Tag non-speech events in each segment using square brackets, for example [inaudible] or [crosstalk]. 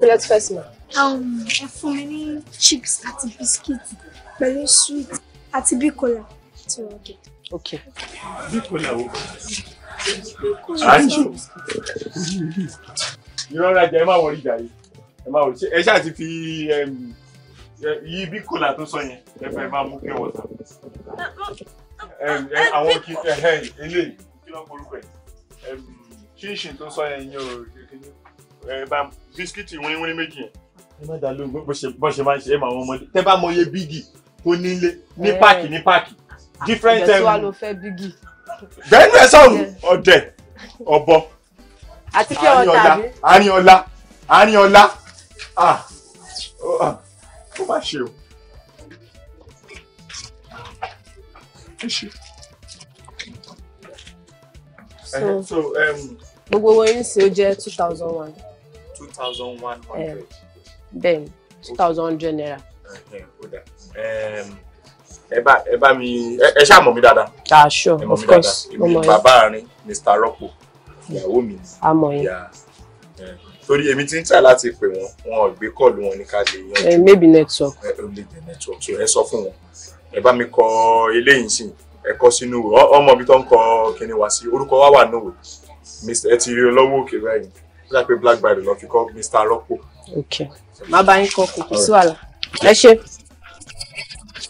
Let's first um, ẹ fún mi ní chips a biscuit very sweet àti bíkọ́là tí Okay. gẹ̀. ok bíkọ́là o àjò ìrora jẹ ẹ má wọrí jà yìí ẹ má wọrí ẹ ṣáà ti fi yí bíkọ́là tó sọ yẹn ẹ fẹ́ máa mú kí wọ́n ta àwọn kí eléyìí ṣíṣì tó sọ yẹn yín o ẹ bá bisikíìtì wíníwíní méjì yẹn. ẹ má dá lóhùn bó ṣe máa ń ṣe é mọ àwọn ọmọdé tẹ bá mọ iye bíìgì tó nílé ní páàkì ní páàkì different time. ìgbésíwá ló fẹ́ bíìgì. bẹ́ẹ̀ni ẹ sọ̀rọ̀ ọ̀dẹ̀ ọ̀bọ àríọ̀lá àríọ̀lá ah, ó ah, má ṣe o. so, so um, gbogbo owó yín sí ó jẹ́ two thousand one. two thousand one hundred. Then eh, two thousand hundred naira. Eh, eh, ẹ bá ẹ bá mi ẹ ṣáà mọ̀ mí dáadáa. ah sure of course mo mọ̀ yín. bàbá àárín Mr. Rọ́pò ìyàwó mi. a mọ̀ yín torí èmi ti ń tà láti pè wọn wọn ò gbé kọọlù wọn ní ká lè yanjú. ẹ maybe network. ẹ ò so ẹ sọ fún wọn ẹ bá mi kọ eléyìí sí ẹ kọ sínú ọmọ mi tó ń kọ kíni wá sí orúkọ wa wà níwèé Mr. ti rí olówó òkè báyìí ó dà pé black bridal lọ fi kọ́ mr rọ́pò. ok má bá yín kọ́ kò kò sí wàhálà ẹ ṣe.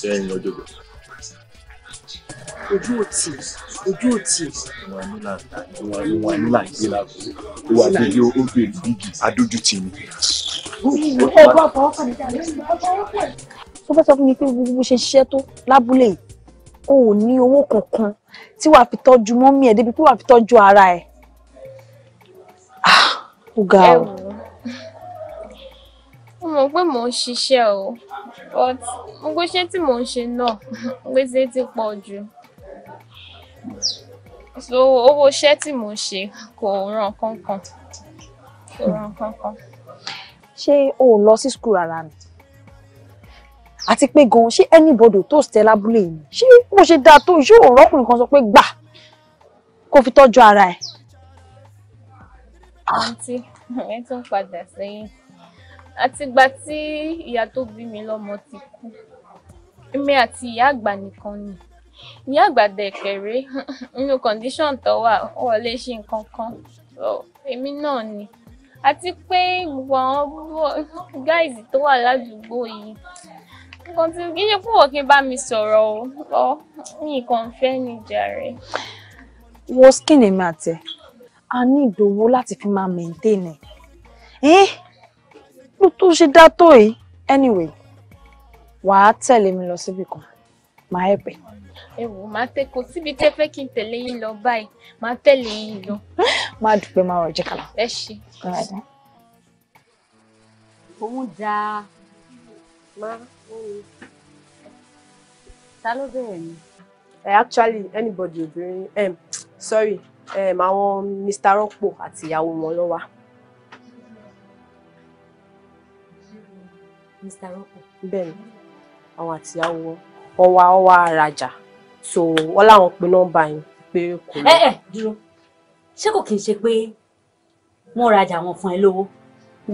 sẹ́yìn ọjọ́ bọ̀. ojú òtì ojú òtì. ìwà nílà ìwà ìwà nílà ìgbéra kò wà dédé ó bèrè bíbí adójútì mi. ọgbà àfọwọ́ kan níta lẹ́yìn àfọwọ́ pẹ̀. tó fẹ́ sọ fún mi pé gbogbo ṣe ṣiṣẹ́ tó lábúlé yìí o ò ní owó kankan tí wàá fi tọ́jú mọ́mí ẹ̀ débi pé wàá fi tọ́jú ara ẹ̀. Ah, ó ga ọ mọ̀ pé mò ń ṣiṣẹ́ o but gbogbo iṣẹ́ tí mò ń ṣe náà [laughs] gbèsè ti pọ̀ jù so owó iṣẹ́ tí mò ń ṣe kò ràn kankan kò ràn kankan. ṣé o ò lọ sí skul rárá ni àti pé gan ṣé anybody tó ṣe lábúlé yìí ṣé bó ṣe dáa tó ṣé rọ́kùnrin kan sọ pé gbà kó fi tọ́jú ara ẹ̀. àǹtí [laughs] ẹ tún padà sẹ́yìn àtìgbà tí ìyá tó bí mi lọ́mọ ti kú èmi àti ìyá àgbà nìkan ni ìyá àgbà dẹkẹrẹ nínú kọndíṣọ̀n tó wà wọn lè ṣe nǹkan kan èmi náà ni àti pé gbogbo àwọn gáìsì tó wà ládùúgbò yìí nǹkan tí kí n ṣe púpọ̀ kí n bá mi sọ̀rọ̀ o nǹkan fẹ́ ní jàre. wo skin èmi àtẹ a ní ìdòwò láti fi máa maintain ẹ. Eh? ló tó ṣe dá tó yìí anyway wàá tẹ̀lé mi lọ síbi kan màá ẹ̀ pẹ́. ẹ wò máa tẹ kò síbi tẹ fẹ́ kí n tẹ̀lé yín lọ báyìí máa tẹ̀lé yín lọ. [laughs] má dùpẹ́ máa rọ̀ jẹ́ kàlà. ẹ ṣe. òun dáa máa ta ló bẹ̀rẹ̀ ni. Eh, actually anybody obìnrin um, sorry um, àwọn Mr. Rọ́pò àti ìyàwó wọn ló wà. Mr. Rọ́pò. Bẹ́ẹ̀ni, àwọn àti àwọn wọn wá wọn wá rajà. So wọ́n láwọn pe nọ́mbà yín pé kò lọ. Ẹ eh, ẹ eh, dúró, ṣé kò kì í ṣe pé wọ́n rajà wọn fún ẹ lówó?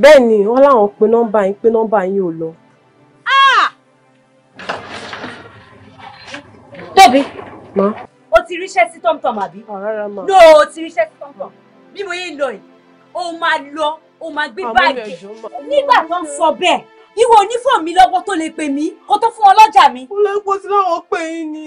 Bẹ́ẹ̀ni, wọ́n láwọn pe nọ́mbà yín pé nọ́mbà yín ò lọ. Ah! Tóbi. Mọ́. O ti ríṣẹ́ sí tọ́mtọ́m àbí? Ah, rárá ma. No, o ti ríṣẹ́ sí tọ́mtọ́m. Bí mo yé lọ yìí, o máa lọ, o máa gbé báàgì. Nígbà tó ń sọ bẹ́ẹ̀ ìwọ onífọ̀ mi lọ́wọ́ tó lè pè mí kó tó fún ọlọ́jà mi. ó lè pọ̀ sí láwọn pè yín ni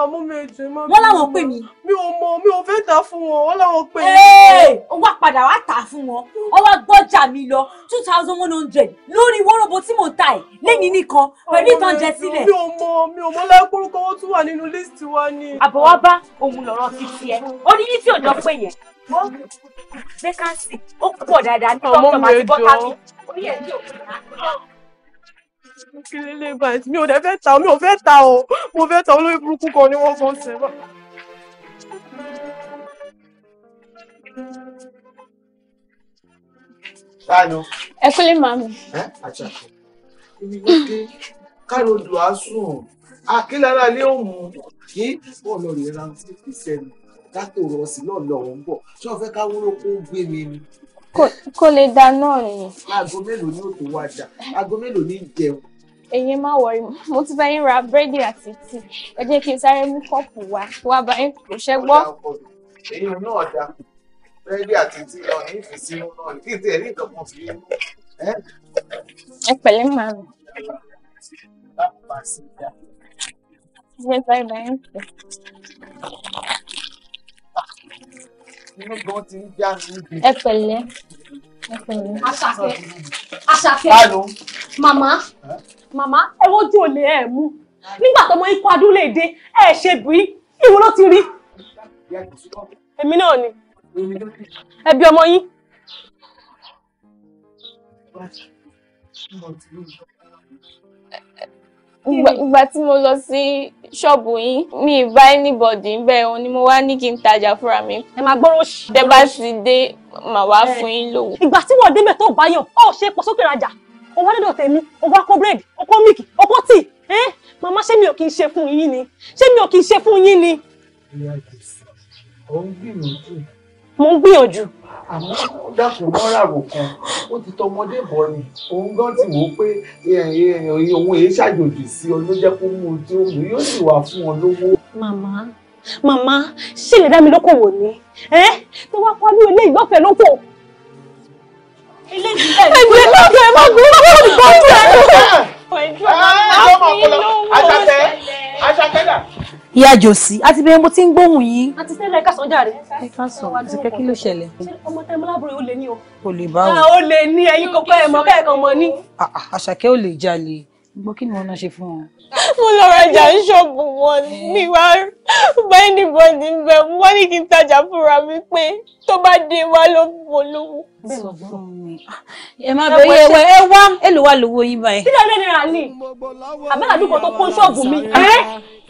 àmọ́ mi ètò ìmọ̀ mi. wọ́n láwọn pè mí. mi ò mọ mi ò fẹ́ tà fún wọn wọ́n láwọn pè mí. ee ó wá padà wá tà fún wọn ó wá gbọ́jà mi lọ two thousand one hundred lórí wọ́rọ̀bọ tí mò ń ta ẹ̀ lẹ́yìn nìkan pẹ̀lú ìtàn jẹ sílẹ̀. mi ò mọ mi ò mọ lẹ́kúrúkọ ó tún wà nínú lísìtì wa ni. àbọ̀wá bá òun lọ̀rọ̀ ti tiẹ̀ ó ní ní tí ò bí ẹ̀ ní òkè kí lè lè bá ẹ̀sìn mi ò dẹ̀ fẹ́ ta mi ò fẹ́ ta o mo fẹ́ ta olórí burúkú kan ni wọ́n fọ́n sí wa. Tánu. Ẹ kúlé màmí. Ẹ àti àti. a ló dé. Káàró lù á sùn. Akílára ilé òmù kí bọ́ọ̀lù rẹ̀ ra fífi sẹ́nu. Dátò rọ̀ sí náà lọ́wọ́ ń bọ̀. Ṣé o fẹ́ ká wúrò kó gbé mi kó lè da náà nìyẹn. aago mélòó ni ó tó wá jà aago mélòó ni jẹun. èyí má wọrí mo ti bá ra búrẹ́dì àti tíì ẹ jẹ́ kí n sáré mú kọ́ọ̀pù wá wá bá yín kò ṣẹ́ gbọ́. èyí náà da búrẹ́dì àti tíì náà ní ìfìsínú náà ní ìdí ẹ̀rí ìdọ̀kan fi yín. ẹ pẹ̀lẹ́ màá rẹ̀. Yes, I meant inú gan ti ń já níbi. ẹ pẹ̀lẹ́ ẹ pẹ̀lẹ́. àṣàkẹ́ àṣàkẹ́ màmá màmá ẹ wojú òlé ẹ mú nígbà tọmọ ikú adúlé dé ẹ ṣe bùí ìwọ ló ti rí. èmi náà ni ẹbí ọmọ yín ìgbà tí mo lọ sí ṣọ́ọ̀bù yín mi ì bá anybody ń bẹ̀ òun ni mo wá ní kí n tajà fúnra mi. ẹ máa gbọ́rọ̀ ṣì. tẹ bá ti dé màá wá fún yín lówó. ìgbà tí wọ́n débẹ̀ tó bá yàn ó ṣe pọ̀ sókè rajà ó wá dọ̀dọ̀ tèmi ó wá kó búrẹ́dì ó kó míìkì ó kó tíì ẹ́ màmá ṣé mi ò kì í ṣe fún yín ni ṣé mi ò kì í ṣe fún yín ni. ìyá ìgbésẹ̀ ò ń gbìyànjú mo ń gbìyànjú. àmọ́ dákun mọ́ràwọ̀ kan ó ti tọmọdé bọ̀ ni òun gan ti wò ó pé òun èé ṣàjòjì sí ọ ló jẹ́ kó mú un tí yóò sì wà fún ọ lówó. màmá màmá ṣì lè dá mi lókòwò ni tó wá kọ́ ní ilé ìgbọ́fẹ̀ lóko. ilé lọ́dọ̀ ẹ má gbé fóònù bọ́ọ̀lù ẹ̀. ọ̀ẹ́dùn àwọn àmì lówó aṣàkẹ́dà. ìyá jòsí àti bẹ́ẹ̀ mo ti ń gbóhùn yín. àti tẹ́lẹ̀ ẹ̀ka sàn jàre. ẹ̀ka sàn àti kẹ́ kí ló ṣẹlẹ̀. ọmọ tẹ́ mọ́lábùrẹ̀ ó lè ní o. kò lè bá o. ó lè ah, ní ẹyin kọ́kọ́ ẹ̀ mọ́ bẹ́ẹ̀ kan mọ́ ní. Ah, ah, àṣàkẹ́ ò lè jalè gbọ́ kí ni wọ́n náà ṣe fún wọn. mo lọ rajà ní ṣọ́ọ̀bù wọn ní wá bá anybody ń bẹ wọ́n ní kí n tajà fúnra mi pé tó bá dé wá ló mọ lówó. ẹ má bẹ yẹ wẹ ẹ wá èlòwà lówó yín báyìí. sílẹ̀ lẹ́nu rà ní àbálàdúgbò tó kó ṣọ́ọ̀bù mi.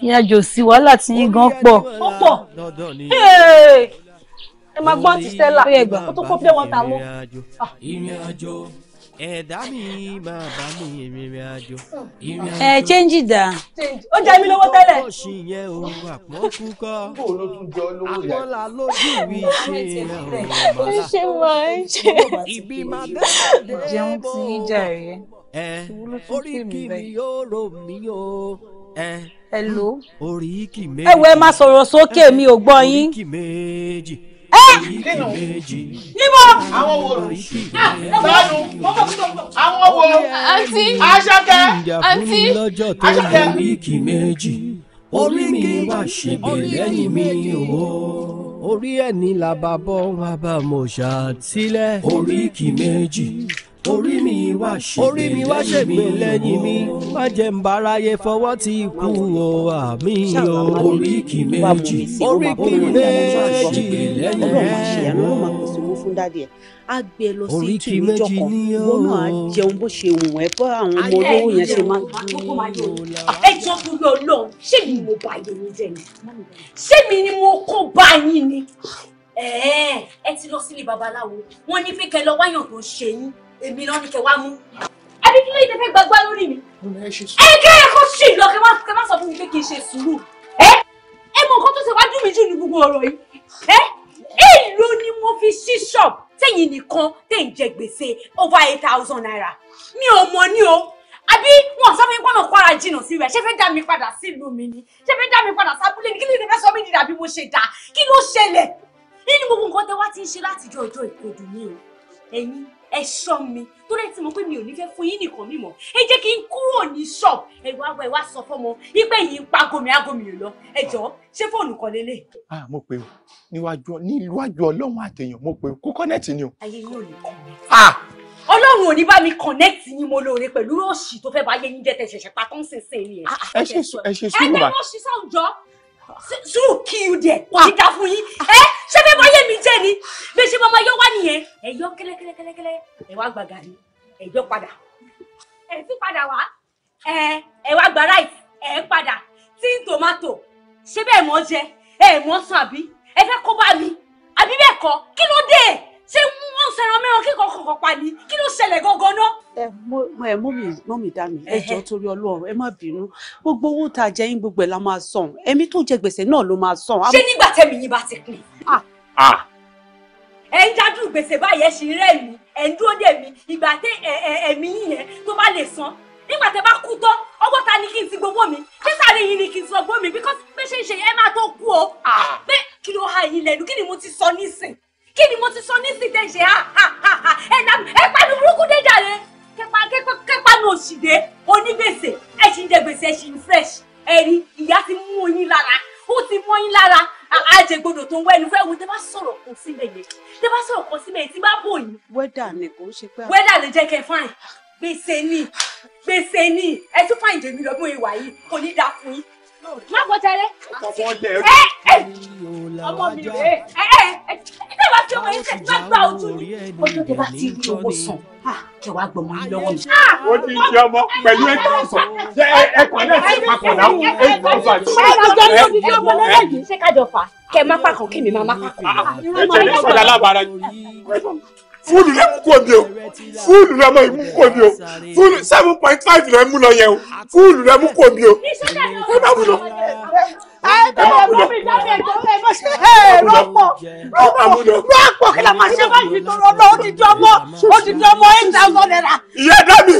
ìyẹn àjò sí wàhálà tí yín gan pọ̀. ó pọ̀ ẹ máa gbọ́ ti sẹ́là kó tó kó pé wọ́n ta mọ́ ẹ̀dá mi máa bá mi ìrìnrìn àjò. ẹ chẹ́ńjì dà. ó jẹ́ mi lówó tẹ́lẹ̀. ó sì yẹ o àpọ́n kúkọ́. àpọ́nlá lójú mi ṣe ẹ̀rọ màlá. ó máa ń ṣe. ìbí máa bẹ́ẹ̀ dé bó. ìjẹun ti ń jà rẹ. ẹ orí kì mí yóò rò mí o. ẹ hello. orí kì méjì. ẹ wo ẹ sọ̀rọ̀ sókè mi ò gbọ́ yín. orí kì méjì níbo. àwọn wo sanu wo àǹtí aṣọkẹ àǹtí aṣọkẹ. oríkì méjì orí mi wá ṣègbè lẹ́yìn mi o. orí ẹni làbàbọ̀ wà bá mo ṣàtìlẹ̀. oríkì méjì orí mi wá ṣègbè orí mi wá ṣègbè lẹ́yìn mi má jẹ́ ń báráyé fọwọ́ tí ikú o àmì o. oríkì méjì oríkì méjì lẹ́yìn rẹ̀ agbẹ lọ sí ìtú ìjọkọ wọn náà jẹun bó ṣe wù ẹ bá àwọn ọmọ olówó yẹn ṣe máa ń ẹ jọ gbogbo Ọlọ́run ṣé mi ni mo bá yẹn jẹ ni ṣé mi ni mo kó bá yín ni ẹ ti lọ sílé babaláwo wọn ní pé kẹ́ lọ wáyàn tó ṣe yín èmi náà ni kẹ wá mú. ẹbí kí ló yìí tẹ fẹ́ gbàgbá lórí mi. ẹ kẹ́ ẹ kó sì lọ kẹ má sọ fún mi pé kì í ṣe sùúrù. ẹ ẹ mọ nǹkan tó ṣe wájú mi jù ní gbogbo ọ̀rọ̀ yìí. ẹ èèlò ni mo fi ṣí ṣọ́ọ̀bù tẹ̀yìn nìkan tẹ̀ ń jẹ gbèsè over eight thousand naira mi ò mọ̀ ní o àbí wọn sọ fún mi gbọ́dọ̀ kwara jìnnà sí rẹ̀ ṣé fẹ́ dá mi padà sílùú mi ni ṣé fẹ́ dá mi padà sábúlé ni kí ló lè fẹ́ sọ mí dìdà bí mo ṣe dà kí ló ṣẹlẹ̀ nínú gbogbo nǹkan tẹ wá ti ń ṣe látijọ́ ọjọ́ ìpèdù mi o ẹ̀yin ẹ ṣọ́ mi torí ẹ ti mọ̀ pé mi ò ní fẹ́ fún yín nìkan mi mọ̀ ẹ jẹ́ kí n kúrò ní ṣọ́ọ̀bù ẹ wá wá ẹ wá sọ fọ́mọ ipe yìí ń pa gomi agomi yìí lọ ẹ jọ̀ọ́ ṣé fóònù kan lélẹ̀. a mo pe o níwájú níwájú ọlọ́run àtẹ̀yàn mo pe o kó kọ́nẹ́ẹ̀tì ni o. ayé yóò ní kàn mí. ọlọ́run ò ní bá mi kọ̀nẹ́ẹ̀tì yín mo lóore pẹ̀lú òṣì tó fẹ́ bá yé yín jẹ́ tẹ̀ ṣẹ̀ṣẹ̀ pa tó ń sìn sìn ni ẹ sùúrù kí u dẹ̀ ìjà fún yín ẹ ṣé bẹ́ẹ̀ báyé mi jẹ́ ni bí ṣe máa yọ wá nìyẹn ẹ yọ kẹ́lẹ́kẹ́lẹ́kẹ́lẹ́ ẹ wá gba gàrí ẹ yọ padà ẹ sì padà wá ẹ ẹ wá gba ráìtì ẹ padà tí tòmátò ṣé bẹ́ẹ̀ mọ́ jẹ ẹ mọ́ sàn àbí ẹ fẹ́ kó bá mi àbí bẹ́ẹ̀ kọ́ kí ló ṣé wọ́n fẹ́ràn mẹ́ràn kí kankan kan pa ni kí ló ṣẹlẹ̀ gangan náà. ẹ mọ mi mọ mi dá mi ẹ torí Ọlọ́run ẹ má bínú gbogbo owó tá a jẹ yín gbogbo ẹ la máa san ẹ̀mí tó jẹ gbèsè náà ló máa san. ṣé nígbà tẹ́mi yín bá ti pín. ẹ ń dájú gbèsè báyìí ẹ ṣì ń rẹ́ mi ẹ ń dúró dè mí ìgbà tẹ ẹ̀mí yẹn tó bá lè san nígbà tẹ bá kú tán ọgbọ́n ta ni kí n ti gbowó mi kí sáré yìí ni kí n ti gbowó mi bíkọ́sì pé ṣe ń ṣe ẹ máa tó kú o. pé kí ló ha yín lẹ́nu kí ni mo ti sọ nísìn kí ni mo ti sọ ní sìn tẹ̀sẹ̀ ha ha ha ha ẹ panu burúkú dé jàre kẹpanu òṣìdé onígbèsè ẹ ṣì ń jẹ gbèsè ẹ ṣì ń fresh ẹ rí ìyá ti mú yín lára ó ti mọ́ yín lára àjẹgbodò tó ń wẹ́nu fẹ́ wo tẹ bá sọ̀rọ̀ kan síbẹ̀ yẹn tẹ bá sọ̀rọ̀ kan síbẹ̀ yẹn tí bá bò yín. wẹ́dà ni kò ṣe pé. wẹ́dà lè jẹ́ kẹ́ fáìn gbèsè ni gbèsè ni ẹ tún fáìn jèmi lọ́gbọ́n ìwà yìí kò ní dáa fún yín má bọ̀ tẹ́lẹ̀. ọmọ ọlẹ ẹ ẹ ọmọ mi rè é ẹ ẹ ẹ ẹ wá fi ọmọ yín tẹ̀ má gbà ojú mi. ọjọ́ tẹ bá ti rí owó san kẹ wàá gbọmọ yín lọ́wọ́ mi. ó ti di ọmọ pẹ̀lú ètò ọ̀sán ṣé ẹ kàn náà ti papọ̀ náà ètò ọ̀sán. ọjọ́ ní òbí bí ọmọ náà yìí ṣé kájọ fà kẹ má pàkàn kí mi má má pàkàn. ẹ jẹ́ ní sọ̀dá lábàárà yìí fúlù lẹ mú kò ní o fúlù lẹ mọ ìmú kò ní o fúlù seven point five lẹ mú lọ yẹn o fúlù lẹ mú kò ní o ẹ má wúlò rọpò kí la máa ṣe báyìí tó rọpò ó ti di ọmọ ó ti di ọmọ eight thousand naira. ìyá dá mi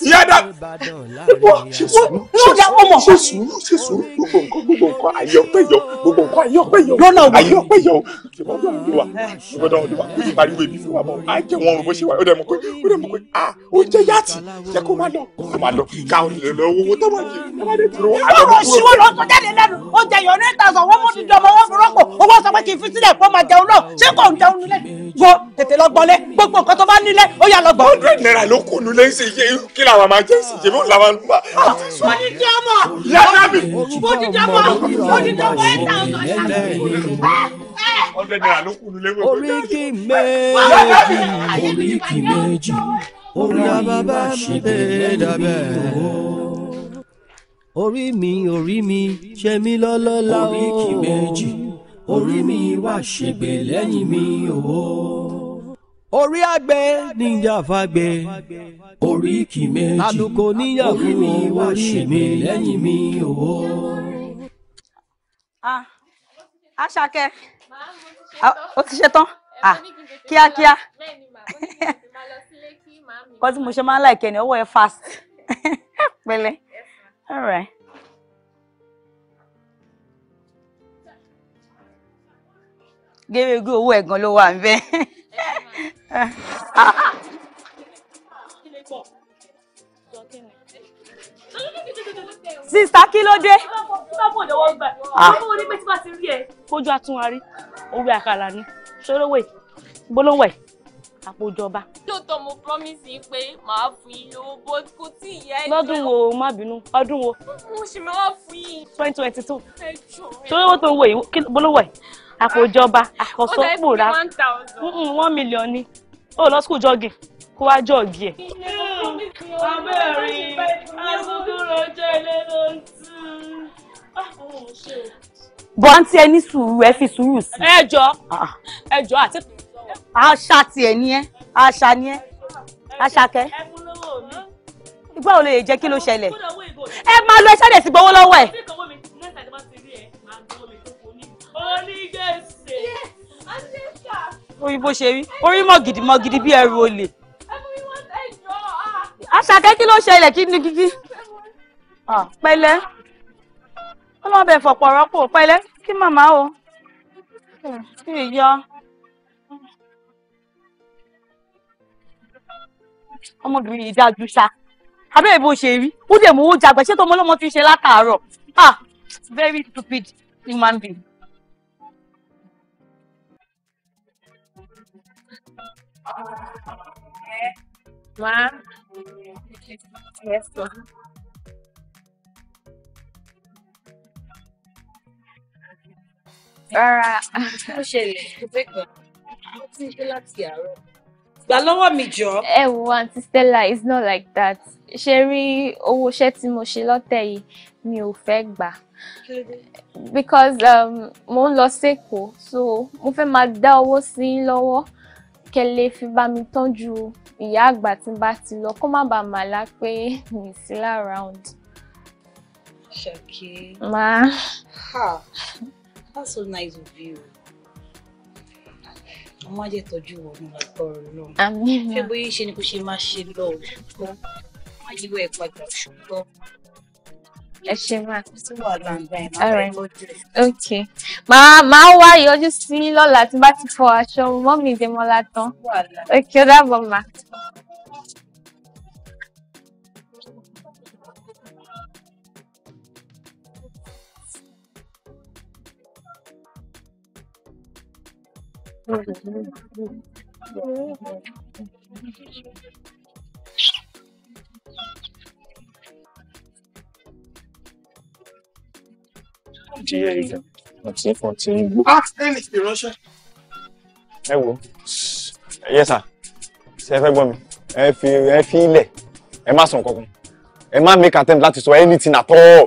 ìyá dá mi. ìbò yóò dá ọmọ. ṣe sùúrù ṣe sùúrù gbogbo nǹkan gbogbo nǹkan àyọpẹyọ gbogbo nǹkan àyọpẹyọ lọ́nà òwò àyọpẹyọ ìbọ̀dọ̀ olùwà ìbọ̀dọ̀ olùwà kò yí pariwo èmi fún wa mọ́ a jẹ wọn bó ṣe wà ó dẹ̀ mọ̀ pé ó dẹ̀ mọ̀ pé a ó jẹ yáàtì jẹ kó má lọ kó má lọ ká òun lè lọ owó tó má jẹ tó má dé tìrò. ìbọ̀rọ̀ ṣíwọ́ lọ́kọ̀ jáde lẹ́nu ó jẹ yọ ní ìtàsán owó mú dídí ọmọ owó burọ́pọ̀ owó sọ pé kì í fi sílẹ̀ kó máa jẹun náà ṣé kò ń jẹun nílẹ̀ wo tètè lọ gbọ́lé gbogbo nǹkan tó bá nílẹ̀ ó yà lọ gbọ́. hundred naira ló kó nulẹ̀ ṣe iye kí làwọn máa jẹ́ ìṣèjì bó làwọn máa. mo ti jẹ́ ọmọ mo ti jẹ́ ọmọ mo ti ah, eh, eh. méjì oríkì méjì orí àbábá ṣe é dábẹ́ orí mi orí mi ṣe mí lọ́lọ́lá o. oríkì méjì orí mi wá ṣègbè lẹ́yìn mi o. orí àgbẹ̀ níjà fagbẹ̀. oríkì méjì àlùkò níyà fún orí mi wá ṣègbè lẹ́yìn mi o. ah Àṣàkẹ́ o ah, ti ṣe tán ah, kíákíá kọ́ tí mo ṣe máa ń láìkẹ́ ni ọwọ́ ẹ fast [laughs] pẹ̀lẹ́. All right. gẹ́gẹ́ owó ẹ̀gàn ló wà ń bẹ́. sista kí Ah. dé. kójú àtúnwárí orí àkàlà ni ṣòro wẹ̀ gbólóhùn ẹ̀ àpòjọba. lóòótọ́ mo promise yín pé màá fún yín lówó bó kò tí ì yá ẹ. lọ́dún wo má bínú ọdún wo. mo sì máa wá fún yín. twenty twenty two. ẹ jọ ẹ. torí owó tó ń wo yìí kí bolówó ẹ̀ àpòjọba ah, àkọsọ́pò rà one million ni ó lọ school jogging kó wá jọ́ọ̀gì ẹ̀. ilé ló ń tú. Ah, bọ́ńtì sùúrù ẹ fi sùúrù sí. ẹ jọ ah, ẹ jọ àti àṣà tiẹ̀ ni ẹ́ àṣà ni ẹ́ àṣàkẹ́ ìgbà wo lè jẹ́ kí ló ṣẹlẹ̀ ẹ máa lọ ẹṣẹ́ dẹ̀ sí gbowó lọ́wọ́ ẹ̀. orí bó ṣe rí orí mọ̀gìdì mọ̀gìdì bí ẹrù olè. àṣàkẹ́ kí ló ṣẹlẹ̀ kí ni kíkí. pẹ̀lẹ́ ọlọ́run bẹ̀ fọ̀pọ̀ rọ́pò kí màmá o kí ìyá. ọmọbìnrin yìí dájú ṣá abẹ́rẹ́ bó ṣe rí ó dẹ̀ mú owó jàgbẹ́ ṣé tọmọ ọlọ́mọ fi ṣe látàárọ̀ ah very stupid human being. Ma. Yes, ma. Rárá, ó ṣẹlẹ̀, ó fẹ́ kàn. Ó ti ń ṣe láti àárọ̀ gbà lọ́wọ́ mi jọ. ẹ wo aunty Stella it's not like that ṣe rí owó iṣẹ́ tí mo ṣe lọ́tẹ̀ yìí mi ò fẹ́ gbà because mo um, ń lọ sẹ́kọ̀ọ́ so mo fẹ́ máa dá owó sí i lọ́wọ́ kẹ́ lè fi bá mi tọ́jú ìyá àgbà tí n bá ti lọ kó má bàa mà lá pé mi sí lára round. Ṣèké. Máa. Ha, that's so nice of you ọlọ́run má jẹ́ tọ́jú wọn ní agbọ́rọ̀ lọ́run. àmín ma ṣé bóyá ṣe ni kò ṣe máa ṣe lọ ṣùgbọ́n má yí wẹ̀ padà ṣùgbọ́n. ẹ ṣe máa kó sí wàhálà ń bá ẹ máa bá ẹ lójú ẹ. ok màá wá yọjú sí lọ́la tí bá ti fọ aṣọ mọ́mì Dẹ́mọ́lá tán ok ó dàbọ̀ máa. ask any inspiration. ẹ wo yes sir ṣe fẹ́ gbọ́ mi ẹ fi ẹ fi ilẹ̀ ẹ má sọ nǹkan kan ẹ má make attempt láti sọ anything at all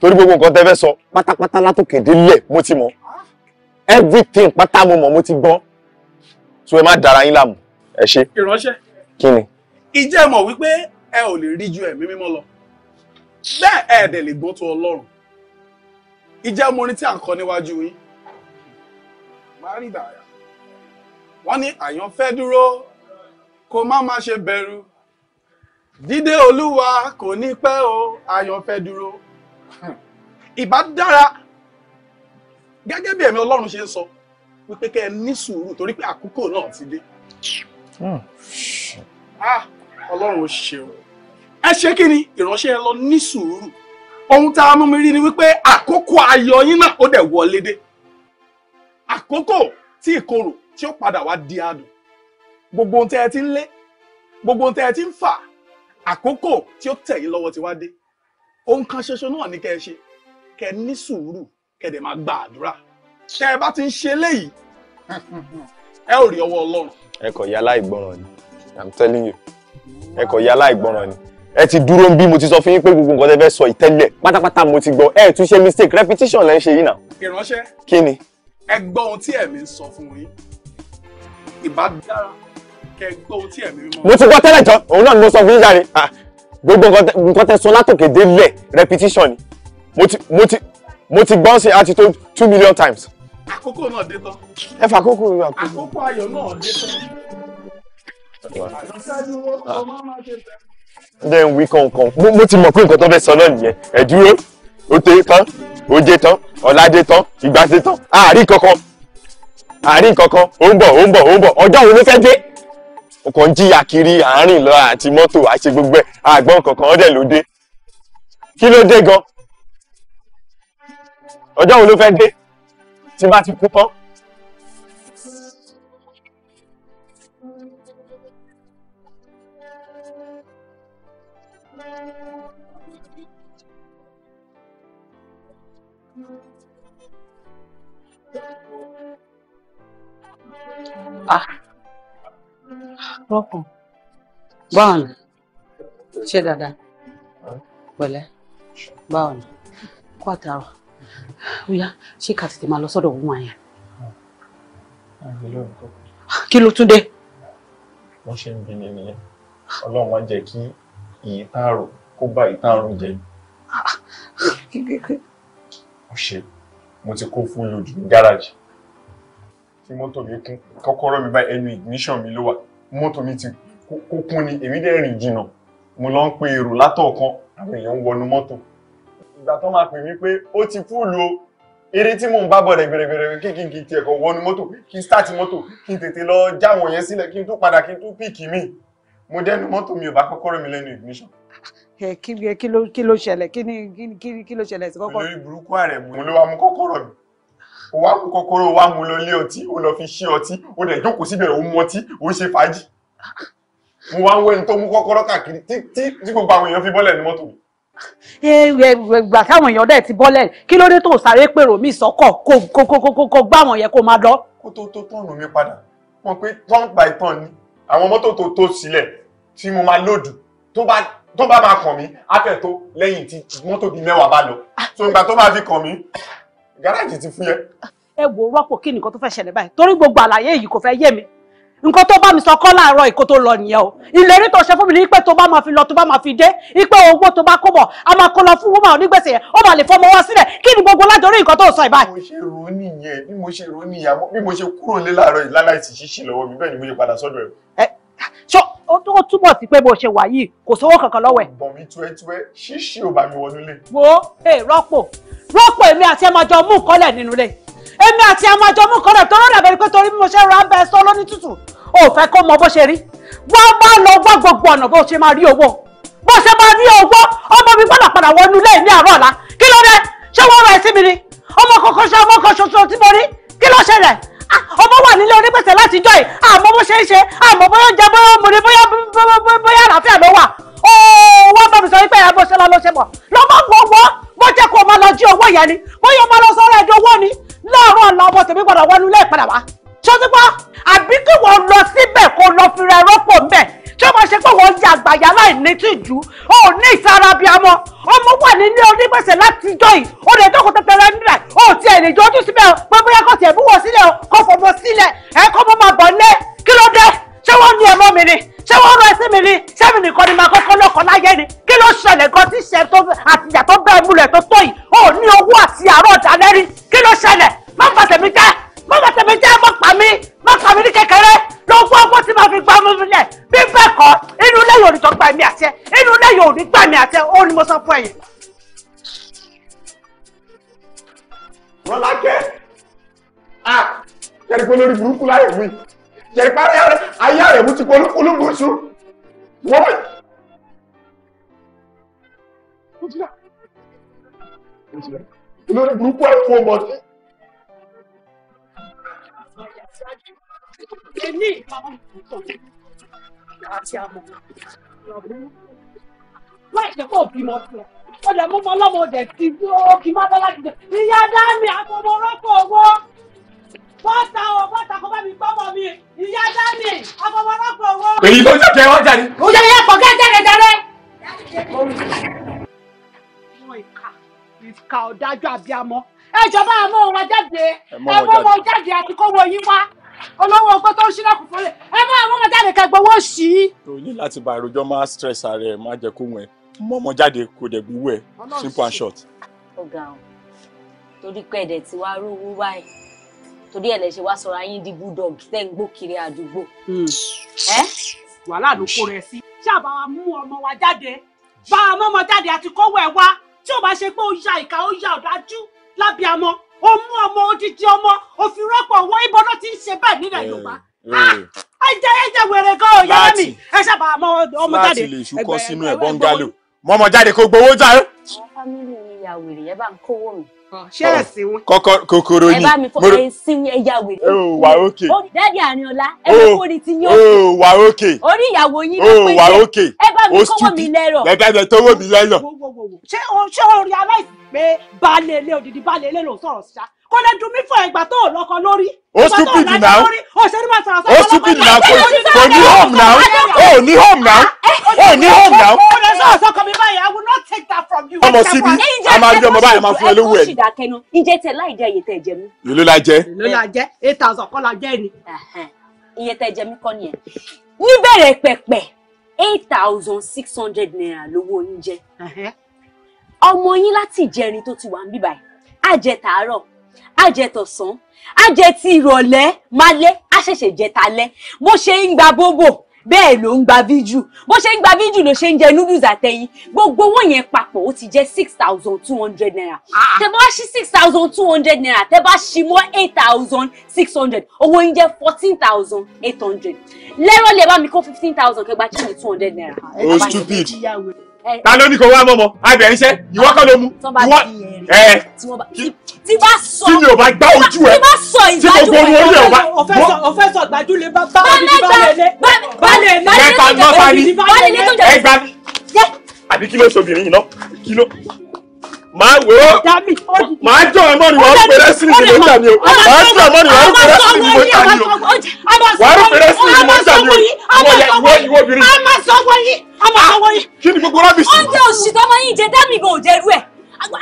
torí gbogbo nǹkan tẹ́ fẹ́ sọ pátápátá látòkè délẹ̀ mo ti mọ̀ everything pátá mo mọ̀ mo ti gbọ́ so ẹ má dára yín láàmú ẹ ṣe. ìránṣẹ́ kí ni. ìjẹ́ mọ̀ wípé ẹ ò lè rí ju ẹ̀mí mímọ́ lọ bẹ́ẹ̀ ẹ dẹ̀ lè gbọ́n tó ọlọ́run ìjẹ́ mo ní tí à ń kọ́ níwájú yín máa rí ìdárayá wọ́n ní àyànfẹ́ dúró kó má má ṣe bẹ̀rù dídé olúwa kò ní pẹ́ o àyànfẹ́ dúró ìbá dára gẹ́gẹ́ bí ẹ̀mí ọlọ́run ṣe ń sọ. So wípé kẹ́ ẹ ní sùúrù torí pé àkókò náà ti dé. Hmm. Ah, ọlọ́run ó ṣeun ẹ ṣe kí ni ìránṣẹ́ ẹ lọ ní sùúrù ohun tá a mú mi rí ni wípé àkókò ayọ̀ yín náà ó dẹ̀ wọlé dé àkókò tí ìkorò tí ó padà wá di adùn gbogbo ohun tẹ́ ẹ ti ń lé gbogbo ohun tẹ́ ẹ ti ń fà àkókò tí ó tẹ̀ yín lọ́wọ́ ti wá dé ohun kan ṣoṣo náà ni kẹ́ ẹ ṣe kẹ́ ẹ ní sùúrù kẹ́ ẹ dẹ̀ máa gba ṣe ẹ bá ti ń ṣe léyìí ẹ ò rí ọwọ́ ọlọ́run. ẹ kò yá láìgbọràn ni i'm telling you ẹ kò yá láìgbọràn ni ẹ ti dúró ń bí mo ti sọ fún yín pé gbogbo nǹkan tẹ fẹ́ sọ ìtẹ́lẹ̀ pátápátá mo ti gbọ́ ẹ tún ṣe mistake repetition lẹ ń ṣe yìí náà. ìránṣẹ́ kí ni. ẹ gbọ́ ohun tí ẹ̀mí ń sọ fún yín ìbá dára kẹ gbọ́ ohun tí ẹ̀mí mọ́. mo ti gbọ́ tẹ́lẹ̀ tán òun náà ni mo sọ fún yín jáde ah, gbogbo nǹkan tẹ sọ látòkè délẹ̀ repetition ni mo ti mo ti àti tó two million times àkókò náà dé tán. ẹ fà àkókò rẹ àkókò. àkókò ayọ̀ náà dé tán. àyọ̀sájú wọn ah. sọ máa máa ṣe tẹ. then wí kọ̀ọ̀kan mo ti mọ̀ pé nǹkan tó fẹ́ sọ náà nìyẹn ẹ̀ dúró ó tẹ tán ó jẹ tán ọ̀la dé tán ìgbà dé tán àárín kankan àárín kankan ó ń bọ̀ ó ń bọ̀ ó ń bọ̀ ọjọ́ wo ló fẹ́ dé o kàn ń jìyà kiri àárín lọ àti mọ́tò àti gbogbo ẹ̀ àgbọn kankan ọ̀dẹ̀ ló dé kí ló dé gan ọjọ́ wo ló fẹ́ dé tí bá ti kú tán. Ah. báwo ni? Ṣé dáadáa? Pẹ̀lẹ́, báwo ni? Kú àtàrọ̀ ó yá ṣé ká tètè máa lọ sọ́dọ̀ òun àyàn. kí ló tún dé. wọ́n ṣe ń bi ni nìyẹn ọlọ́run wá jẹ́ kí ìyí táàrò kó bá ìtààrùn jẹ. ó ṣe mo ti kó fún lòdì ní gáràjì tí mọ́tò mi kún kọ́kọ́rọ́ mi bá ẹnu ignition mi ló wà mọ́tò mi ti kó kún ni èmi dẹ̀ rìn jìnnà mo lọ ń pe èrò látọ̀ọ̀kan àwọn èèyàn ń wọnú mọ́tò ìgbà tó máa pè mí pé ó ti fúlù o eré tí mò ń bá bọ̀ rẹ̀ gbẹ̀rẹ̀gbẹ̀rẹ̀ kí kí n kì í tiẹ̀ kàn wọnú mọ́tò kí n start mọ́tò kí n tètè lọ jáwọn yẹn sílẹ̀ kí n tún padà kí n tún píìkì mi mo dẹ́nu mọ́tò mi ò bá kọ́kọ́rọ́ mi lẹ́nu ignition. kí ló ṣẹlẹ̀ kí ni kí ló ṣẹlẹ̀ sí kọ́kọ́rọ́. olórí burúkú ààrẹ mo ló wá mú kọ́kọ́rọ́ mi ó wá mú kọ́kọ́rọ́ ó wá mú lọ lé ọtí ó lọ fi ṣí ọtí ó dẹ̀ jókòó síbẹ̀ ó mú ọtí ó ṣe fàájì mo wá ń wẹ́ni tó mú kọ́kọ́rọ́ káàkiri tí gbogbo àwọn èèyàn fi bọ́lẹ̀ ní mọ́tò mi. Eh, eh, eh, gbà káwọn èèyàn dẹ̀ ti bọ́lẹ̀ kí ló dé tó sáré pèrò mi sọ́kọ̀ kó kó kó kó gbá àwọn yẹn kó máa lọ. kó tó tó tọ̀nù mi padà mọ̀ pé turn by turn ni àwọn mọ́tò tó tó sílẹ̀ tí mo máa lòdù tó bá tó bá máa kàn mí á fẹ́ tó lẹ́yìn tí mọ́tò bíi mẹ́wàá bá lọ tó ìgbà tó bá fi kàn mí gáràjì ti fúyẹ́. ẹ wo rọ́pò kí nìkan tó fẹ́ ṣẹlẹ̀ báyìí torí gbogbo àlàyé yìí kò fẹ́ yé mi nǹkan tó bá mi sọ kọ́ láàárọ̀ ìkó tó lọ nìyẹn o ìlérí tó ṣe fún mi ní pé tó bá máa fi lọ tó bá máa fi dé ipe owó tó bá kó bọ̀ a máa kó lọ fún wúmà onígbèsè yẹn ó máa lè fọmọ wá sílẹ̀ kí ni gbogbo lájọ orí nǹkan tó sọ ìbáyìí. bí mo ṣe rò ó nìyẹn bí mo ṣe rò ó nìyẹn bí mo ṣe kúrò lé láàárọ̀ yìí láláì sì ṣíṣe lọ́wọ́ mi bẹ́ẹ̀ ni mo ṣe padà sọ́dọ̀ ẹ̀. ṣọ ó túbọ̀ sí pé bó ṣe wà yìí kò sówó kankan lọ́wọ́ ẹ̀. bọ̀ tuẹ́tuẹ́ ṣíṣe ò bá mi wọnú lé. wo rọ́pò rọ́pò èmi àti ẹ máa jọ mú ìkọ́lẹ̀ nínú ilé èmi àti àwọn àjọmú kan rẹ̀ tọ́lọ́ dàbẹ̀ pé torí mo ṣe ra ń bẹ sọ lóní tútù ò fẹ́ kó mọ bó ṣe rí wá wá lọ wá gbogbo ọ̀nà bó ṣe máa rí owó bó ṣe máa rí owó ọmọ mi gbọ́dọ̀ padà wọnú ilé ní àárọ̀ ọ̀la kí ló dé ṣé wọ́n rẹ̀ sí mi ni ọmọ kankan ṣe ọmọ kan ṣoṣo tí mo rí kí ló ṣẹlẹ̀ ọmọ wà nílé onípẹ̀tẹ̀ láti jọ ẹ̀ àmọ́ bó ṣe ń ṣe àmọ́ bóyá jẹ bóyá mo ní bóyá bóyá àlàáfíà ló wà ó wọ́n bá mi sọ wípé ẹ̀ bó ṣe lọ ló ṣe mọ̀ lọ́mọ gbọ́ngbọ́ bó jẹ́ kó o máa lọ jí owó ìyá ni bóyá o máa lọ sọ ọ́ ẹ̀dùn owó ni láàárọ̀ ọ̀la ọmọ tèmi gbọ́dọ̀ wọnú ilé ìpadà wá ṣọ́sípá àbí kí wọ́n lọ síbẹ̀ kó lọ fi rẹ̀ rọ́pò ńbẹ̀ tí ó máa ṣe pé wọ́n di àgbàyà láì ní tìjú ó ní ìsarabi amọ́ ọmọ wà nílé onígbèsè látijọ́ yìí ó lè jókòó tẹ́tẹ́ rẹ nílẹ̀ ó ti ẹ̀ lè jọ́jú síbẹ̀ pé bóyá kò tiẹ̀ búwọ̀ sílẹ̀ kọ́ fọmọ sílẹ̀ ẹ̀ kọ́ mọ́ máa bọ̀ lé kí ló dé ṣé wọ́n ní ẹ̀mọ́ mi ni ṣé wọ́n rọ ẹsẹ̀ mi ni ṣé mi nìkan ni màá kọ́kọ́ lọ́kọ̀ láyé ni kí ló ṣẹlẹ̀ gan tí ṣe tó àtìyà tó bẹ́ẹ̀ múlẹ̀ tó tó yìí ó ní owó àti àárọ̀ ọ̀dà kí ló ṣẹlẹ̀ má bàtẹ̀mí jẹ́ má bàa tẹ̀mí jẹ́ má pa mí má ní kékeré ló gbọ́ ọgbọ́n tí màá fi gbá mú mi lẹ̀ bí bẹ́ẹ̀ kọ́ inú ilé yóò ní gba èmi àti inú ilé yóò ní gbà mí ó ní mo sọ fún ẹ̀yin. Rọ́lákẹ́ a jẹ́rìí pé olórí burúkú láyé mi jẹ́rìí pé ayé rẹ̀ mú ti pé olúbùsù wọ́n. Olórí burúkú ẹ̀ fún ọmọ sí. èmi ìpamọ́ púpọ̀ àti àmọ́ láì jẹ́ kó bímọ fún ọ ọ̀dà mú mọ́ lọ́mọ ọ̀dẹ̀ tí ó kì í má dára jù ìyá dámì àfọmọ rọ́pò owó bọ́ta ọ̀ bọ́ta kó bá mi gbọ́mọ mi ìyá dámì àfọmọ rọ́pò owó. èyí tó jẹ́ ọjà ni. ó yẹ yẹ pọ̀ kẹ́kẹ́ rẹ̀ jẹ́rẹ́. wọn ìka ìka ọ̀dájú àbíamọ ẹ jọba àmọ́ òun ajáde ẹ mọ́ ọmọ jáde àti kówó yín wá olówó ọgbọ́n tó ń ṣí lẹ́kùn fún rẹ̀ ẹ máa mú ọmọ jáde kẹgbẹ́ sí i. o ní láti bá ìròjọ́ máa stress ara ẹ̀ má jẹ́ kó wọn ẹ̀ mú ọmọ jáde kó dẹ̀ gbé wẹ̀ simple and short. ọ̀gá ọ̀ torí pé ẹ̀dẹ̀ tí wàá rú wúwá ẹ̀ torí ẹ̀ lẹ̀ ṣe wá sọ̀rọ̀ ayín di bulldog tẹ́ ń gbó kiri àdúgbò. Hmm. ẹ wàhálà ló kó rẹ sí. ṣáàbà wa mú ọmọ wa jáde bá ọmọ ọmọ jáde àti kọ́wọ́ ẹ̀ wá tí ò bá ṣe pé ó ya ìka ó ya ọ̀dájú lábẹ́ amọ́ o mú ọmọ odidi ọmọ òfin rọ́pò owó ibo ló ti ń ṣe bẹ́ẹ̀ nílẹ̀ eh, Yorùbá eh. ah, ẹjẹ ẹjẹ wẹrẹ gan ọ yára mi ẹ sábà mọ ọmọ jáde ẹgbẹ ẹgbẹ sínú ẹ bọngalo mọ ọmọ jáde kó gbowó jáde. Eh. fámìlì mi ya wèrè ẹ bá ń kówó mi. Ah, ṣé ẹ sì wọn. kòkòrò ni ẹ bá mi fọ ẹ sinmi ẹ ya wèrè. o oh, wà òkè. Oh, dádì Àrìnọlá ẹ bá oh, kórè ti yín òkè. o wà òkè. orí ìyàwó yín ló pé jẹ mi kówó mi lẹ́rọ̀. ṣé o ṣé o rí aláìsàn pé baálé ilé òdìdí baálé ilé ló sọ̀rọ̀ sí ṣá kò lè dùn mí fún ẹgbà tó lọ́kọ lórí. ó stupid na ó òṣèré máa sọ̀rọ̀ ó stupid na kò ní home now ó ní home now ó ní home now. ó lè sọ̀rọ̀ sọ̀kọ mi báyìí I will not take that from you. ọmọ síbí a máa gbé ọmọ báyìí máa fún ẹ lówó ẹ. ǹjẹ́ tẹ láì jẹ́ iye tẹ jẹ mí. èló la jẹ. èló la jẹ eight thousand kọ́ la jẹ́ ni. iye tẹ jẹ mí kọ́ nìyẹn níbẹ̀rẹ̀ pẹ̀pẹ̀ eight thousand six hundred naira lówó oúnjẹ ọmọ yín láti ìjẹrin tó ti wà ń bí báyìí àjẹ tàárọ̀ àjẹ tọ̀sán àjẹ ti ìrọ̀lẹ́ málẹ́ àṣẹ̀ṣẹ̀ jẹ talẹ́ bó ṣe ń gba bóbò bẹ́ẹ̀ ló ń gba fíjù bó ṣe ń gba fíjù ló ṣe ń jẹ noodles àtẹyin gbogbo owó yẹn papọ̀ ó ti jẹ́ six thousand two hundred naira ah, ah. tẹ bá ṣí six thousand two hundred naira tẹ bá ṣí mọ́ eight thousand six hundred owó yín jẹ́ fourteen thousand eight hundred lẹ́rọ̀ lè bá mi kó fifteen thousand kẹgbàá change two hundred naira. o ah, stupid ta ló ní kó wá mọ́mọ́ abẹ iṣẹ́ ìwọ kọ́ ló mú ìwọ ẹ tí bá sọ tí mi ò bá gbá ojú ẹ tí gbogbo ohun orí ẹ ò bá. ọ̀fẹ́sọ̀ gbàdúlẹ̀ bá bá wọn ní balẹ̀ balẹ̀ náà mẹ́ta náà bá ní ẹgbàá àbí kí ló ṣe obìnrin yìí náà kí ló máa wò ó máa jọ ẹ mọ́ni wàá pèrè sí ni mo tà o máa jọ ẹ mọ́ni wàá pèrè sí ni mo tà ní o wàá pèrè sí ni mo tà ní o ìwọ obìnrin àmọ́ ah, àwọn yìí. kí ni gbogbo rábìsì. oúnjẹ òṣì tọmọ yìí jẹ dámì gan ò jẹrú ẹ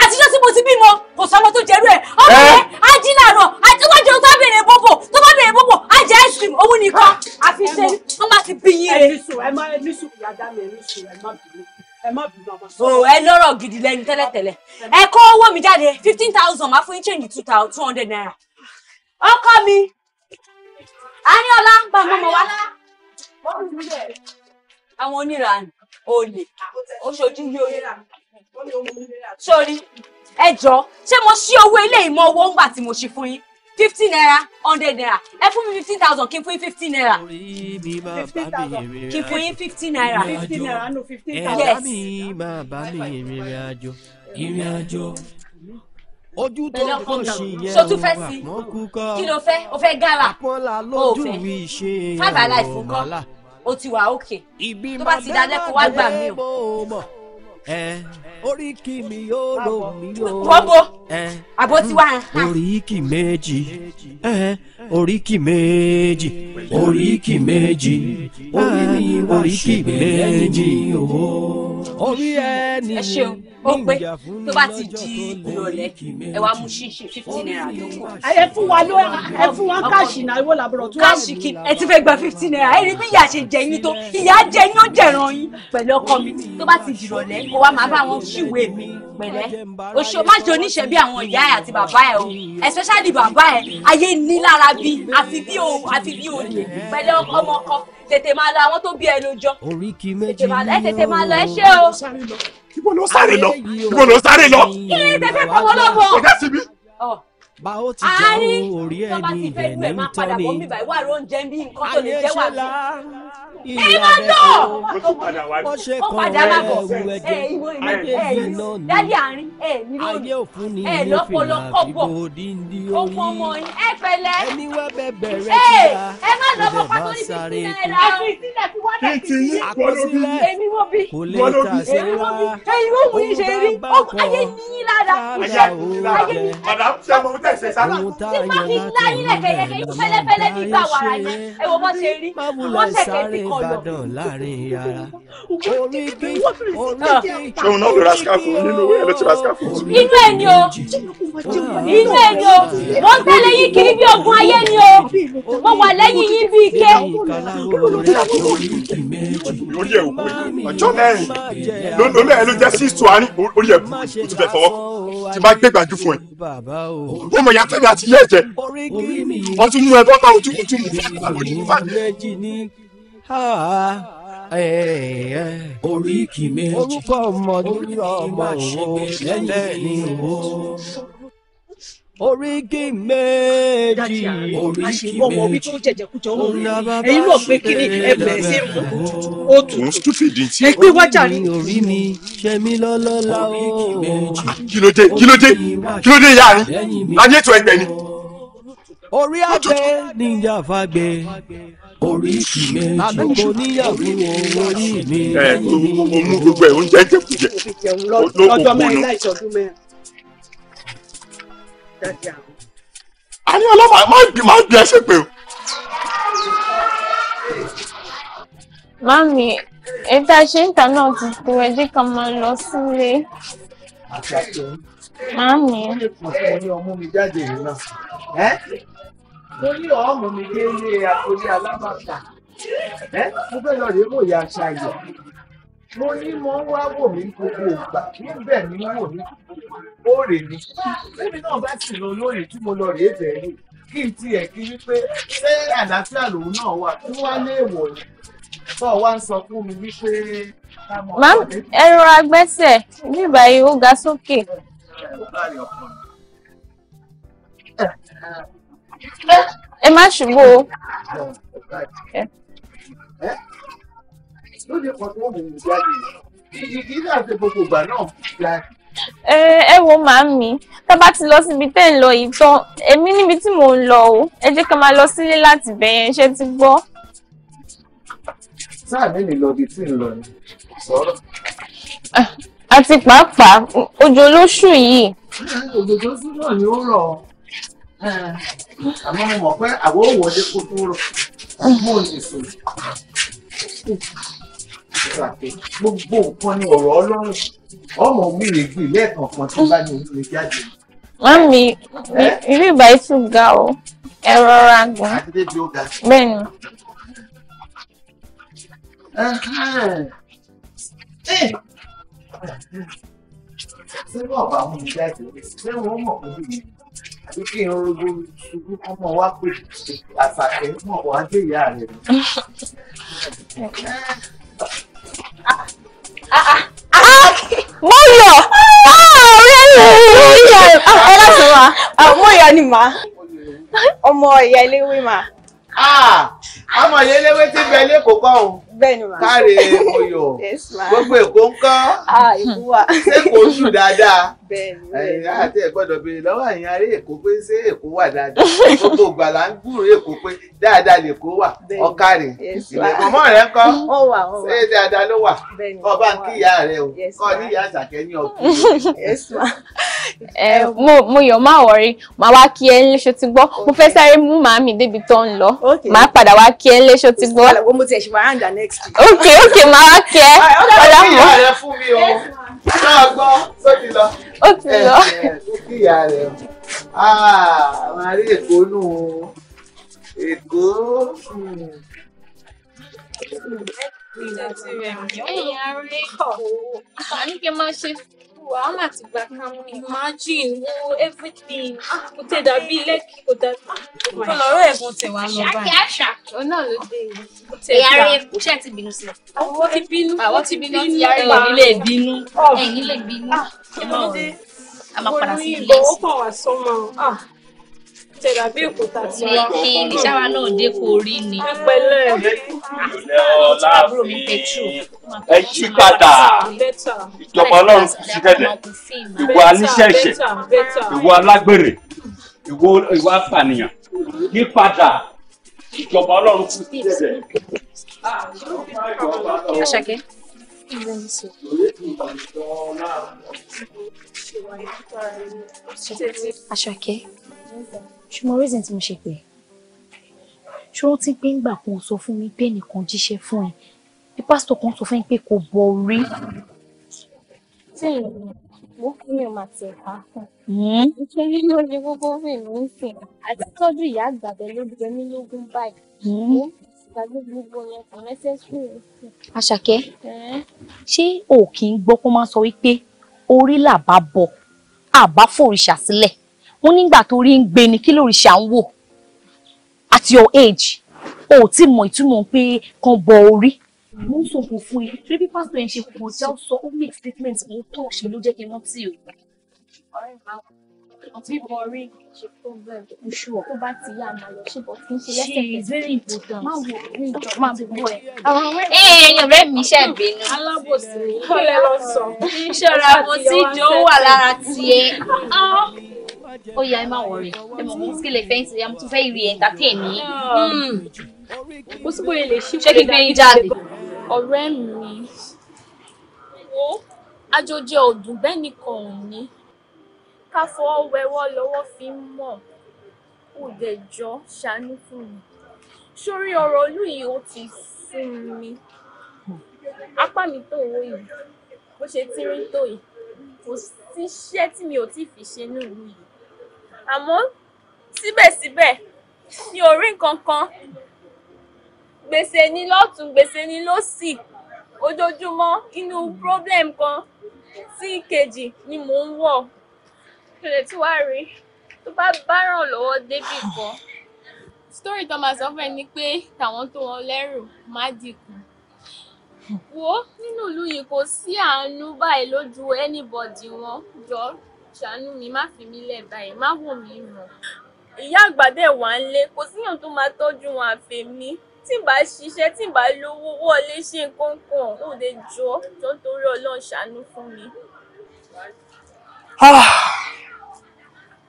àtijọ́ tí mo ti bímọ kò sọmọ tó jẹrú ẹ ọmọ rẹ eh? á jí làárọ̀ àjẹwájú tó bá bèrè bòbò tó bá bèrè bòbò á jẹ ice cream òun nìkan àfi ṣe wọn bá ti bí yín rẹ. ẹ ní sùn ẹ má ẹ ní sùn ìyá dá mi ẹ ní sùn ẹ má bínú ẹ má bínú àmọ́ sọ. o ẹ lọ́rọ̀ gidi lẹ́nu tẹ́lẹ̀tẹ́lẹ̀ ẹ kó owó mi jáde fifteen thousand máa fún yín change two thousand two hundred naira. ọkọ mi Aniola bá mọ́mọ́ wá àwọn oníranù olè oṣojú lórí sórí ẹ jọ̀ọ́ ṣé mo ṣí owó ilé ìmọ̀ owó ńgbà tí mo ṣí fún yín fifteen naira hundred naira ẹ fún mi fifteen thousand kí n fún yín fifteen naira fifteen thousand kí n fún yín fifteen naira fifteen naira Yes. fifteen thousand. ẹ̀dá mi máa bá mi ìrìn àjò ìrìn àjò ojú tó kò sí yẹn o àpọ́n kúkọ́ kí ló fẹ́ o fẹ́ gàrà o fẹ́ five alive o ti wà òkè tó bá ti dalẹ́ kó wá gbà mí o. orí kì mí yóò lò mí o. bọ́bọ̀ àbó ti wá. orí kì méjì orí kì méjì orí méjì orí mi orí méjì o. orí ẹni. ẹ ṣeun ó pé tó bá ti di ìrọ̀lẹ́ ẹ wá mú ṣíṣí fifteen naira tó kù. ẹ fún wa ló ẹ fún wa káàṣì náà ìwọ làbúrò tó wà. káàṣì kí ẹ ti fẹ́ gba fifteen naira ẹ rí bí ìyá ṣe jẹ yín tó ìyá jẹ yín ó jẹ̀ràn yín pẹ̀lú ọkọ mi tó bá ti dìrọ̀lẹ́ mo wá máa bá wọn ṣìwé mi pẹ̀lẹ́ oṣù má ṣe oníṣẹ́ bí àwọn ìyá ẹ̀ àti bàbá ẹ̀ o especially bàbá ẹ̀ ayé ní lára bí àfi bí òògùn àfi bí òògùn pẹ̀lú ọmọ ọkọ tètè máa lọ àwọn tó bí ẹnu jọ tètè máa lọ ẹ tètè máa lọ ẹ ṣé o. ibo ló sáré lọ ibo ló sáré lọ. kí ni tẹfẹ fọwọ́ lọ́wọ́. kò dá síbi bá ó ti jẹ́ orí ẹni ibẹ̀ ní ń tọ́ tó ó ṣe kan rẹ̀ ẹ̀wù ẹ̀jẹ̀ méjèèjì náà ni ayé òfun ni ilé fìlà àdìgbò díndín orí ẹni wá bẹ̀bẹ̀ rẹ̀ kíra kò dẹ̀ bá sáré kú àkọsílẹ̀ kò lè tà sí ra òun bá bá ọkọ̀ kára òun jẹ gbẹ̀sẹ̀ sábà. tí má kí n láyé lẹ́kẹ̀yẹkẹ̀ yín fẹ́lẹ́fẹ́lẹ́ ní ìgbà wàrà yẹn ẹ wo bó ṣe rí wọ́n ṣẹ̀kẹ́ ti kọ̀ lọ. ṣòun náà ló ra skáfù nínú ẹ ló ti ra skáfù. inú ẹ ni o inú ẹ ni o mo ń tẹ́lẹ̀ yín kiri bí ogun ayé ni o mo wà lẹ́yìn yín bí ike. lórí ẹ̀ òkú ọjọ́ mẹ́rin lórí ẹ̀ ló jẹ́ six two àárín orí ẹ̀ kú o ti fẹ́ fọwọ́ ti bá gbé gbàjú fún ẹ ó mọ̀ yàtọ̀ mi àti yẹ́ ẹ̀jẹ̀ wọ́n mú ẹ bọ́ta ojú ojú mú fún àgbà lójú fún àgbà. Eh, eh. oríkì méjì orúkọ ọmọdé ọmọ òwò lẹ́yìn ìwò oríkì méjì oríkì méjì ọmọ orí tó jẹjẹkújẹ ó rí ẹyin náà pé kí ni ẹbẹ sí mú ó tutù ẹ gbé wájà rí. orí mi ṣe mí lọ́lọ́lá o. Ah, kí ló dé kí ló dé kí ló dé ìyá mi láyé ètò ẹgbẹ́ ni. orí abẹ níjà fagbẹ orí mi àdúgbò níyàwó orí mi. ẹ o mú gbogbo ẹ oúnjẹ jẹkújẹ ló kò kú nù dájú àwọn. àní ọlọ́mọ máa ń máa ń bí ẹsẹ̀ pé o. mami ètò àṣeyìntà náà ti tó ẹjẹ kan máa lọ sílé. mami. mo ní ọmú mi jáde yìí náà. mo ní ọmú mi dé ilé àkọlé alábàtà. mo fẹ́ lọ rèé mọ̀ ìyá aṣáájú mo ní mo ń wá wò mí gbogbo ìgbà níbẹ̀ ni wò mí ó rè mí lẹ́mi náà bá sì lọ lóye tí mo lọ rèé bẹ̀ẹ́ yìí kí n tiẹ̀ kí wípé ṣé àlàáfíà lòun náà wà kí wá lè wọ̀ ni bọ́ wá ń sọ fún mi wípé. màá ẹ rọra ní ìbáyìí ó ga sókè. ẹ má ṣubú o lóde kan tí wọ́n mú mi jáde kí ní àti gbogbo ìgbà náà ya. ẹ wo màámi tá bá ti lọ síbi tẹ́ ń lọ yìí tán èmi níbi tí mò ń lọ o ẹ jẹ́ ká máa lọ sílé láti bẹ̀ yẹn ṣé ti gbọ́. sáà mẹ́ni lọ bí tí ń lọ ni sọ̀rọ̀. Ah, àti pàápàá òjò lóṣù yìí. òjò lóṣù náà ni ó rọ̀ àmọ́ mo mọ̀ pé àwọn òwò ọdẹ kò tó rọ̀ mo ò ní ìṣúra pé gbogbo nǹkan ni ọ̀rọ̀ ọlọ́run ọmọ wíìrì gbì lẹ́ẹ̀kan kan tó bá ní oríire jáde. mami irú ìgbà yìí tún ga o ẹ rọra gbọ́n bẹ́ẹ̀ ni. ṣé wọ́n bá mú mi jáde ṣé wọ́n mọ̀ pé mi àbí kí n rogo ṣubú ọmọ wa pè àtàkẹ́ mọ̀ wá dé ìyá rẹ̀. [laughs] mo ah ẹ láti wá mo yọ̀ ni mà ọmọ ìyá eléwé mà. ọmọ ìyá eléwé ti bẹ lẹ́kọ̀ọ́ kọ́ bẹ́ẹ̀ni ma káre ọyọ gbogbo èkó ń kọ́ ah, èkó wà sẹ́kọ̀ọ́ sù dáadáa bẹ́ẹ̀ni àti ẹ̀gbọ́dọ̀ béèrè lọ́wọ́ àyìn aré èkó pé ṣé èkó wà dáadáa gbogbo gbàlá ń gbúrò èkó pé dáadáa lèkó wà ọ̀kàrè ìwé mọ̀mọ́ rẹ̀ ń kọ́ ṣé dáadáa ló wà ọba ń kí ìyá rẹ̀ o kọ́ ní ìyá àṣàkẹ́ ní ọkùnrin. [laughs] Eh, mo yọ̀ máa wọ̀rí màá wá kí ẹ léṣo ti gbọ́ mo fẹ́ sáré mú màmí débi tó ń lọ màá padà wá kí ẹ léṣo ti gbọ́ next week. ok ok máa kẹ́ ọ̀dà mọ́. ọ̀dà ìyá rẹ fún mi o náà gbọ́ sókè lọ. ó ti lọ. sókè ìyá rẹ máa rí èkó nù èkó. ẹ̀yìn arẹ́kọ̀ọ́ kàní kí n máa ṣe wàhálà ti gbà kan imagine wo everything ah, kò tẹ dàbí lẹ́kì kò dàbí ah, kò lọ́rọ́ ẹ̀gbọ́n tẹ̀ wá lọ báyìí. ṣáàkì àṣà òun náà ló dé ìyá rẹ ṣe ti bínú sílẹ̀. àwọn ti bínú àwọn ti bínú ti yára ìwà nílé bínú ẹ̀yìn lè bínú. ẹ ah, máa ń padà sí ilé ìsìn tẹ̀lábí òkúta tí wọ́n kọ́ kí níṣàwá náà dé kó rí ni. pẹ̀lẹ́ àbúrò mi ẹ yí padà ìjọba ọlọ́run kù sí kẹ̀dẹ̀ ìwọ aníṣẹ̀ṣẹ̀ ìwọ alágbèrè ìwọ apànìyàn yí padà ìjọba ọlọ́run kù sí kẹ̀dẹ̀. Àṣàkẹ́ invenção ṣe mọ reason tí mo ṣe pé ṣé wọ́n ti gbé ńgbà kan sọ fún mi pé ẹnìkan jíṣẹ́ fún ẹ bí pásítọ̀ kan sọ fún mi pé kò bọ̀ rí. tí mo kí ni màá ti ẹ̀ka fún un nítorí ló ní gbogbo rìn mí sìn àti tọ́jú ìyá àgbàbẹ̀ ló jẹ mí lógún báyìí ìgbàgbé hmm? gbogbo yẹn kò rẹ́sẹ̀ sùn. àṣàkẹ́ ṣé o kì í gbọ́ kó máa sọ wípé orí làbá bọ̀ àbá fòrìṣà sílẹ̀ ó nígbà tó rí ń gbé ni kí lóríṣà ń wò at your age o ò tí mọ ìtumọ̀ pé kan bọ orí. mo ń sọ fún fún yín torí bí pásítọ̀ yẹn ṣe kò já sọ ó make statement mo tó ṣe ló jẹ́ kí n rántí o. ọ̀rẹ́ mi máa ń wọ bíbọ̀ rí is very important má wo rí ìjọ má bọ̀ ẹ̀. àwọn eh, ẹ̀yìn ọ̀rẹ́ mi ṣe bínú. alábòsí kọlẹ lọ sọ. ṣọ́ra mo ti jọ wà lára tiẹ̀. Ah. ó yá ẹ má wọrí ẹ mọ̀ mo kí lè fẹ́ǹsì ẹ mo tún fẹ́ rí entertain mi. Hmm. ó sì bóyá lè ṣí ṣé kí gbé jáde. ọ̀rẹ́ mi wo àjọjẹ ọdún bẹ́ẹ̀ nìkan ò ní ká fọwọ́ wẹwọ́ lọ́wọ́ fi ń mọ̀ kò dẹ̀ jọ ṣàánú fún mi sórí ọ̀rọ̀ ìlú yìí ó ti sún mi apá mi tó owó yìí bó ṣe ti rí tó yìí kò síṣẹ́ tí mi ò tí fi ṣe ní ìlú yìí àmọ́ síbẹ̀síbẹ̀ mi ò rí nǹkan kan gbèsè ni lọ́tún gbèsè ni lósì ojoojúmọ́ inú problem kan sí ìkejì ni mò ń wọ̀ lè tí wàá rí tó bá bá ràn lọ́wọ́ débì kan story thomas ọ̀fẹ́ ni pé tàwọn tó wọn lẹ́rù má dìkù wo nínú ìlú yìí kò sí àánú báyìí lójú anybody wọn jọ ṣàánú mi má fi mí lẹ̀ báyìí má wò mí ràn ìyá àgbà dẹ̀ wà ń lé kò síyàn tó máa tọ́jú wọn àfẹ̀mí tí n bá ṣiṣẹ́ tí n bá lówó wọlé ṣe nǹkan kan ó lè jọ jọ torí Ọlọ́run ṣàánú fún mi. Ah!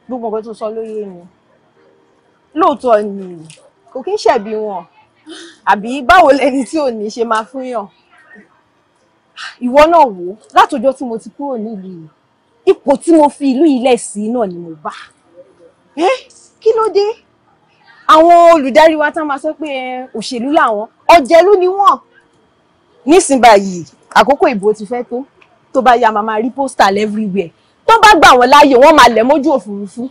gbogbo nǹkan tó sọ ló yé mi lóòótọ́ ni kò kí ń ṣẹ̀bi wọn àbí báwo lẹni tí ò ní ṣe máa fún yàn ìwọ náà wò látọjọ́ tí mo ti kúrò nílùú yìí ipò tí mo fi ìlú ilẹ̀ sí náà ni mo bá kí ló dé àwọn olùdarí wa tá máa sọ pé òṣèlú làwọn ọ̀jẹ̀lú ni wọ́n nísìnyí báyìí àkókò ìbò ti fẹ́ tó tó bá yá màmá rí postal everywhere tó bá gbà wọ́n láàyè wọ́n máa lẹ̀ mójú òfurufú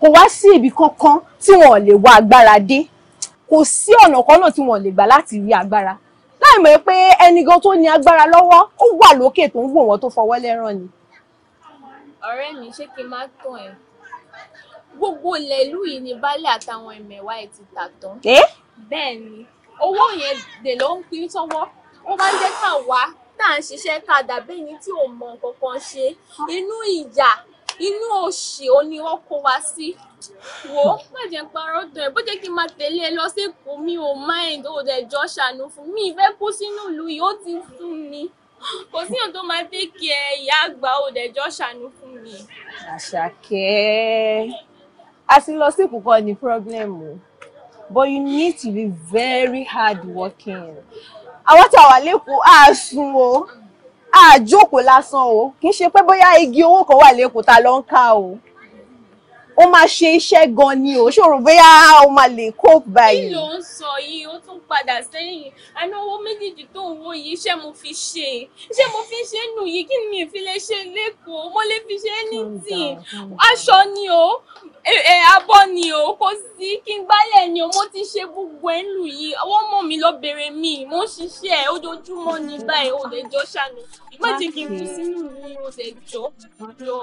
kò wá sí ibi kankan tí wọn ò lè wá agbára dé kò sí ọ̀nà kan náà tí wọn ò lè gbà láti rí agbára láì mọ̀ pé ẹni gan tó ní agbára lọ́wọ́ ó wà lókè tó ń wò wọ́n tó fọwọ́ lẹ́rán ni. ọ̀rẹ́ mi ṣé kí n má tàn ẹ́ gbogbo ilẹ̀ ìlú yìí ni baálé àtàwọn ẹ̀mẹ̀wá ẹ̀ ti tà tán. Eh? bẹ́ẹ̀ ni owó yẹn dè ló ń pín sọ́wọ́ ó máa ń jẹ́ ká wá tá à ń ṣiṣẹ́ ká dàbí ẹni tí ò mọ nǹkan kan ṣe inú ìyà inú òṣì ò ní wọ́n kó wa sí wò ó bàjẹ́ parọ́ dùn ẹ̀ bó jẹ́ kí n máa tẹ̀lé ẹ lọ sẹ́kọ̀ọ́ mi ò mind ò dẹ̀ jọ ṣàánú fún mi ìfẹ́ kú sínú ìlú yìí ó ti sú mi kò síyàn tó máa dé kí ẹ ìyá àgbà ò dẹ̀ jọ ṣàánú fún mi. àṣàkẹ́ a ti lọ sí ìkùkọ ní pírọ́blẹ́mù but you need to be very hard working àwọn tí a wà lẹ́kọ̀ọ́ á sun o á jókòó lásán o kì í ṣe pé bóyá igi owó kan wà lẹ́kọ̀ọ́ ta ló ń ká o ó máa ṣe iṣẹ́ gan ni o ṣòro bóyá o máa lè cope báyìí. kí ló ń sọ yìí ó tún padà sẹ́yìn àná owó méjèèjì tó ń wo yìí iṣẹ́ mo fi ṣe iṣẹ́ mo fi ṣe nù yìí kí ni mi fi lè ṣe lẹ́kọ̀ọ́ mo lè fi ṣe anything aṣọ ni o e, e, abọ́ ni o kò sí kí n gbálẹ̀ ni o mo ti ṣe gbogbo ẹ̀ lù yìí wọ́n mọ̀ mí lọ mi mo ń ṣiṣẹ́ ojoojúmọ́ ní báyìí o lè jọ ṣàánú má jẹ́ kí n kú sínú mi o lè jọ lọ.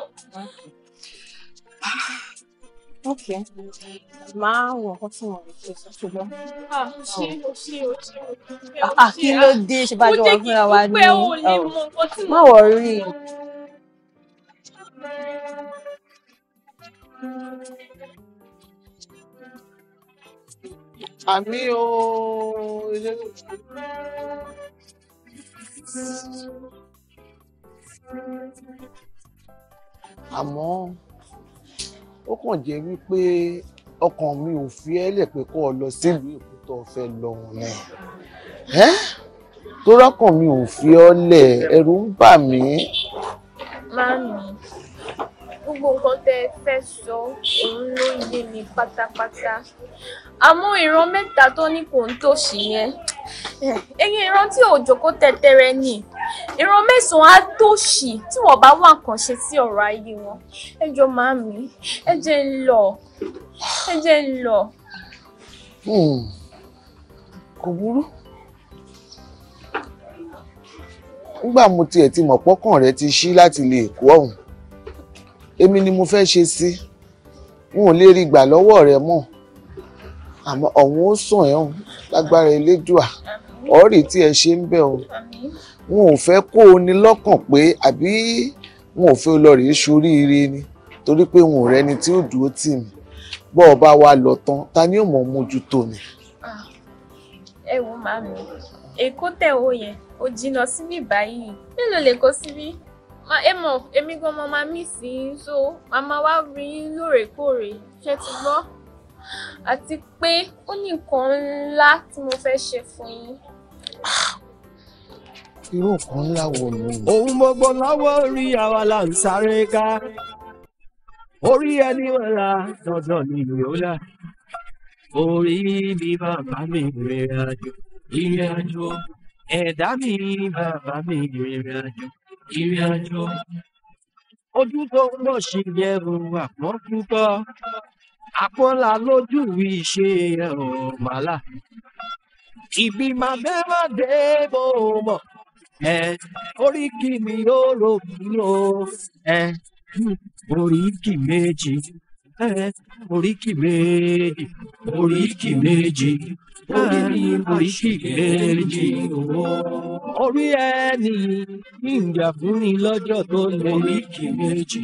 Okay. Máa wọ̀ ọkọ tí mo lè ṣe ṣùgbọ́n. Ṣé o ṣe o ṣe o ṣe? Kí ló dé ṣe bá jọ wọ́n fúnra wa ní? Má wọ̀ rí. Àmì o. Àmọ́ ó kàn jẹ́ wípé ọkàn mi ò fi ẹ́ lẹ̀ pé kó o lọ sílùú èkó tó o fẹ́ lọ òun ni tó rọ́kàn mi ò fi ọ́ lẹ̀ ẹ̀rù ń bà mí. Máàmì, gbogbo nǹkan tẹ́ ẹ fẹ́ sọ òun ló yé mi pátápátá. Àmọ́ ìran mẹ́ta tó ní kò ń tòṣì yẹn. Eyín ìran tí òjòkó tẹ̀tẹ̀rẹ̀ nì ìran mẹ́sàn-án á tòṣì tí wọ́n bá wà nǹkan ṣe sí ọ̀rọ̀ ayé wọn ẹ jọ màámi ẹ jẹ́ ń lọ ẹ ń lọ. Hmm, kò burú nígbà mo tiẹ̀ ti mọ̀ pọ́kàn rẹ ti ṣí láti lè kó ọ̀hún èmi ni mo fẹ́ ṣe sí n ò lè rí gbà lọ́wọ́ rẹ mọ́ àmọ́ ọ̀hún ó sàn ẹ̀ hàn lágbára elédùà ọ̀rì tí ẹ ṣe ń bẹ̀ o wọn ò fẹ́ kó o ní lọ́kàn pé àbí wọn ò fẹ́ lọ rèé ṣoríire ni torí pé wọn ò rẹni tí ó dúró tì mí bọ́ ọ bá wa lọ tán ta ni ó mọ̀ mójútó ni. ẹ wo màmí èkó tẹ̀ ó yẹn ò jìnnà síbí báyìí mélòó lè kó síbí ẹ mọ̀ èmi gan mo máa mí sí i so màmá wa rí i lóòrèkóòrè ṣé ti gbọ́ àti pé ó ní nǹkan ńlá tí mo fẹ́ ṣe fún yín. Ah, irú kan ńlá wo ni. ohun gbogbo lọ́wọ́ orí àwa là ń sáré ká orí ẹni wẹ̀ra dandan ni ìrọ̀lá orí mi bàbá mi rìnrìn àjò ìrìn àjò ẹ̀dá mi bàbá mi rìnrìn àjò ìrìn àjò ojú tó ń lọ sí yẹ̀rù àpọ́njútọ́ àpọ́nlá lójú ìṣe ọ̀màlà ìbí máa bẹ́ẹ̀ máa dé bó mọ̀ ẹ oríkì mi ó rò mí o ẹ oríkì méjì ẹ oríkì méjì oríkì méjì orí mi oríkì méjì o orí ẹni ìjà fún mi lọ́jọ́ tó lé oríkì méjì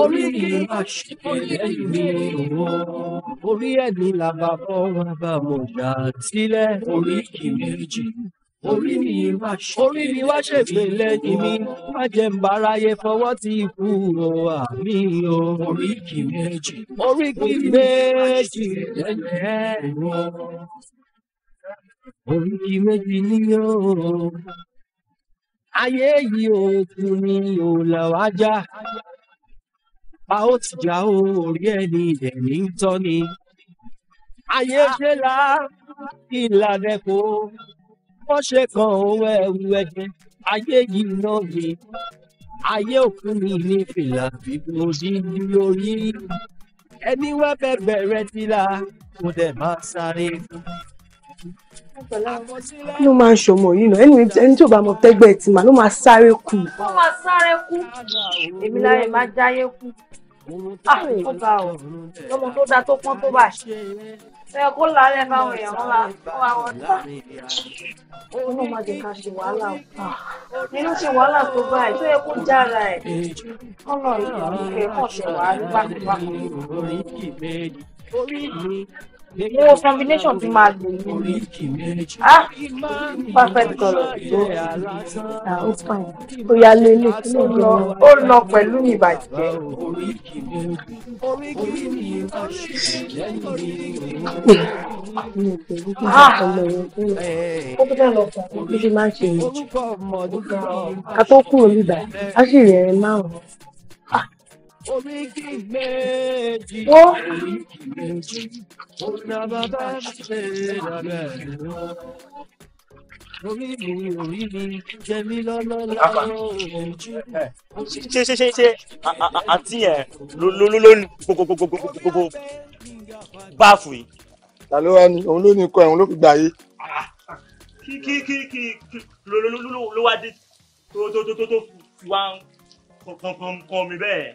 orí mi àṣìlẹ́yìn orí mi orí mi wá ṣègbè lẹ́yìn mi má jẹ́ n fọwọ́ ti kú o àmì o. oríkì méjì oríkì méjì lẹ́yìn o. oríkì méjì ni o. ayé yìí ò tún ní òòlà wá já a ó ti jà ó orí ẹni ẹ̀mí ń tọ́ ni ayé ṣe là ìlànà kò wọ́n ṣe kan owó ẹrù ẹ̀jẹ̀ ayé yìí náà ni ayé òkú mi ní fìlà fìbò dídí lórí ẹni wá fẹ́ bẹ̀rẹ̀ fìlà kò dẹ̀ máa sáré. kí ló máa ń ṣọmọ yìí náà ẹni tí ò bá mọ tẹgbẹ́ ẹ̀ tì mà ló máa sáré kú. ó máa sáré kú èmi láyé máa jáyé kú. Ah, ó tó dáa tó pọ́n tó bá ṣe ẹ kó lálẹ́ báwọn èèyàn ńlá fún àwọn ọ̀tá. ó ní má jẹ́ ká ṣe wàhálà nínú ṣe wàhálà tó báyìí tó yẹ kó jára ẹ̀ kọ́nà ìlú ìfẹ́ kàn ṣe wàhálà bákùbákù. orí mi wo combination ti máa lò ah perfect color ah ó fine ó yá lé lè kí ló lọ ó lọ pẹ̀lú mi bàjẹ́. Ah, ó tó fẹ́ lọ fún un bí ṣe máa ń ṣe yìí ká tó kúrò níbà á sì rẹ̀ ẹ́ oríkì méjì oríkì méjì ọ̀nà bàbá ṣe dàbẹ̀ lọ. Orí mi orí mi jẹ mí lọ́lọ́lọ́ ojú. Ṣé ṣé ṣé ṣé àti ẹ̀ ló ló ló ní gbogbogbogbogbogbogbò báàfù yìí. Ta ló wá ní òun ló ní ikọ̀ ẹ̀ òun ló fi gbà yé. Ah, kí kí kí kí ló wá dé tó tó tó tó fi wá kọ̀ọ̀kan kan mi bẹ́ẹ̀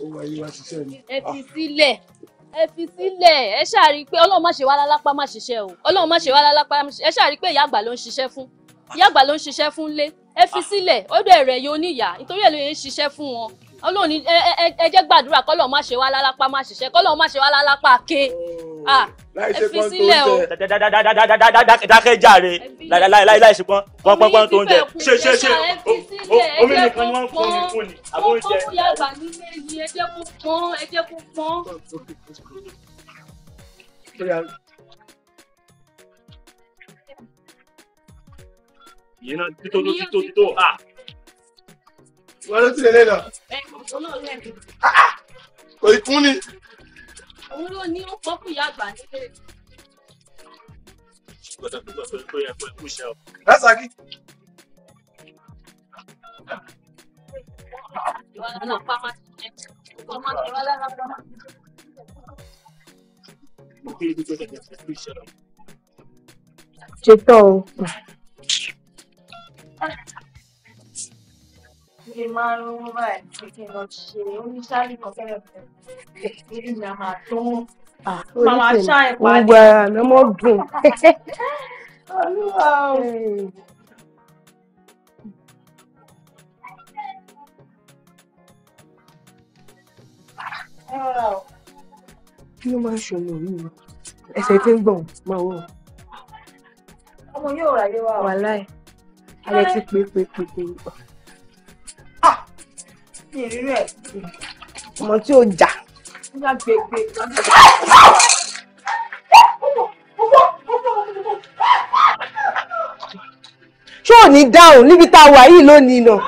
ó wá yí wá ṣiṣẹ́ ni. ẹ fi sílẹ̀ ẹ fi sílẹ̀ ẹ ṣàrí pé ọlọ́run má ṣe wá lálápá má ṣiṣẹ́ o ọlọ́run má ṣe wá lálápá má ṣiṣẹ́ ẹ ṣàrí pé ìyá àgbà ló ń ṣiṣẹ́ fún ìyá àgbà ló ń ṣiṣẹ́ fún lé ẹ fi sílẹ̀ ó dẹ̀ rẹ̀ yóò níyà nítorí ẹ̀ ló ń ṣiṣẹ́ fún wọn ọlọ́run ni ẹ jẹ́ gbàdúrà kọ́lọ́run má ṣe wá lálápá má ṣiṣẹ́ kọ́lọ́run má ṣe wá lálápá ké ẹ fi sílẹ̀ o. dákẹ́ jàre láìsí pọ́n pọ́n tó ń jẹ ṣe ṣe ṣe omi nìkan ni wọ́n fún mi fún ni àbó jẹ. ọkọ ìyá àgbà mi lè yí ẹ jẹ́ kó pọ́n ẹ jẹ́ kó pọ́n. yìí náà títò tó títò títò à. wọ́n ló tilẹ̀ lẹ́nà. kò ì kún ni. òun ló ní ó pọ́kù ìyá àgbà nílé. Lásàkí ṣètò o. Ilé máa ń rún báyìí pé kí n lọ ṣe oníṣáàlì kan fẹ́rẹ̀ fẹ́rẹ̀. Ilé ìyá máa tó. Màmá ṣá ẹ̀ pàdé. Gbogbo ara mi mọ̀ dùn. Olúwa o. kí ló máa ń ṣe ọmọ yìí ẹsẹ̀ tí ń gbọ̀n máa wọ̀. ọmọ yóò ráyé wa. wàláì alẹ́ ti pé pé pé pé. ọmọ tí ò jà. ṣé ò ní dáhùn níbi tá a wà yìí lónìí náà.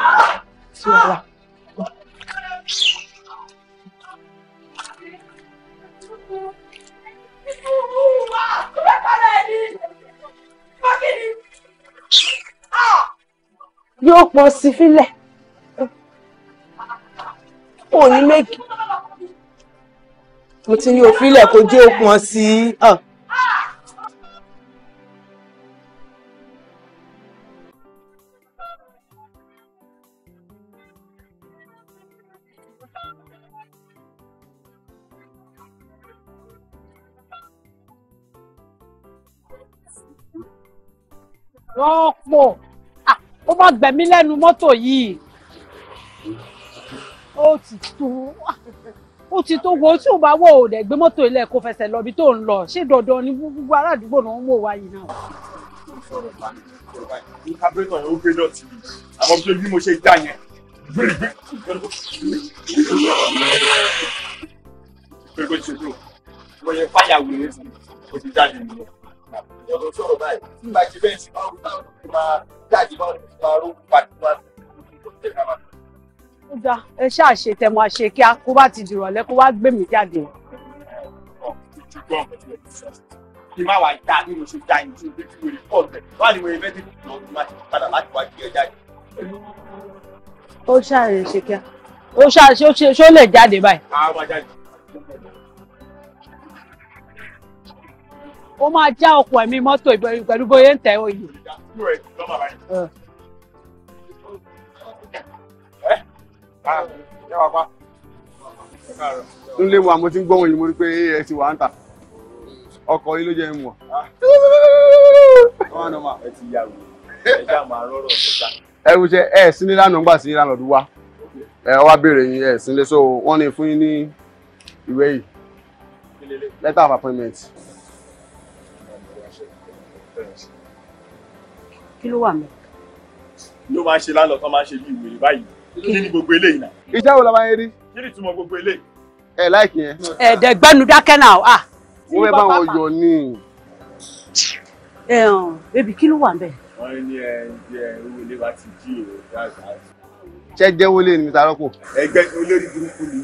yóò pọ̀ sí fílẹ̀ ò ní méjì mo ti ní òfílẹ̀ kò jẹ́ òpin ọ̀sí. Ah. wọ́n ó má gbẹ̀mí lẹ́nu mọ́tò yìí ó ti tó ó ti tó wo tí ò bá wọ òdẹ gbé mọ́tò ilé kó fẹsẹ̀ lọ ibi tó ń lọ ṣé dandan ni gbogbo ará àdúgbò náà ń wò wá yìí náà. ní kábírẹ́tọ̀ yẹn fáyà wèrè sí i kó ti jáde nìyẹn èèyàn tó sọ̀rọ̀ báyìí tí tí bẹ́ẹ̀ sì máa ń gbà ó ti máa jáde máa ń fi máa ró pàtó máa ń tó tẹ̀ ká máa. ẹ ṣe tẹ máa kí a kó bá ti dìrọ̀lẹ́ kó wá gbé mi jáde. kí má wàá dá nínú oṣù dá ìlú tó gbé kí wèrè pọ̀ tẹ̀ wá ní wèrè mẹ́tẹ́ẹ̀tì lọ́dún láti padà láti wá gbé ẹ jáde. ó ṣàrẹ̀ ó ṣe ó lè jáde báyìí. ó máa já ọkọ̀ ẹ̀mí mọ́tò pẹ̀lú bóyá ń tẹ̀ oyè. nílé wa mo ti ń gbọ́ yìí mo rí pé ẹ ti ń tà ọkọ̀ yìí ló jẹ́ ń wọ̀. [laughs] ṣe ẹ sí ní lánàá sí lánàá ọdún wa ẹ wá béèrè yín ẹ sí ní so wọ́n ní fún yín ní ìwé yìí letter of appointment. kí ló wà mẹ́. ló máa ń ṣe lánàá tó máa ń ṣe bí ìwé báyìí kí ni gbogbo eléyìí náà. iṣẹ́ wo la máa ń rí. kí ni ìtumọ̀ gbogbo eléyìí. ẹ láìkì yẹn. ẹ̀ẹ́dẹ̀ gbẹ́nu dákẹ́ náà à. Ah. wọ́n fẹ́ bá wọn yọ ní. ẹ hàn bébì kí ló wà mẹ́. wọ́n ní ẹ jẹ́ owó ilé wa ti jí èrò dáadáa. ṣé jẹ́ wọlé ni mi ta rọ́pò. ẹgbẹ́ olórí burúkú ni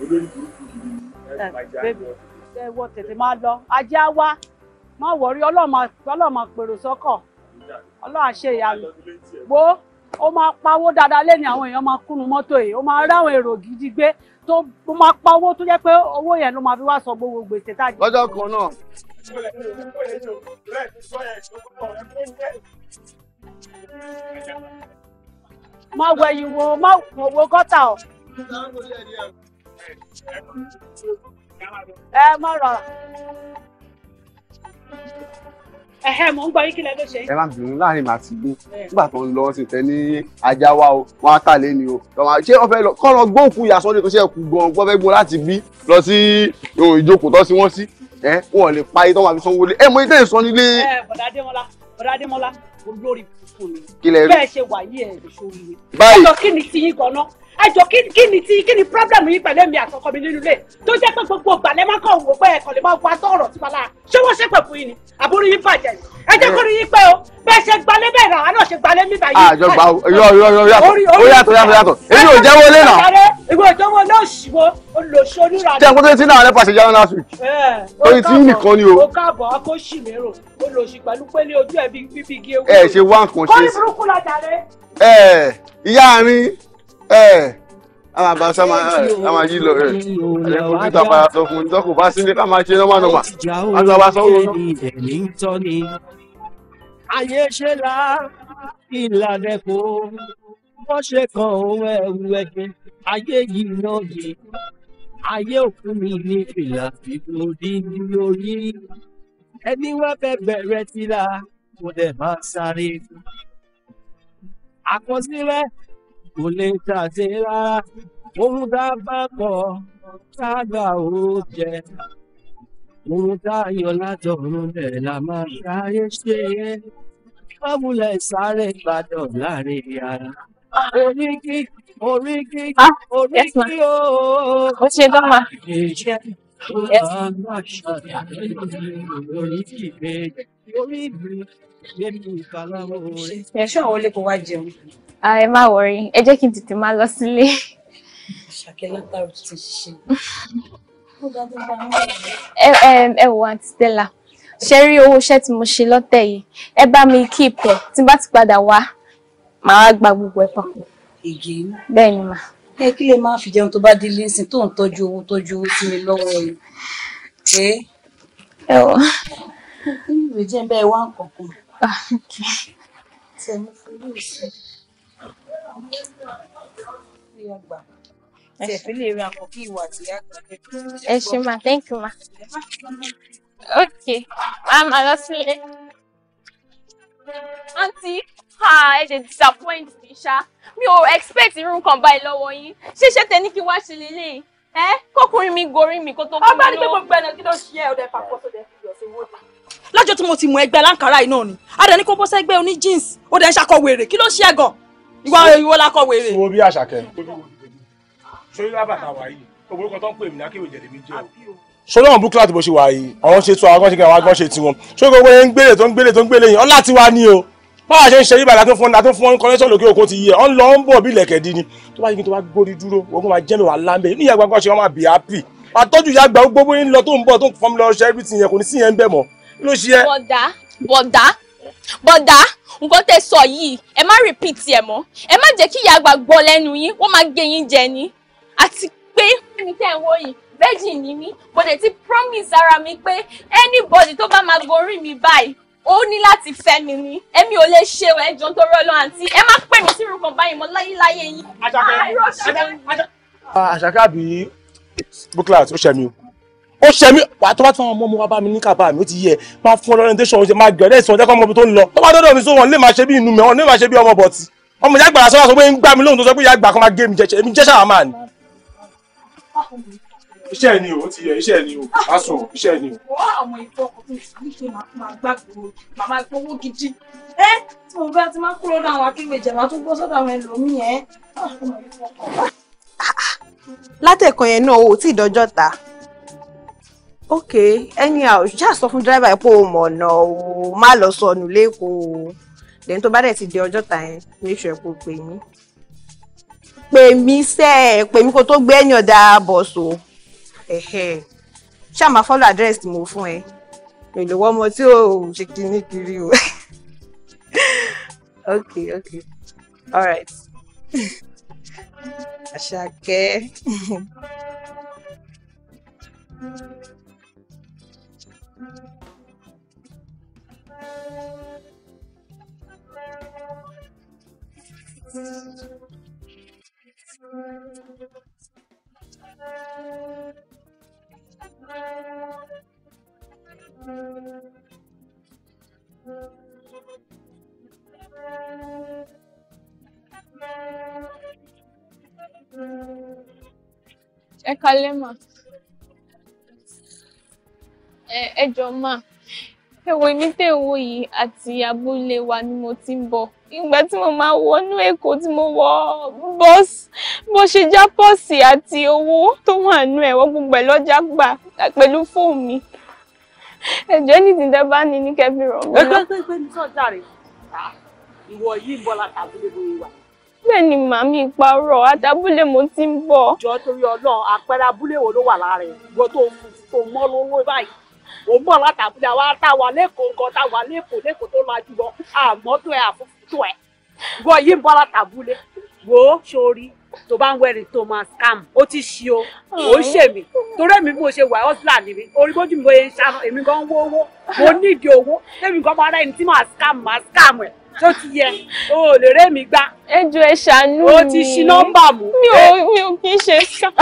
olórí burúkú ni ẹ wọ tètè máa lọ ajá wá má wọrí ọlọ́mọ ọlọ́mọ sọ́kọ̀. ọlọ́run àṣẹ ìyanu wo ó máa pawó dáadáa lẹ́ni àwọn èèyàn máa kúnnu mọ́tò yìí ó máa ráwọn èrò gidi gbé tó ó máa owó tó jẹ́ pé owó yẹn ló máa fi wá sọ gbogbo gbèsè tá a lọ́jọ́ kan náà. má wẹ yìí má wo gọ́tà o. ẹ má rọra. ẹ̀hẹ́ mọ̀ ń gbọ́ yín kí lẹ láàrin màá ti gbó nígbà tó ń lọ sí tẹ ní ajá wa o wọn á tà lé ni o ṣé wọn fẹ́ lọ kọ́ lọ gbó òkú ìyá sọ́dún tó ṣe gan gbọ́ fẹ́ gbó láti bí lọ sí ìjókòó tó sí wọ́n sí ẹ wọn lè pa itọ́ wọn àfi sanwó lé ẹ mọ ilé ìsọ nílé. ẹ bọ̀dá Adémọ́lá bọ̀dá Adémọ́lá olórí fún mi bẹ́ẹ̀ ṣe wà yí ẹ̀ ẹjọ kí ni ti kí ni problem yìí pẹ̀lú èmi àtọkọ mi nínú ilé tó jẹ́ pé gbogbo ìgbà lẹ́ máa kàn wò pé ẹ̀kọ́ lè máa wá sọ̀rọ̀ sí bala ṣé wọ́n ṣe pẹ̀ fún yín ni àbúrò yín bàjẹ́ ẹ jẹ́ kó rí yín pé o bẹ́ ṣe gbalẹ́ bẹ́ẹ̀ rà á náà ṣe gbalẹ́ mi báyìí. àjọ ah, gba yọ yọ yọ yàtọ̀ ó yàtọ̀ yàtọ̀ yàtọ̀ èmi ò jẹ́wọ́ lé náà. ìwé ìjọwọ́ náà ṣìwọ́ olùlọ́ṣọ́ onírànà. jẹ́ àkótó tí náà rẹ̀ pàṣẹ jáwé last week. orí tí nìkan ni o. o káàbọ̀ akó ṣì mérò olùlọ́ṣì pẹ̀lú pélé ojú ẹ̀ bíi bíbí gé ewu. ẹ ṣe wá nǹkan ṣe. kọ́ni burúkú la jàre. ẹ ìyá mi ẹ eh, a máa bá sáma a máa yí lọ rẹ eh. ẹ kò títà padà sọ fún un tọkù bá sílé ká máa ṣe nọ́mà nọ́mà a tọ́ bá sọ́wọ́ náà. ayé ṣe la ìlànà kò wọ́n ṣe kan òun ẹ̀rù ẹ̀jẹ̀ ayé yìí náà yé ayé òkú mi ní fìlà fìlò dídí lórí ẹni wá fẹ́ bẹ̀rẹ̀ tìlà kò dẹ̀ máa sáré àkọsílẹ̀ kò lè ṣàṣe rárá ohun tá a bá kọ tá a gbà ó jẹ ohun tá a yọ látọ̀run rẹ̀ la máa ṣáyé ah, ṣe é fábùlẹ̀ sáré gbàdọ̀ láàrin yàrá oríkì oríkì oríkì ooo. ó ṣe dọ́mà. Yes orí mi gbé mi ìfàlàwọ̀ rẹ̀. ẹ̀ṣọ́ àwọn olè kò wá jẹun. ẹ má wọrí ẹ jẹ́ kí n tètè máa lọ sílé. ṣàkẹ́ látàrí tó ti ṣiṣẹ́. ẹ ẹ wò àǹtí Stella ṣe rí owó iṣẹ́ tí mo ṣe lọ́tẹ̀ yìí ẹ bá mi kíp ẹ̀ tí bá ti padà wá màá wá gba gbogbo ẹ̀ papọ̀. ègé bẹ́ẹ̀ ni mà. ẹ kí lè máa fi jẹun tó bá di lẹ́sìn tó ń tọ́jú owó tọ́jú owó sí mi lọ́wọ́ yìí. ẹ wọ. Ah, mi thank you ma. ok máa máa lọ sílé. aunty ah, ẹ ṣe disappoint mi ṣá mi ò expect irú nǹkan báyìí lọ́wọ́ yín ṣé ṣé tẹ ní kí wá ṣe lélẹ́yìn ẹ kọkùnrin mi gorí mi kó tó kú mi lọ. ọgbẹ́ni pé mo gbẹ́ni kí ló ṣe ẹ́ ọ̀dẹ̀ pàpọ̀ sódẹ̀ fi yọ̀ sí wọ́ọ̀dà lọ́jọ́ tí mo ti mọ ẹgbẹ́ láǹkárá yìí náà ni adẹni kó bọ́ sẹ́gbẹ́ oní jeans ó dẹ̀ ń ṣakọ wèrè kí ló ṣe é gan ìwà ìwọ lakọ wèrè. sọ bí àṣàkẹ́. sori lábàtà wà yìí tó ń pè mí lákéwì jẹ̀lẹ̀ mi jẹ́ o. sori àwọn búkúlá ti bó ṣe wà yìí àwọn ṣe tó àwọn kan ṣe kí àwọn agbọ́n ṣe tiwọn sori gbogbo yẹn ń gbélé tó ń gbélé tó ń gbélé yìí ọlá tiwa ni o báwa ṣe ń ṣe yíbàdà tó fún ọ̀nà tó fún ọ̀nà kọ́nẹ́sọ̀ lókè òkun ti yẹ ọ̀n lọ ń bọ̀ bí ilẹ̀kẹ̀ di ni tó bá yí kí tó bá gbórí dúró ogun máa jẹ́lò wà láńbẹ̀ ní ìyá gbàgbọ́ ṣe wọ́n máa bì happy àtọ́jú ìyá àgbà gbogbo yín lọ tó ń bọ̀ tó ń fọmọlọ ṣe everything yẹn kò ní sí yẹn ń bẹ̀ mọ́ ló ṣe ẹ. bọ̀dá bọ̀dá bọ̀dá nǹkan tẹ́ sọ yìí ẹ má repeat ẹ mọ́ ẹ má jẹ́ kí ìyá àgbà gbọ́ lẹ́nu yín wọ́n máa gé yín jẹ ni àti pé ẹni tẹ́ wò yìí bẹ́ẹ̀jì ni mí mo dẹ̀ ti promise ara mi pé anybody tó bá máa gorí mi báyìí ó ní láti fẹ́ mi ni èmi ò lè ṣe ẹjọ́ tó rọ́ lọ àǹtí ẹ má pè mí sírun kan báyìí mọ́ láyéláyé yín. àṣàkẹ́ àṣàkẹ́ àbí bukla ó ṣẹ́ mi o ó ṣe mí wà tó bá tí wọn mọ mo wá bá mi ní kàbá mi ó ti yẹ máa fún orientation ṣe máa gbẹ̀rẹ́ ìsọ̀rọ̀ jẹ́kọ́ ọmọbi tó ń lọ tó bá dọ́dọ̀ mi sọ wọn lè máa ṣe bí inú mi wọn lè máa ṣe bí ọmọ bọ̀tì ọmọ ìyá àgbàrá sọ́wọ́ sọ pé ń gbá mi lóhùn tó sọ pé ìyá àgbà kan máa gé mi jẹ́ṣẹ́ mi jẹ́ṣẹ́ àwọn máa ní. iṣẹ́ ni o ti yẹ iṣẹ́ ni o aṣọ iṣẹ́ ni o. àwọn ìfọ ọkùnrin ìṣàkóso máa gbàgbọ́ màmá ìfowó gidi ẹ tí mo bá ti máa kúrò náà àwọn akéwèjẹ máa tún gbọ́ sọ́dọ̀ àwọn ah, ah. látẹ̀kọ̀ yẹn náà o ò tí ì ta ok anyhow ṣáà sọ fún dírẹ́bà yẹn pé o mọ̀ ọ̀nà o má lọ sọnù lẹ́kọ̀ọ́ o tó bá dẹ̀ ti di ọjọ́ ta yẹn make sure kó pè mí pè mí sẹ́ ẹ̀ pè mí kó tó gbé ẹ̀yàn dá bọ̀sù ẹ̀hẹ̀ ṣáà máa follow address tí mo fún ẹ èlò ọmọ tí ò ṣe kíní kiri o [laughs] ok ok alright [laughs] àṣàkẹ́. [laughs] ẹ kalẹ̀ ẹ ẹ ẹwọ èmi tẹ ń wò yìí àti abúlé wa ni mo ti ń bọ̀ ìgbà tí mo máa wọnú èkó tí mo wọ bọ́ọ̀sì bó ṣe já pọ́ọ̀sì àti owó tó wà nú ẹ̀ wọ́n gbogbo ẹ̀ lọ́jà gbà pẹ̀lú fóònù mi ẹ̀jẹ̀ ní ìdílé bá ní ní kẹ́bí rọ̀ mí. ẹgbẹ́ pé pé ní sọ́jà rẹ̀ ìwọ yìí bọ́ láti abúlé bóyá wà. bẹ́ẹ̀ ni màmí parọ́ àtàbúlé mo ti ń bọ̀. jọ torí Ọlọ́run àpẹẹrẹ abúlé wo ló wà lára ẹ̀ ìwọ tó mọ́ lówó báyìí ò ń bọ̀ láti wa tá wà lẹ́kọ̀ọ́ nǹkan tá wà lẹ́kọ̀ọ́ lẹ́kọ̀ọ́ tó lajú lọ àmọ́ tó ẹ àfúntò ẹ wọ yìí ń bọ̀ láti wò ó sórí tó bá ń wẹ́rin tó máa scam ó ti ṣí o ò ṣe mí torí èmi mo ṣe wà ọ́sùlà nìmi orí bójú mi ń ṣá èmi gan wó owó mo nídìí owó tẹ́mi gan máa rẹ́ni tí máa scam máa scam ẹ̀ tó ti yẹ o ò lè rémi gbá. ẹ jọ̀ọ́ ẹ ṣàánú mi o ti ṣí nọ́mbà mú. mi ò mi ò kì í ṣe scam.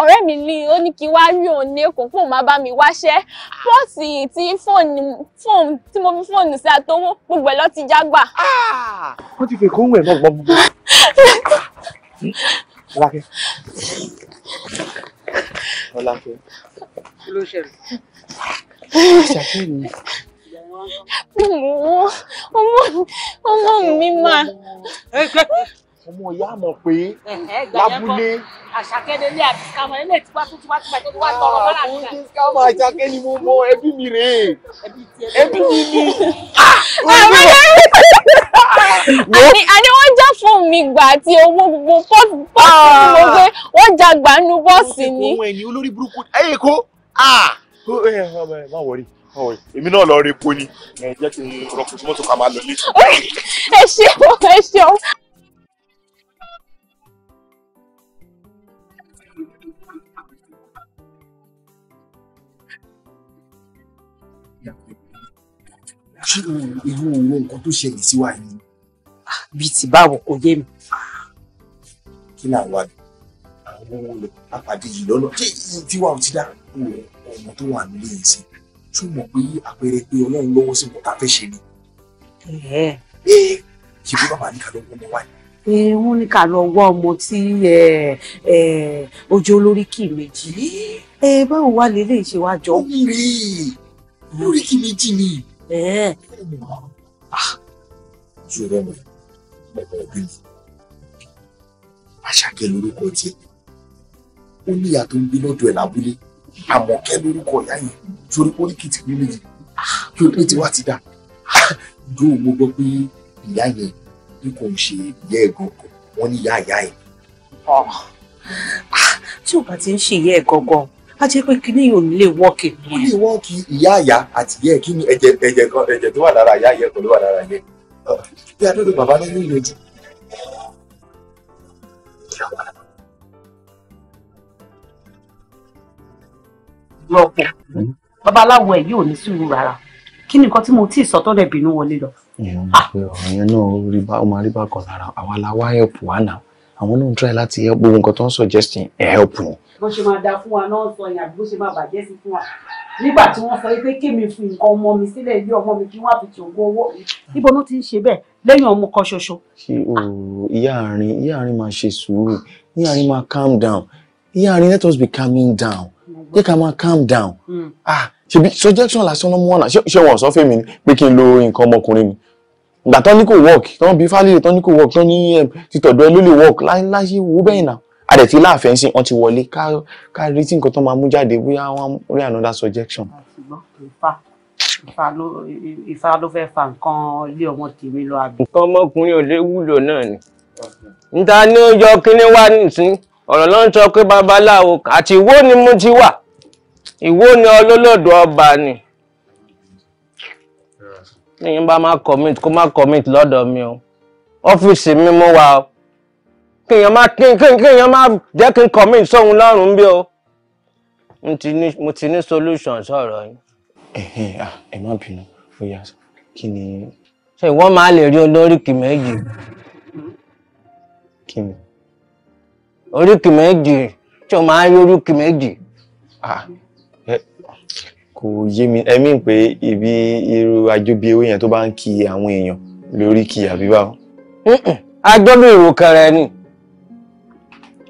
ọ̀rẹ́ mi ni ó ní kí wá rí òun ní èkó fóun máa bá mi wáṣẹ́ pọ́ọ̀sì tí fóònù tí mo fi fóònù sí àtọwọ́ gbogbo ẹ̀ lọ ti jágbà. wọ́n ti fi èkó ń wẹ̀ náà gbọ́n gbọ́n. ọlákẹ́ ọlákẹ́ kí ló ṣẹlẹ̀ ọmọ ọmọ ọmọ mi mà. ọmọ ìyá mọ̀ pé lábúlé. àṣàkẹ́ni ilé àti sàmọ̀ ilé tí wàá tó tí wàá tó bàjẹ́ tó wàá tọrọ bọ́lá mi. ọmọ ìyá mọ̀ àṣàkẹ́ ni mo mọ ẹbí mi rè é ẹbí mi ni. àní wọ́n já fún mi gbà àti owó gbogbo pọ́ọ̀sì pọ́ọ̀sì ah. mo gbé wọ́n já gbà nínú bọ́ọ̀sì ni. ohun ẹ̀yìn olórí burúkú ẹ̀yìn kó ah. má wọrí. Oh, èmi náà lọ repo ni ẹ jẹ́ kí n rọpò tí mọ́tò ká máa lọ lé. ẹ ṣeun ẹ ṣeun. ṣé irú owó nǹkan tó ṣẹlẹ̀ sí wa yìí. Ah, bíi ti báwo kò yé mi. kí ni àwa àwọn olùpàpàdé yìí lọ́nà tí wàá ti dá ọmọ tó wà nílé yìí sí i ṣó pé àpẹẹrẹ pé ọlọ́run lọ́wọ́ sí mọ̀tà fẹ́ ṣe ni. ẹ ẹ bí bàbá nìkan ló wọ́n mọ wáyé. ẹ wọ́n ní lọ wọ́ ọmọ tí ojú olórí kì méjì ẹ báwo wá lélẹ̀ ṣe wá jọ. ó ń rí lórí kì méjì ni. ṣòro ah, ọmọ ọmọ ọbí mi àṣàkẹ́ lórúkọ tiẹ̀ ó ní ìyá tó ń bí lọ́dọ̀ ẹ̀ lábúlé àmọ̀kẹ́ lórúkọ ìyá yẹn torí oríkìtì méjèèjì yóò pé tiwa ti dà dùn mo gbọ́ pé ìyá yẹn bí kò ń ṣe ìyá ẹ̀gbọ́n kan wọ́n ní ìyá ìyá ẹ̀. Ah, tí ò bá ti ń ṣe ìyá ẹ̀ gangan a jẹ́ pé kíní yóò nílé wọ́ọ̀kì. kò ní wọ́ọ̀kì ìyá àyà àti ìyá ẹ̀ kí ni ẹ̀jẹ̀ ẹ̀jẹ̀ kan ẹ̀jẹ̀ tó wà lára ìyá ìyá ẹ̀ kò ló wà lára ìyá ẹ̀ bí adódo lọ́pọ̀ hmm. babaláwo ẹ̀ yóò ní sùúrù rárá kí ni nǹkan tí mo tí ì sọ tó dẹ̀ bínú wọlé lọ. ìyẹn náà rí bá ó máa rí bákan lára àwa la wá help wa náà àwọn náà ń try láti help gbogbo nǹkan tó ń suggesting ẹ̀ help ni. bó ṣe máa da fún wa náà sọ yẹn àbí bó ṣe máa bàjẹ́ sí fún wa nígbà tí wọ́n sọ pé kémi fi nǹkan ọmọ mi sílẹ̀ ilé ọmọ mi kí wọ́n fi tòògùn owó ibo ló ti ń ṣe bẹ́ẹ̀ lẹ́yìn ọmọ kan ṣoṣo. ṣé o ìyá àárín ìyá àárín máa ṣe sùúrù ìyá àárín máa calm down ìyá àárín let us be calming down jẹ́ ká máa calm down hmm. ah ṣebí suggestion lásán ló mú ọ̀nà ṣé wọn sọ fẹ́mi ni pé kí n lo nǹkan ọmọkùnrin mi ìgbà tán ní kò work tán bí fálẹ̀ tán ní kò work tán ní eh, títọ̀dọ̀ ẹ ló lè work láyé wo bẹ́ẹ̀ náà àdẹ̀ tí láàfẹ́ ń sìn wọ́n ti wọlé ká retí nǹkan tó máa mú jáde bóyá wọ́n rí another suggestion. Ah, ìfà ló fẹ́ fa nǹkan ilé ọmọ tèmi lọ àbí. nǹkan ọmọkùnrin ò lè wúlò náà ni níta ni ó yọ kíní wá nísìnyí ọ̀rọ̀ ló ń sọ pé babaláwo àti ìwó ni mo ti wà ìwó ni ọlọ́lọ́dọ̀ ọba ni níyìn bá má commit kó má commit lọ́dọ̀ mi o ọ́fíìsì mi mo wà o kéèyàn má kéèyàn má jẹ́ kí n commit sóhun lọ́rùn bí o mo ti ní solution sọ̀rọ̀ yìí. ẹ má bínú bóyá kí ni. ṣé ìwọ máa lè rí olórí kì kí ni oríkì méjì tí o máa ń rí oríkì méjì. kò yé mi ẹ pé ibi irú ajóbi ewé yẹn tó bá ń ki àwọn èèyàn lórí kì àbí báwo. ajóbi ìrò kẹrẹ ni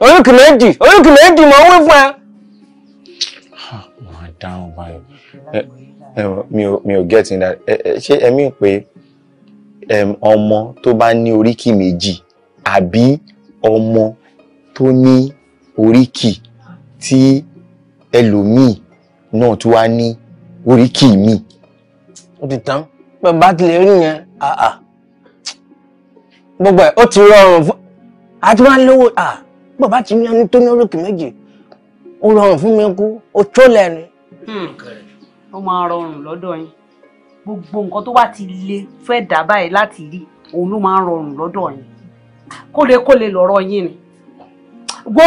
oríkì méjì oríkì méjì mo ń wí fún ẹ. máa dáhùn báyìí mi ò gẹ́tì ní ṣé ẹ pé ọmọ tó bá ní oríkì méjì àbí ọmọ tó ní oríkì tí ẹlòmíì náà tó wá ní oríkì míì. ó ti tán pé bá tilẹ̀ rí yẹn àà gbogbo ẹ̀ ó ti rọrùn fún àti wá lówó à bàbá ti ní ẹni tó ní oríkì méjì ó rọrùn fún mi kú ó tó lẹ́nu. Hmm. ó máa rọrùn lọ́dọ̀ yín gbogbo nǹkan tó bá ti le fẹ́ dà báyìí láti rí òun ló máa rọrùn lọ́dọ̀ yín kólékólé lọ́rọ̀ yín ni gbó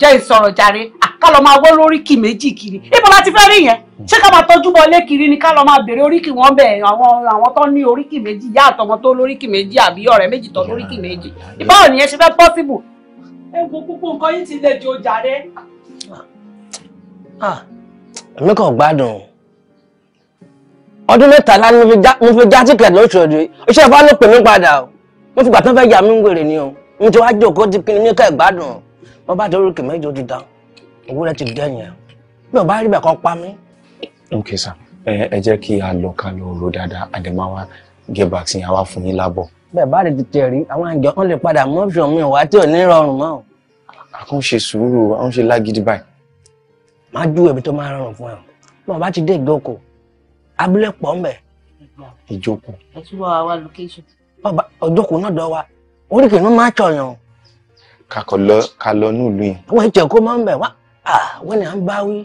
jẹ́ ìsọ̀rọ̀ jàre ká lọ máa wọ́ lórí kì méjì kiri ibo la ti fẹ́ rí yẹn ṣé ká máa tọ́jú bọlé kiri ni ká lọ máa béèrè oríkì wọn bẹ̀ àwọn àwọn tó ní oríkì méjì yá àtọmọ tó lóríkì méjì àbí ọ̀rẹ́ méjì tó lóríkì méjì ìbáwò nìyẹn ṣe fẹ́ pọ́síbù. egbò púpọ̀ nǹkan yìí ti lè jò jàre. èmi kàn gbádùn ọdún mẹ́tàlá ni mo fi já tíkẹ̀tì lóṣooṣù iṣẹ́ ìfọwọ́ ló pè mí padà mo fi gbà tán fẹ́ yà mí ń wèrè ni o n ti wá jòkó ti pinnu ní ká ìgbádùn wọn bá torí kìmẹ́ ìjọ ti dán owó rẹ ti dẹ́yìn ẹ̀ bí wọn bá rí bẹ̀ kọ́ pa mí. ok sir ẹ jẹ́ kí a lọ ká lọ rò dáadáa àdèmáwá get vaccine àwa fún yín lábọ̀. bẹ́ẹ̀ bá rẹ ti tẹ rí àwọn àjọ kan lè padà mú ọ̀ṣọ́ mi wá tí ò ní rọrùn mọ́. a kàn ṣe sùúrù a kàn ṣe lágídí báyìí. máa ju ẹbí tó máa rọrùn fún ẹ wọn bá ti dé ìjókò abúlé pọ̀ ń bẹ̀. ìjókò. ẹ tún wá wá location. ọjọ́ kò náà oríkì inú máa tọ̀yàn. kakọ lọ ká lọ nílùú yìí. wọ́n jẹ́ kó máa ń bẹ̀ wá wọ́n ní à ń bá wí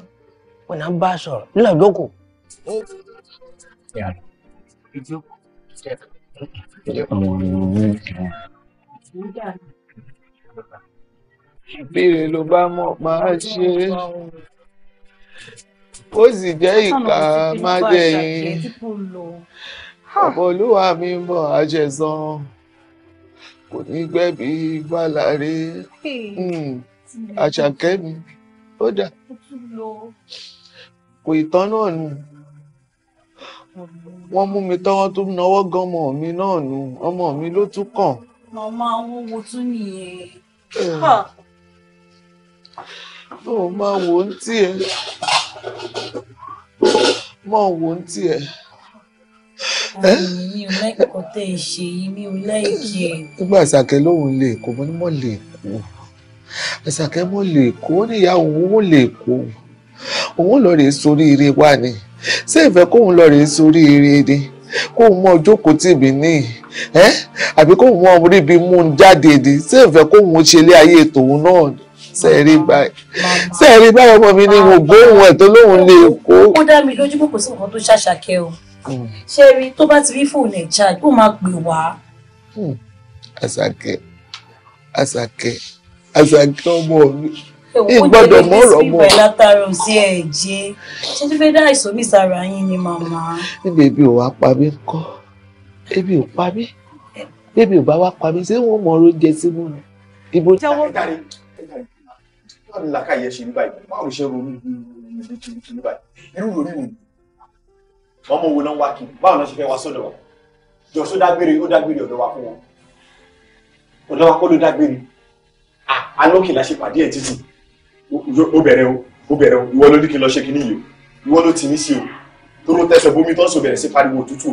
wọ́n ní à ń bá sọ̀rọ̀ nílẹ̀ ìjókòó. béèrè ló bá mọ̀ máa ṣe é ó sì jẹ́ ìka má jẹ́ yín ọ̀pọ̀ olúwa mi ń bọ̀ àjẹsán kò ní gbẹ̀bí bàlàrè hmm. àṣàkẹ́ mi ó dà kò ìtàn náà nù wọ́n mú mi tọ́wọ́ tó náwó gan ọmọ mi náà nù ọmọ mi ló tún kàn. màmá wọn wo tún nìyẹn. tó máa wò ó ń tiẹ̀ máa wò ó ń tiẹ̀ mi ò lẹ́kọ̀ọ́ tẹ̀ ẹ ṣe yìí mi ò lẹ́ẹ̀kì ẹ̀. nígbà àṣàkẹ́ lòun lè kó mo ní mọ̀ lè kó àṣàkẹ́ mọ̀ lè kó ó ní ìyá òun ó lè kó òun lọ rèé sórí ire wà ní ṣé ìfẹ́ kóun lọ rèé sórí ire ni kóun mọ ojókòó tìbí ní ẹ àbí kóun mọ oríbi mú un jáde ni ṣé ìfẹ́ kóun ṣe ilé ayé tòun náà ni báyìí sẹ́ẹ̀rí báyìí ọmọ mi ni mo gbóhùn ẹ̀ tó lóun lè kó. ó dá mi lójú pé kò sí nǹkan tó ṣàṣàkẹ́ o ṣé rí tó bá ti rí fóònù ẹ̀ charge ó máa pè wá. àṣàkẹ́ àṣàkẹ́ àṣàkẹ́ ọmọ mi ìgbọ́dọ̀ mọ́ ọ̀rọ̀ mọ́. ìwọ́n látara òsì ẹ̀jẹ̀ ṣé tó fẹ́ dá àìsàn mi sára yín ni màmá. níbi ibi ò wá pa mí kọ́ ebi ò pa mí bébí ò bá wá pa mí ṣé wọ́n mọ oúnjẹ sí mú mi. ìbò jáwọ́. báwo ni làákàyè ṣe ní báyìí báwo ṣe ronú ní báyìí irú ronú wọn mọ owó náà wá kí báwo náà ṣe fẹ́ wá sọ́dọ̀ wa jọ só dágbére ó dágbére ọ̀dọ̀ wa fún wọn ọ̀dọ̀ wa kọ́ ló dágbére alókè la ṣe pàdé ẹ̀ títì ó bẹ̀rẹ̀ o ó bẹ̀rẹ̀ o ìwọ ló ní kí n lọ ṣe kí níyì o ìwọ ló ti ní sí o tó ló tẹsán bómi tó ń sọ bẹ̀rẹ̀ sí pariwo òtútù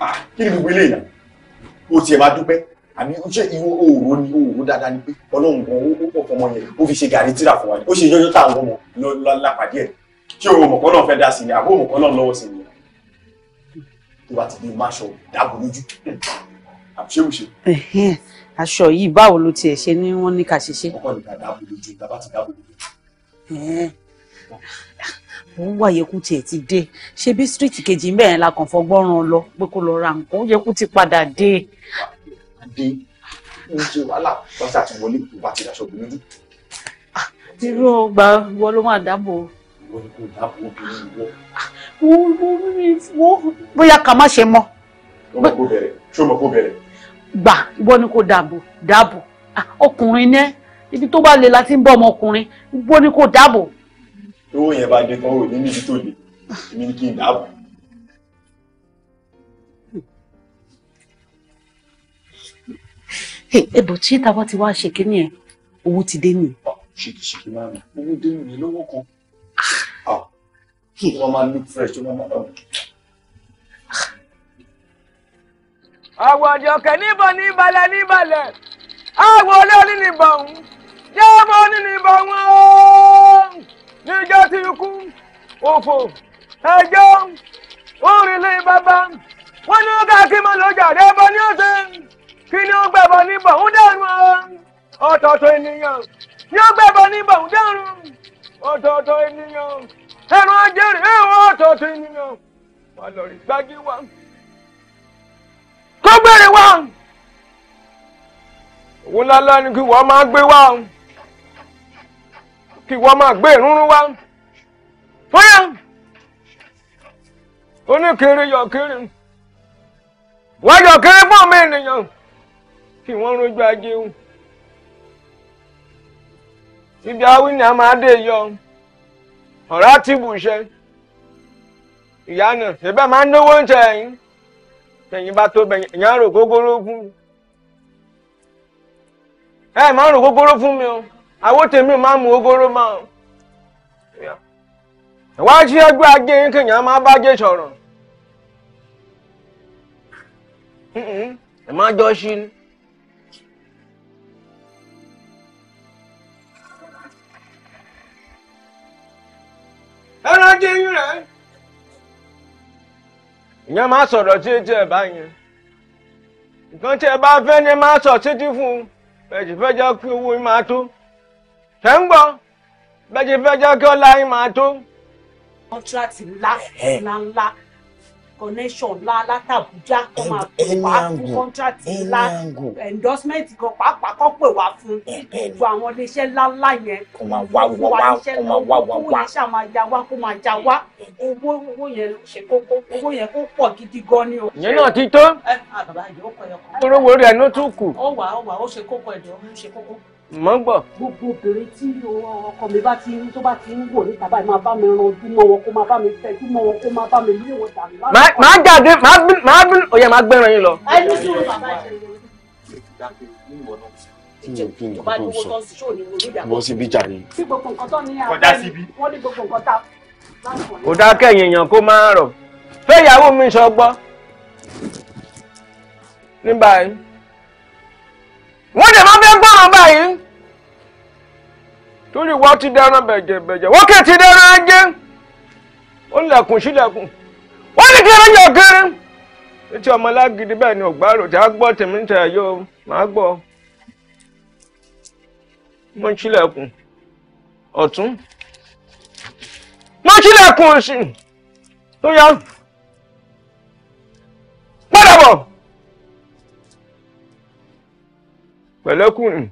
o kí ni gbogbo eléyìí náà o tiẹ̀ máa dúpẹ́ àbí ṣé ìwọ òòró ni òòró dáadáa ni pé ọlọ́run gan ó pọ̀ fọmọ yẹn ó fi ṣe gàrí tíra fún wa ó ṣe yọjọ́ táwọn ọmọ lápàdé ẹ̀ ṣé o mọ̀ kọ́nà fẹ́ dá sí ni àbó mọ̀ kọ́nà lọ́wọ́ sí ni tó bá ti di máṣọ dáàbò lójú àbúṣewùṣe. aṣọ yìí báwo ló tiẹ̀ ṣe ni wọ́n ní ká ṣe ọkọ nìkan dáàbò lójú tàbá ti dáàbò lójú. mo ń wá yẹkú tiẹ̀ ti dé ṣé bí street kejì ń bẹ̀rẹ̀ la kàn fọgbọ́ràn lọ pé kó lọ ra nǹkan yẹkú ti padà dé. dé ń ṣe wàhálà pásítà ti wọlé ìwà ti dàṣọ gbòmídù. Ah, irú ọgbà wọ ló máa dáàbò ìwọ ni kò dáàbò obìnrin ìwọ. bóyá ká má ṣe mọ. ṣọmọ kó bẹ̀rẹ̀ ṣọmọ kó bẹ̀rẹ̀. gbà ìwọ ni kò dáàbò dáàbò ọkùnrin ní ibi tó bá le la ti ń bọ́ ọmọkùnrin ìwọ ni kò dáàbò. owó yẹn bá dé tán ò ní níbi tó le èmi ni kí n dáàbò. ẹbọ tí táwa ti wá ṣe kí ni ẹ owó ti dé nìyẹn. ṣèkìṣèkì máa ń owó dé nìyẹn lọ́wọ́ kan kí wọ́n máa look fresh wọ́n máa lọ. àwọn àjọkẹ́ níbọn níbalẹ̀ níbalẹ̀ àwọn olórí níbọn yóò mọ níbọn wọn níjọ́ tí ikú òfò ẹjọ́ òrìlé bàbá wọn ní ká kí mo lọ jàre bọ ní ọ̀sẹ̀ kí ni ó gbẹ̀bọ̀ níbọn ń dẹ̀rùn ènìyàn ni ó gbẹ̀bọ̀ níbọn ń ọ̀tọ̀ọ̀tọ̀ ènìyàn ẹran ajẹ́rìí ẹ̀wọ̀n ọ̀tọ̀ọ̀tọ̀ ènìyàn wà lọ́rí gbági wa kó gbèrè wa owó ńláńlá ni kí wọ́n máa gbé wa kí wọ́n máa gbé ìrúnrún wa fúnyà oníkiri yọkiri wọ́n yọkiri fún mi ènìyàn kí wọ́n rún gbági wọn. dibịa nwunye ama adịghịọ ọrụ atịgbushe ìyá náà ebe máa ń náwó oúnjẹ tẹ̀yìn bá tó bẹ̀yìn ẹ̀yìn àrò gógóró fún mi ẹ máa ń rò gógóró fún mi o àwọn tèmi ò máa ń ma gógóró máa o ìwá ẹgbẹ́ yín kéèyàn máa sọ̀rọ̀ jọ ẹran dín yín rẹ̀. ìyẹn máa sọ̀rọ̀ tí etí ẹ̀ bá yẹn nǹkan tí ẹ bá fẹ́ ni máa sọ títí fún un bẹ́ẹ̀ ti fẹ́ jẹ́ kí owó yín máa tó tẹ́ ń gbọ́ bẹ́ẹ̀ fẹ́ jẹ́ kí ọlá yín máa tó. kọ́ńtíráàtì ńlá ńlá ńlá connection ńlá látàbújá kó máa pè wá fún contract ńlá endorsement kan pàápàá kọ́ pè wá fún gbogbo àwọn iléeṣẹ́ ńláńlá yẹn kó wá wá wá kó wá wá máa ya wá kó máa ja wá owó owó yẹn ṣe kókó owó yẹn kó pọ̀ gidi gan ni o. ìyẹn náà ti tó. ẹ ah, bàbá yìí ó kọ ẹ kọ. orówó rẹ̀ ló tún kù. ó wà ó wà ó ṣe kókó ẹ̀dọ̀ ó ṣe kókó mọ́ gbọ́. gbogbo obìnrin tí ọkọ mi bá ti ń tó bá ti ń wò níta báyìí máa bá mi ran ojú mọ́ wọn kó máa bá mi fẹ́ ojú mọ́ wọn kó máa bá mi lé wọn dànù. máa jáde máa bí máa bí òye máa gbẹ́ran yín lọ. ẹni tí o bàbá ẹ kíyàn kíyàn tó sọ bọ́ síbí jàre. kọjá síbí. kò dá kẹ́yìn èèyàn kó máa rọ̀ fẹ́yàwó mi sọ gbọ́ ní wọ́n dẹ̀ máa fẹ́ gbọ́ràn báyìí. torí wá ti dáná bẹ̀jẹ̀bẹ̀jẹ̀ wọ́kẹ́ ti dáná ajé ó lẹ̀kùn sílẹ̀kùn wọ́n ní kí etí ọmọ lágídí bẹ́ẹ̀ ni ọ̀gbá tí a gbọ́ tèmi ń tẹ̀ gbọ́ sílẹ̀kùn ọ̀tún mo sílẹ̀kùn òsì tó yá bọ̀ pẹ̀lẹ́kùn ni.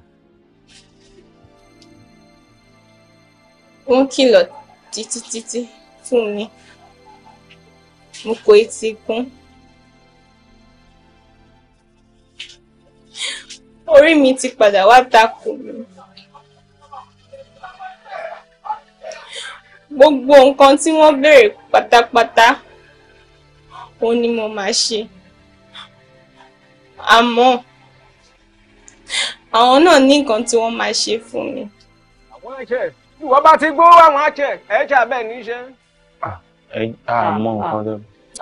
ó ń kìlọ̀ títí títí fún mi mo kò etí gún orí mi ti padà wá takò mi gbogbo nǹkan tí wọ́n béèrè pátápátá òun ni mo máa ṣe àmọ́ àwọn náà ní nǹkan tí wọ́n máa ṣe fún mi. àwọn ẹ̀ṣẹ̀ wọ́n bá ti gbówó àwọn àṣẹ ẹ̀ṣẹ̀ abẹ́ níṣẹ́. àmọ́ nǹkan tó.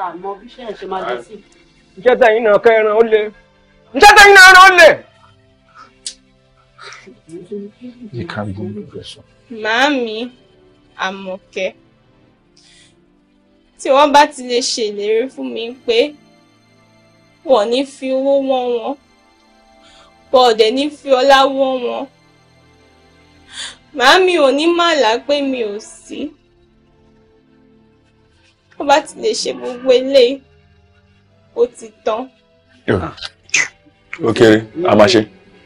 àmọ́ bí iṣẹ́ ẹ̀ ṣe máa dé sí. iṣẹ́ tẹ̀yìn náà kẹ́ ẹran ó le iṣẹ́ tẹ̀yìn náà ẹran ó le. yìí ká gbóòórùn rẹ̀ sọ. màámi àmọ̀kẹ́ tí wọ́n bá ti lè ṣèlérí fún mi pé wọ́n ní fi owó wọ́n wọn bọ́ọ̀dẹ̀ ní fi ọlá wọ́n wọn màámi ò ní màlá pé mi ò sí tó bá ti lè ṣe gbogbo eléyìí ó ti tán. ó kéré a máa ṣe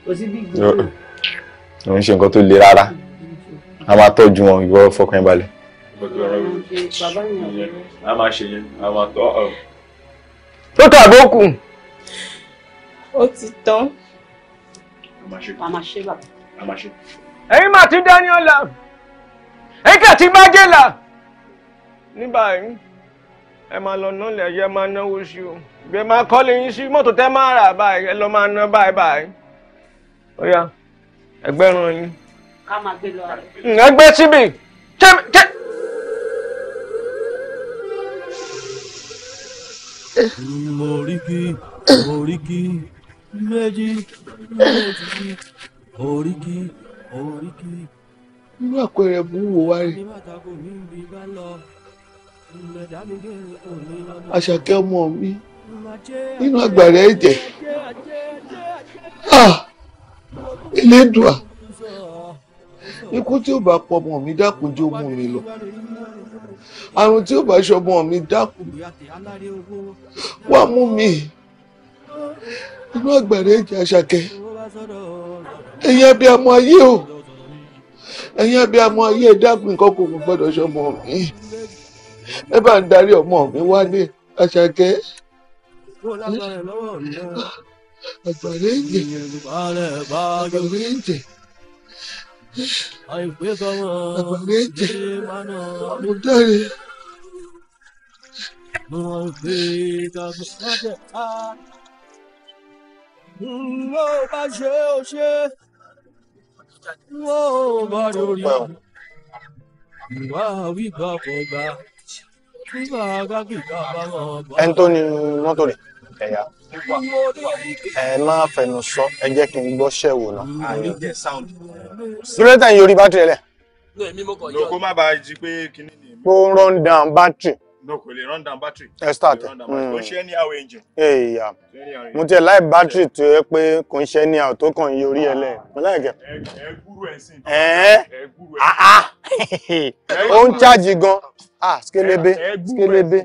òun ṣe nǹkan tó le rárá a máa tọ́jú wọn ìwọ fọkàn balẹ̀. a máa ṣe yẹn a máa tó tàbí ó ti tán. a máa ṣe bàbá ẹ̀yin mà ti daniel la ẹ̀yin kà ti bájẹ́ la ní báyìí ẹ máa lọ náà lẹ̀ yẹ máa náwó sí o bí ẹ máa kọ́lé yín sí mọ́tò tẹ́ máa rà báyìí ẹ lọ máa ná báyìí báyìí ó yá ẹgbẹ́rún yín. ká máa gbé lọ rẹ. ẹgbẹ́ síbi ṣé ṣé. Oríkì oríkì méjì irú àpẹẹrẹ mú wò wá rè àṣàkẹ́ ọmọ mi nínú agbára ẹ̀jẹ̀ ah! elédùà ikú tí ó bá pọ̀ ọmọ mi dákun jẹ́ ó mú mi lọ àrùn tí ó bá ṣọmọ mi dákun wá mú mi inú agbára ẹ̀jẹ̀ àṣàkẹ́ ẹ̀yin abiyamọ ayé o ẹ̀yin abiyamọ ayé dákun nǹkan kò gbọ́dọ̀ ṣọmọ mi ẹ bá ń darí ọmọ mi wálé Àṣàkẹ́. àgbàrá ẹ̀jẹ̀ àgbàrá ẹ̀jẹ̀ àgbàrá ẹ̀jẹ̀ mo dárí. Mo bá ṣe ó ṣe. Whoa, body on Wow, we got go back. Ẹni tó ni mọ́tò rẹ̀ ẹ̀yà ẹ má fẹnu sọ ẹ jẹ́ kí n gbọ́ ṣẹ̀wò náà. Dúró tàn yóò rí bátìrì Kó ń run down bátìrì no kò lè run down battery. ẹ start kò hmm. ṣe ní àwọn engine. èèyà mo tiẹ̀ láì battery tó yẹ pé kò ń ṣe ní àwọn tó kàn yí orí ẹ lẹ̀ ah. mo láì kẹ. ẹ gbúrú ẹ sí. ẹ ẹ ah, ah. ó ń gan ah skelebe skelebe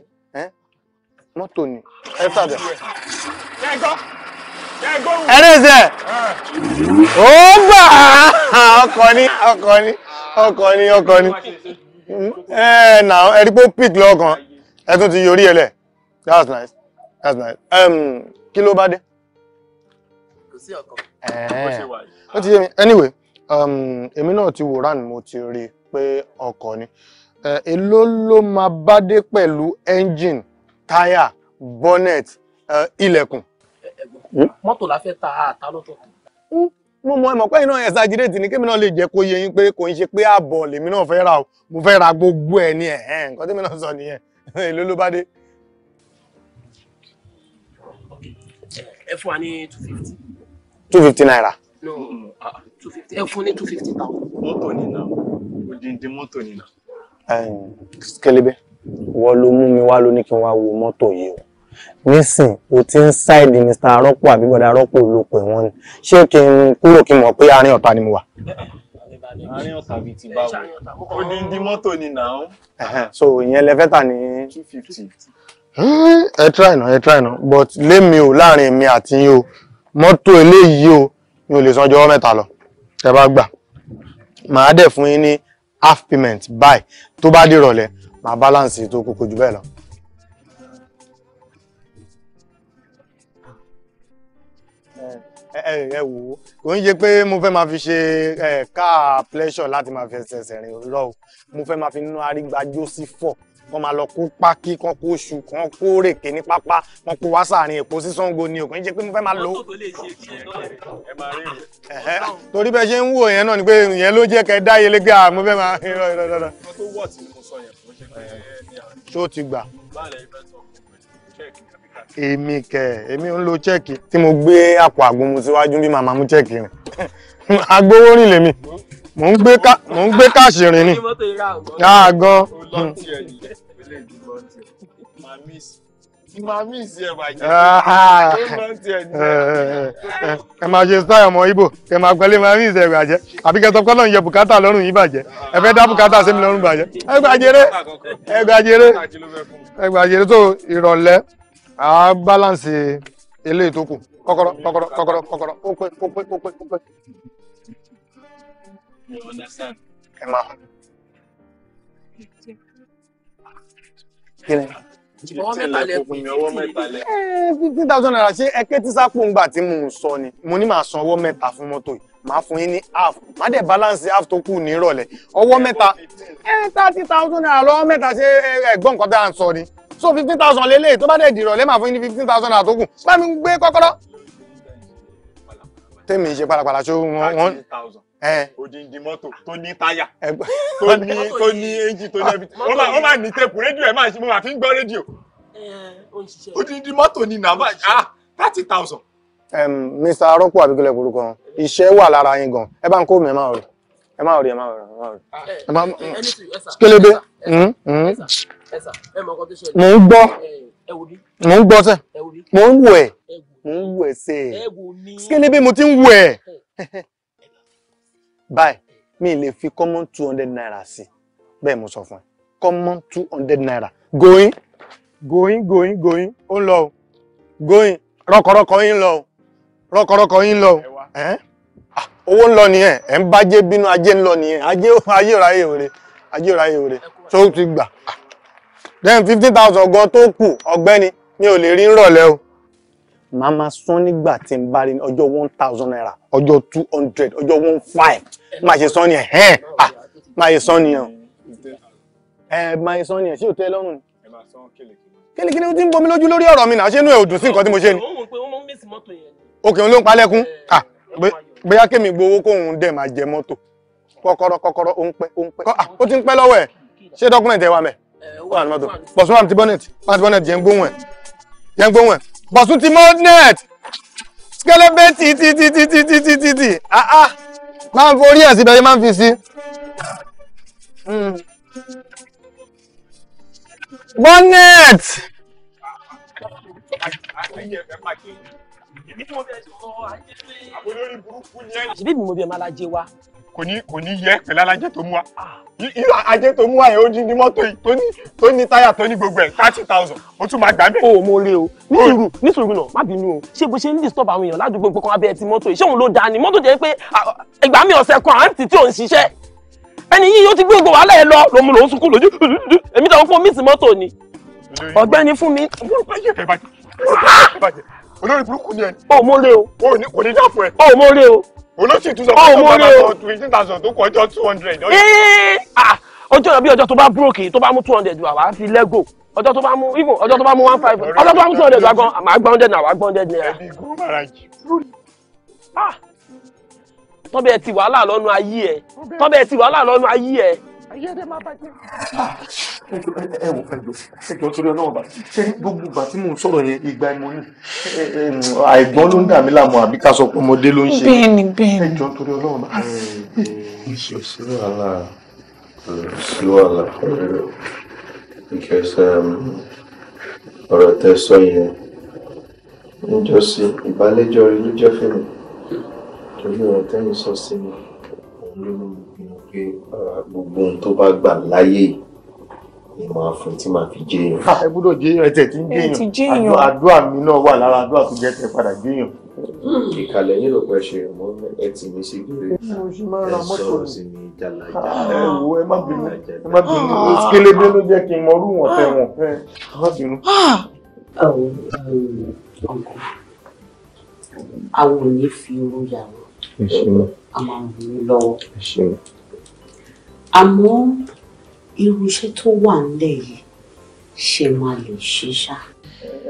mọ́tò ni ẹ start. ẹrẹ́ sẹ́ ó gbà ọkọ ni ọkọ ni ọkọ ni ọkọ ni hmm. ẹ nà ẹ rí pé ó pìk lọ́kàn ẹ ti yorí ẹlẹ̀ that's nice that's nice kí ló bá dé. kò sí ọkọ bó ṣe wà yìí. ó ti yé mi anyway èmi náà ti wòran mo ti rí i pé ọkọ̀ ni èló ló máa bá dé pẹ̀lú engine táyà bonnet ilẹ̀kùn. mọ́tò la fẹ́ ta àtà lọ́tọ̀ọ̀tọ̀ mo mọ ẹmọ pé iná ẹsàgírètì ni kémi náà lè jẹ kó yé yín pé kò ń ṣe pé ààbọ̀ lèmi náà fẹ́ ra o mo fẹ́ ra gbogbo ẹ̀ ní ẹ̀hẹ́n nǹkan tẹ́mi náà sọ nìyẹn [laughs] èló ló bá dé. ẹ fún wa ní two fifty. two fifty naira. no ah, two fifty ẹ fún ní two fifty thousand. mọ́tò ni na odindi mọ́tò ni na. kẹlẹbẹ wọ́n ló mú mi wá ló ní kí n wá wo mọ́tò yìí o nísìn o ti ń ṣáìdì mr arọ́pò àbí bọ̀dá arọ́pò ló pè wọ́n ni ṣé kí n kúrò kí n mọ̀ pé àárín ọ̀tá ni mo wà àárín ní mọ́tò ni nà so ìyẹn lẹ fẹ́ tà ní. ẹ try na ẹ try na but lémi o láàrin mi àti yín o mọ́tò eléyìí o mi ò lè san ọjọ́ mẹ́ta lọ tẹ bá gbà màá dẹ̀ fún yín ní half payment báyìí tó bá dìrọ̀lẹ́ màá balance tó kókó jù bẹ́ẹ̀ lọ. ẹ wò ó kò ń ṣe pé mo fẹ́ máa fi ṣe káà pleasure láti máa fi ẹsẹ̀ ẹsẹ̀ rìn rọ o mo fẹ́ máa fi nínú arígbájó sí fọ̀ kàn máa lọ kó pákí kàn kó ṣù kàn kó rèké ní pápá kàn kó wá sáàrin èpo sí Ṣàngó ni o kò ń ṣe pé mo fẹ́ máa lo. torí bẹ́ẹ̀ ṣe ń wò yẹn náà ni pé ìyẹn ló jẹ́ kẹ́ dá yẹlé gbé àmọ́ fẹ́ máa. ṣó ti gbà. báyìí ẹ fẹ́ sọ èmi kẹ̀ èmi ń lo chẹ́ẹ̀kì tí mo gbé àpò àgbọ̀mù síwájú bí màmá mú chẹ́ẹ̀kì rìn agbowó [laughs] rìn lèmi mò ń gbé káàṣì rìn ni gan. [laughs] ẹ máa ṣe sáyà ọmọ ibo ẹ máa pẹ̀lẹ́ máa mí ìṣẹ ìgbàjẹ àbí kẹsàn kọlọ ń yẹ bùkátà lọ́rùn yìí bàjẹ́ ẹ fẹ́ dá bùkátà lọ́rùn bàjẹ́ ẹ ẹ ẹ tó ìrọ̀lẹ́ a balance eléyìí tó kù kọ́kọ́rọ́ kọ́kọ́rọ́ kọ́kọ́rọ́ kọ́kọ́rọ́ ó pé ó pé ó pé ó pé. ẹ máa kílẹ̀. ọwọ́ fifteen thousand naira ṣé ẹ kétí sápò ńgbà tí mò ń sọ ni mo ní màá san ọwọ́ mẹ́ta fún mọ́tò yìí màá fún yín ní half má dẹ̀ balance half tó kù nírọ̀lẹ́ ọwọ́ mẹ́ta thirty thousand naira lọ́wọ́ mẹ́ta ṣé ẹ̀gbọ́n nǹkan bí à ń sọ ni so fifteen thousand lele. tó bá dẹ̀ dìrọ̀ lẹ́mà fún yín ní fifteen thousand náà tó kù bá mi gbé kọ́kọ́rọ́. tèmi ṣe pàlàpàlà ṣó wọn. odindi mọ́tò tó ní táyà tó ní tó ní éjì tó ní ẹbí ah, ó máa ní tẹ́pù rédíò ẹ̀ máa ṣe mo máa fi ń gbọ́ rédíò. odindi mọ́tò ni nàbà ah thirty thousand. Mr. arọ́pò àbíkúlẹ̀ kúrúkọ iṣẹ́ wà lára yín gan ẹ bá ń kó mi ẹ máa rí ẹ máa rí ẹ máa rí ẹ máa rí. Ah, eh, eh, kélébé mò ń gbọ́ mò ń gbọ́ sẹ́ mò ń wò ẹ̀ mò ń wò ẹ̀ sẹ́ ẹ̀ sikẹ́lẹ́ bí mo ti ń wò ẹ̀ [laughs] báyìí mi lè fi common two hundred naira sí bẹ́ẹ̀ mo sọ fún ẹ common two hundred naira going going going going ó ń lọ o going rọkọrọkọ yín lọ o rọkọrọkọ yín lọ o ah, owó ń lọ nìyẹn ẹ̀ ń bájé bínú ajé ń lọ nìyẹn ajé ayé òráyè òre ajé òráyè òre tó ti gbà ah, then fifteen thousand gan tó kù ọ̀gbẹ́ni mi ò lè rí nrọ̀lẹ́ o. màá máa san nígbà tí n bá rí ní ọjọ́ one thousand naira ọjọ́ two hundred ọjọ́ one five máa ṣe san nìyẹn hẹ́n ah máa ṣe san nìyẹn o. ẹ máa ṣe san nìyẹn ṣé o tẹ́ lọ́rùn ni. ẹ máa san kélekèle. kélekèle ó ti ń bomi lójú lórí ọ̀rọ̀ mi náà ṣé inú ẹ̀ ò dùn sí nǹkan tí mo ṣe ni. òkè ló ń palẹ́kún ah bóyá kémi gbowó kóun dẹ̀ máa jẹ mọ́tò kọ́kọ́rọ́ kọ́kọ́rọ́ ó ń pẹ́ ó ń pẹ́ ó ti ń pẹ́ lọ́wọ́ ẹ̀ ṣé dọ́kúmẹ̀ntì ẹ wà mẹ́. Eh, wà lọ́dọ̀ bọ̀sùn wà ní ti bonnet wà ti bonnet jẹ́ ń gbóhùn ẹ̀ jẹ́ ń gbóhùn ẹ̀ bọ̀sùn ti bonnet kẹlẹ́bẹ́ tì ti, ti, ti, ti, ti, ti, ti, ti. àá ah, ah. máa ń forí ẹ̀ síbẹ̀ yẹn máa ń fi sí. Hmm. bonnet. àbí mi mo bí ẹ máa lajẹ wa kò ní kò ní yẹ pẹ̀lú alájẹ tó mú wa irú ajé tó mú wa yẹn ó jí ní mọ́tò yìí tó ní táyà tó ní gbogbo ẹ̀ thirty thousand ó tún máa gbà bẹ́ẹ̀. o mo re o nísùúrù nísùúrù náà má bínú o ṣé bó ṣe ń disturb àwọn èèyàn ládùúgbò gbogbo kan abẹ́ ti mọ́tò yìí ṣé òun ló da ni mọ́tò jẹ́ pé ìgbà mi ọ̀sẹ̀ kan àǹtí tí ò ń ṣiṣẹ́ ẹni yìí ó ti gbé gbogbo wàhálà ẹ lọ lòun lòun sunkún lójú èmi tó ń fún mísì mọ́tò ni ọ̀gbẹ́ni fún mi. Ah! olórí burúkú ni ẹ. o mo re o. o kò ní dáàfọ ẹ. o mo re o olóṣì tún sọ pé ọmọ bàbá twenty thousand tó kọjọ two hundred. Eh, ah, ọjọ́ ìbí ọjọ́ tó bá búròkì tó bá mú two hundred wà wá fi lẹ́gò ọjọ́ tó bá mú even ọjọ́ tó bá mú one five ọjọ́ tó bá mú two hundred wà gan àmà gba hundred náà wà gba hundred naira. Ah, tọ́bẹ̀ ti wàhálà lọ́nu ayé ẹ̀ tọ́bẹ̀ ti wàhálà lọ́nu ayé ẹ̀ ayédè máa bàjẹ́. ẹ wò fẹ́ jọ ẹ jọ torí ọlọ́run bá ṣe gbogbo ìgbà tí mò ń sọ̀rọ̀ yẹn ìgbà ẹ̀ mo ní àìgbọ́n ló ń dà mí láàmú àbí ká sọ pé ọmọdé ló ń ṣe bẹ́ẹ̀ni bẹ́ẹ̀ni ẹ jọ torí ọlọ́run bá. ṣe wàhálà ṣe wàhálà because ọ̀rọ̀ tẹ́ sọ yẹn níjọ́sí ìbálẹ́jọ́ rí ló jẹ́ fún mi torí ọ̀rọ̀ tẹ́yìn sọ sí mi òun ló ló gbìn pé eh, gbogbo ohun tó bá gbà láyé ni màá fún tí màá fi jẹyàn. ẹ gbọ́dọ̀ jẹyàn ẹ tẹ̀ tí ń jẹyàn àdúrà mi náà wà lára àdúrà tó jẹ́ tẹ padà jẹyàn. ìkàlẹ̀ yín ló pẹ́ ṣe mọ́ ẹ tì mí sí gbére ẹ sọ̀rọ̀ sí mi jàlàjà. ẹ wo ẹ má bínú ẹ má bínú ah. kélébé ló jẹ́ kí n mọ orú wọn tẹ wọn ẹ má bínú. Ah. Um, àwọn ò ní fi irú yàrá a máa ń rìn lọ́wọ́ àmọ́ irú iṣẹ́ tó wà nílẹ̀ yìí ṣe máa lè ṣe ṣá.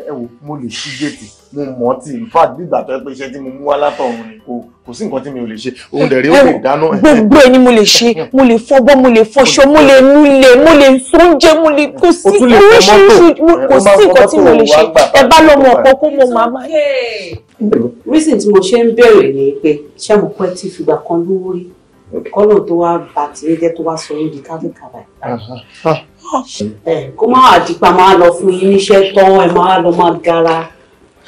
ẹ wo mo lè ṣí géètì mo mọ tí in fact bí ìgbà tó ẹ pé iṣẹ́ tí mo mú wá látọ̀run ni kò kò sí nǹkan tí mi ò lè ṣe òun dẹ̀ rí ó lè dáná. gbogbo ẹ ni mo lè ṣe mo lè fọbọ́ mo lè fọṣọ mo lè nulẹ̀ mo lè sóúnjẹ mo lè kò sí oríṣiríṣi kò sí nǹkan tí mo lè ṣe ẹ bá lọ́mọ ọ̀pọ̀ kó mo máa máa. reason tí mo ṣe ń bẹ̀rẹ̀ ni pé ṣé àmọ̀pẹ́ ti fìgbà kan lówó rí kọ́nà tó wá bá tìrẹ jẹ́ tó wá sọ yóò di káfíńkà báyìí. kó má wà dípa máa lọ fún yín níṣẹ́ tán ẹ máa lọ máa gara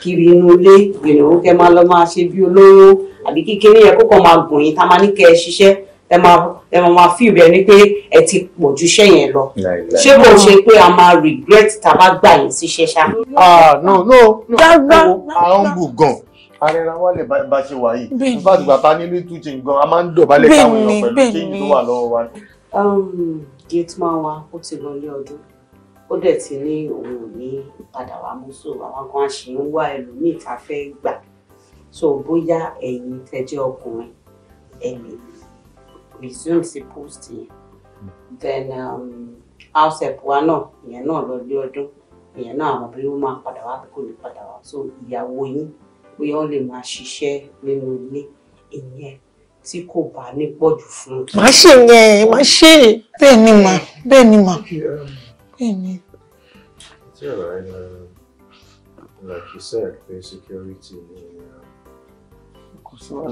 kiri inú ilé gbìyànjú kẹ máa lọ máa ṣe bí olóró àbí kékeré yẹn kó kàn máa gùn yín tá a máa ní kẹ ẹ ṣiṣẹ́ ẹ máa ẹ máa fi ìbẹ̀ ni pé ẹ ti pọ̀ ju iṣẹ́ yẹn lọ ṣé kò ṣe pé a máa regret tá a bá gbà yín síṣẹ́ ṣá. Ah, no no no àwọn bù gan arẹra wálẹ̀ bá ṣe wà yìí nígbà tí bàbá nílé tún ṣe nǹkan a máa ń dọ̀bálẹ̀ káwọn èèyàn pẹ̀lú kéyìn tó wà lọ́wọ́ wa. Um, gate máa wa ó ti lọ ilé ọdún ó dẹ̀ ti ní òun ò ní padà wá mú so àwọn kan ṣì ń wá ẹlòmíì tá fẹ́ gbà so bóyá ẹ̀yin tẹ́jẹ́ ọkùnrin ẹ̀yin resume sí post yẹn then um, house help wa náà ìyẹn náà lọ ilé ọdún ìyẹn náà àwọn bí ó máa padà wá bí kò ní padà wá so ìyàwó yín pé wọ́n lè máa ṣiṣẹ́ nínú ilé ìyẹn tí kò bá ní pọ̀jù fún un. má ṣe yẹn má ṣe bẹ́ẹ̀ ni mà bẹ́ẹ̀ ni mà bẹ́ẹ̀ ni. tí ọ̀rọ̀ ẹ̀ náà like you said pé security ni uh,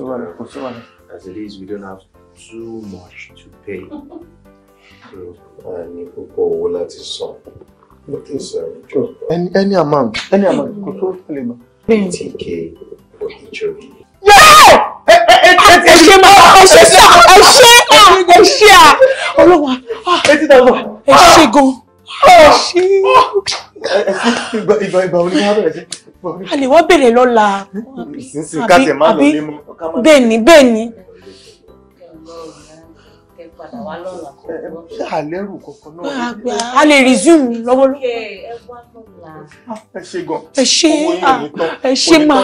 uh, as it is we don't have too much to pay [laughs] so a uh, ní púpọ̀ owó láti san. Any, any amount, any amount, kò tó tẹ̀lé ma. Twenty k for each of you. Yẹ́ẹ̀! Ẹ ṣe ma ẹ ṣe sá ẹ ṣe ẹ ṣe à ọlọ́wà ẹ ṣe gan ẹ ṣe. Ìgbà ìgbà òní wá bẹ̀rẹ̀ sí. A lè wá bèrè lọ́la. Sísìn ká tẹ̀ má lọ lé mọ́. Bẹ́ẹ̀ni bẹ́ẹ̀ni padà wá lọ́la. Eh, eh, ṣé àlẹ́rù kankan náà. Ah, a lè resume lọ́wọ́lọ́wọ́. Eh, ẹ wá lọ́la. Ah. ẹ ṣe gan. ẹ ṣe ah, ẹ ṣe mà.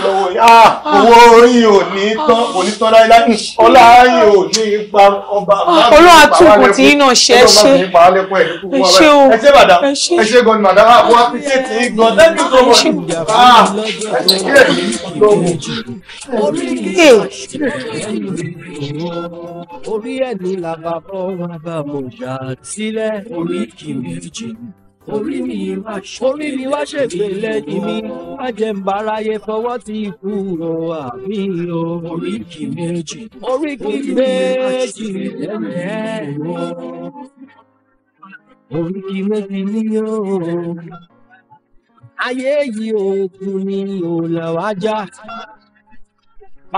owó orin ò ní tán kò ní tán láíláí ọlá ayé ò ní ipa ọba. olóhùn àtúkù tí iná ṣe é ṣe. ẹ ṣe o ẹ ṣe bàdà ẹ ṣe gan ni bàdà wà wá fi ṣe tí gan thank you so much. ẹ ṣe kílẹ̀ ní lọ́wọ́. orí ẹ̀ ní làbàbà ọwọ́ àbámọ̀já sílẹ̀ oríkì méjì orí mi wá orí mi wá ṣègbè lẹ́yìn mi má jẹ́ ń báráyé fọwọ́ ti kú o àbí o. oríkì méjì oríkì méjì lẹ́yìn o. oríkì méjì ni o ayé yìí òkun ni òlàwájà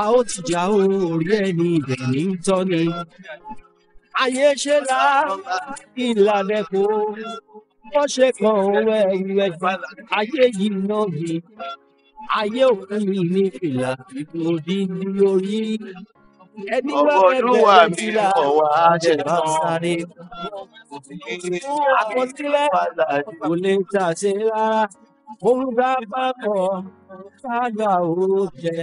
a ó ti jà ó orí ẹni ìdẹ̀ ní tọ́ni ayé ṣe là ìlànà kò wọ́n ṣe kan òun ẹ̀yìn ẹ̀jẹ̀ ayé yìí náà yìí ayé òkú mi ní fìlà òdi ní orí ẹni bá ẹgbẹ̀rẹ̀ fìlà àṣẹ bá sáré àkọsílẹ̀ kò lè tà sí rárá ohun tá a bá kọ ṣáájú àwọn oúnjẹ.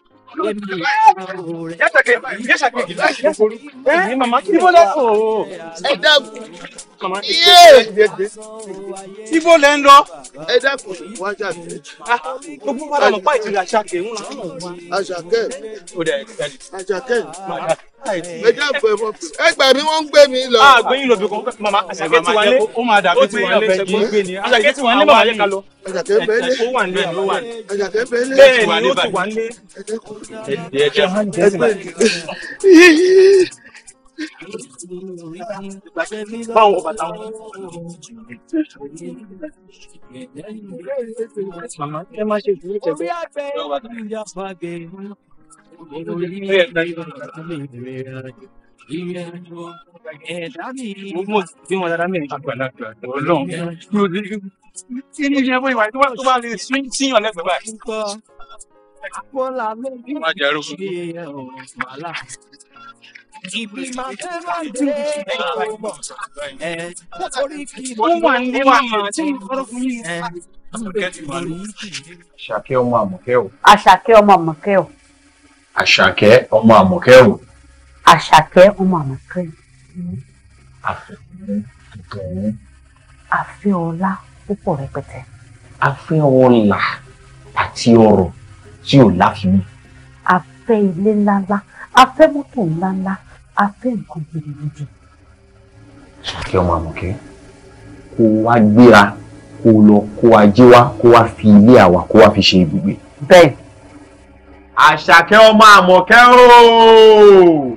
Ibo lẹ ń lọ. Ah, Ẹ dákun wá ṣàkẹ́. Gbogbo padà mọ̀ pa ìtura ṣàkẹ́ ń lọ. Àṣàkẹ́. Àṣàkẹ́ ẹjẹ àpò ẹfọ fún ẹ gbà mí gbé mi lọ. àgbẹ̀ ah, yín lòbí kan mama àṣàkẹ́ ti wà lé ó máa dàbí ti wà lé ṣẹ́gun gbé ni àṣàkẹ́ ti wà lé mama yẹ ká lọ. àṣàkẹ́ bẹ́ẹ̀ lé ó wà lé ló wà lé. ni ó ti wà lé. ẹ jẹ́ hàn jẹ́ ma. báwo bàtà wọn. mama ẹ má ṣe ìdúró tẹ bẹ́ẹ̀. Gbogbo tí wọn dára mẹ́rin àgbàlagbà ọlọ́run tí ní ṣe fún ìwà tó bá lè sún síyàn lẹ́gbẹ̀ẹ́ báyìí. Bọ́lá lórí ìṣe wàhálà. Ibi máa fẹ́ máa dé ọ̀pọ̀. Orí kì í wà ní wà tí ìfọ́rọ́kùn yìí. Àṣàkẹ́ ọmọ àmọ̀kẹ́ o. Àṣàkẹ́ ọmọ àmọ̀kẹ́ o àṣàkẹ́ ọmọ àmọ̀kẹ́rù. àṣàkẹ́ ọmọ àmọ̀kẹ́rù. àfẹ́ ọlá púpọ̀ rẹpẹtẹ. àfẹ́ ọlà àti ọrọ̀ tí ò láfiwé. àfẹ́ ilé ńláńlá àfẹ́ mọ́tò ńláńlá àfẹ́ nǹkan gidigidi. àṣàkẹ́ ọmọ àmọ̀kẹ́ kó wá gbéra kó lọ kó ajé wá kó wá fi ilé àwa kó wá fi ṣe ibùgbé. bẹ́ẹ̀ àṣàkẹ́ ọmọ àmọ̀kẹ́ ooo.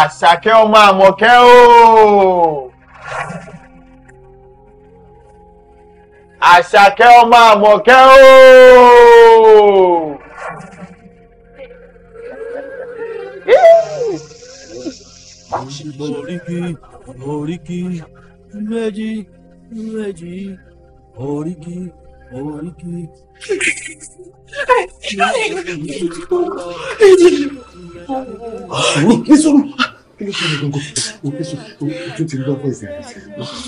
àṣàkẹ́ ọmọ àmọ̀kẹ́ ooo. àṣàkẹ́ ọmọ àmọ̀kẹ́ ooo. Oríkì, oríkì, méjì méjì oríkì oríkì. sùúrù ní sùúrù kí ló ṣẹlẹ̀ gbọ̀ngàn òkè sùúrù ojú ti ń gbọ́ voice yẹn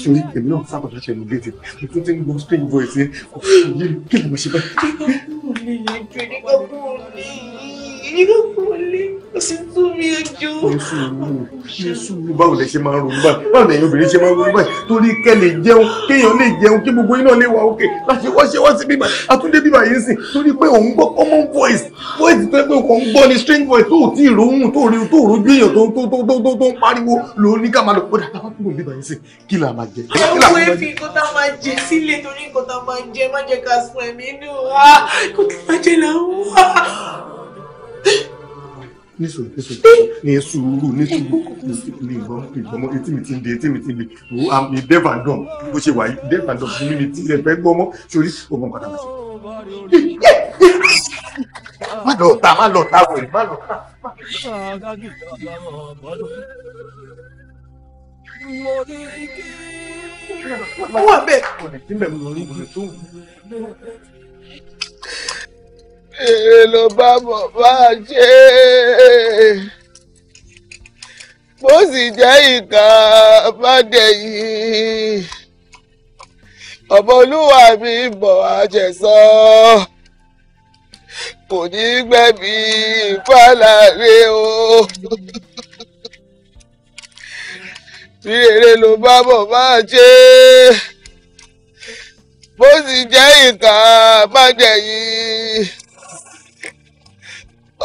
sórí èmi náà sábà láti ẹnu gate ojú ti ń gbọ́ spain voice yẹn kò yé kí ló máa ṣe báyìí yíyá wọlé ó sì tún mi ẹjọ́. yéṣu ló báwo lẹ ṣe máa ń ronú báyìí báwo lẹ̀yin obìnrin ṣe máa ń ronú báyìí torí kẹ́ lè jẹun kéèyàn lè jẹun kí gbogbo iná lè wà òkè láti wá ṣe bíbá àtúndé bíbá yìí sìn torí pé òun gbọ́ common voice voice tó pé kò gbọ́ ni strange voice tó ò tí ì rohùn tó rí tó rojú èèyàn tó tó tó tó tó ń pariwo ló ní ká máa lọ kódà táwọn kúrò bíbá yìí sìn kí là máa ní sùúrù ní sùúrù ní sùúrù ní sùúrù ní sùúrù etí mi ti ń de etí mi ti ń de wo àmì devandom bó ṣe wà yìí devandom ní mi ti ẹgbẹ́ gbọ́mọ́ sórí ogun padà wá má lọ ta má lọ ta wẹ̀rẹ̀ má lọ ta. wọ́n wà bẹ́ẹ̀ èrè ló bá bọ̀ bá a ṣe bó sì jẹ́ ìka bá dẹ̀ yìí ọ̀bọ olúwa mi bọ̀ àjẹsọ́ kò ní gbẹ̀bí ìfàlàrẹ o bí èrè ló bá bọ̀ bá a ṣe bó sì jẹ́ ìka bá yìí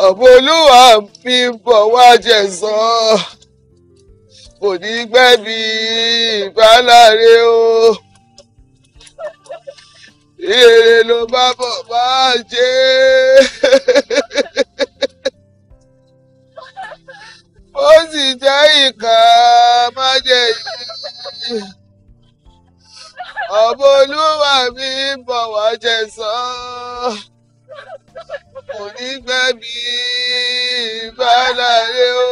ọ̀bọ olúwa fi ń bọ̀ wá jẹ̀sán kò ní gbẹ́ bí ìbáláre o èrè ló bá bọ̀ bá jẹ́. ó sì jẹ́ ìkà májèyí ọ̀bọ olúwa mi ń bọ̀ wá jẹ̀sán kò ní gbẹ̀bí bàlàyé o.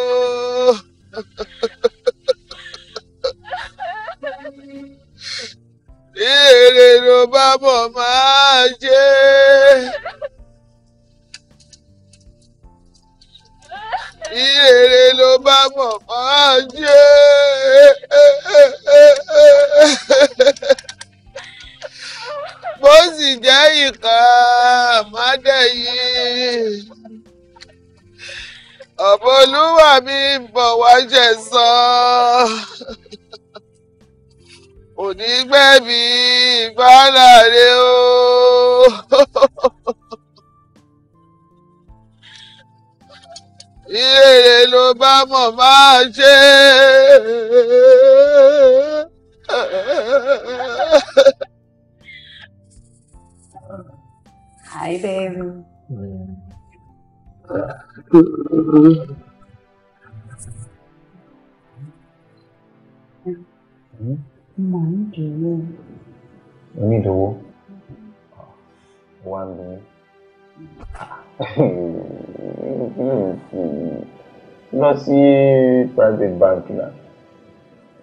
Èrè ló bá bọ̀ máa jẹ́. Èrè ló bá bọ̀ máa jẹ́ bó sì jẹ́ ìkà mádẹ́yìn ọ̀bọ̀ olúwa mi ń bọ̀ wá jẹ̀ sọ òní gbẹ̀bí ìbálàre o. Ìrèrè ló bá mọ̀ máa ṣe. Ha Hi, babe. Mom, do you? Me do. One day. lọ sí private bank náà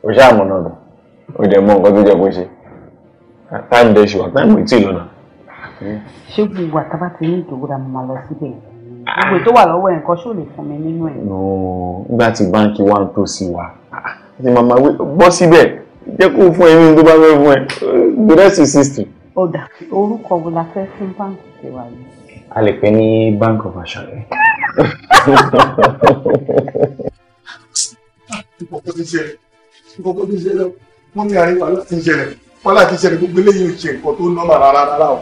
o ṣáà mọ̀ náà lọ o dẹ̀ mọ̀ nǹkan tó jẹ́ kó ṣe time dey ṣùgbọ́n time ò tí ì ṣé gbogbo àtàbà ti ní ìdòwúra mo máa lọ síbẹ̀ ah. gbogbo tó wà lọ́wọ́ ẹ̀ nǹkan ṣó lè fún mi nínú ẹ̀. nígbà tí báńkì wà ń tó sí wa ẹ màmá bọ́ síbẹ̀ jẹ́ kó fún ẹ nínú tó bá fẹ́ fún ẹ gbọdọ̀ sí sixty. ọ̀dà orúkọ wo la fẹ́ fún báńkì tiwa yìí. a lè pè ní bank of Àṣàkẹ́. wọ́n ní àríwá láti ṣẹlẹ̀ wọ́n láti ṣẹlẹ̀ gbogbo eléyìí ò ṣe nǹkan tó nọ́mà rárá rárá o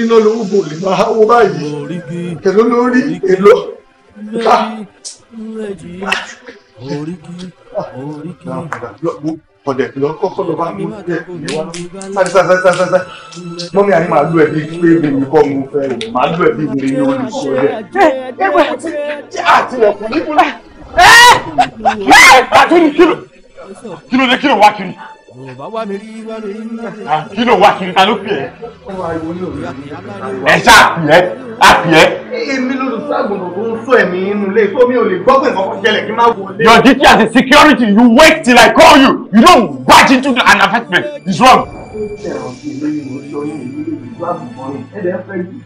iná lówó bò lè máa wó báyìí èló lórí èló ọ̀dẹ̀ lọ kọ́kọ́ lọ bá mú ẹ ìwà sáré sáré sáré sáré mọ́mí àní màá lù ẹ̀ bíi pé bèbí kọ́ mu fẹ́ o màá lù ẹ̀ bíi wèrè ní olùsọ ẹ̀. ẹ ẹ wẹ ti àtìlẹ̀kùn nípínlẹ̀. ẹ ẹ pàtó ah, ah, ni kí ló dé kí ló wá kiri ò bá wá mi rí wá mi rí nígbà. Ah, kí ló wá kiri ta ló pè é. ẹ ṣáà pè é a pè é. èmi ló lùsọ àgùntàn tó ń sọ ẹ̀mí inú ilé tó mi ò lè gbọ́ pé nǹkan kan kí n má wọlé. your duty as a security you wait till I call you you don't barge into an apartment Is wrong.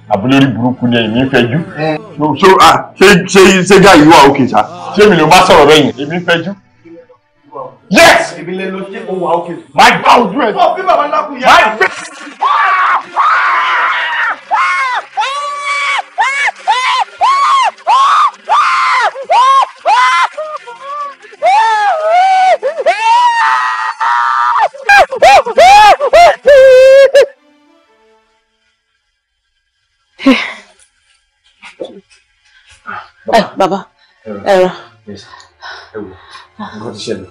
àbúlórí burúkú ni èmi ń fẹjú. ṣé ṣé ṣé gáà yìí wà òkè sá ṣé èmi ló bá sọ̀rọ̀ bẹ́yìn èmi ń fẹjú. Yes! Ìbílẹ̀ ló ṣe òwò àókè. My bound rẹ̀. Bọ́ bí bàbá ńlá kù yá. My best. Eh, ẹ bàbá ẹ rà. Eh, ẹ wò, nǹkan ti ṣẹlẹ̀.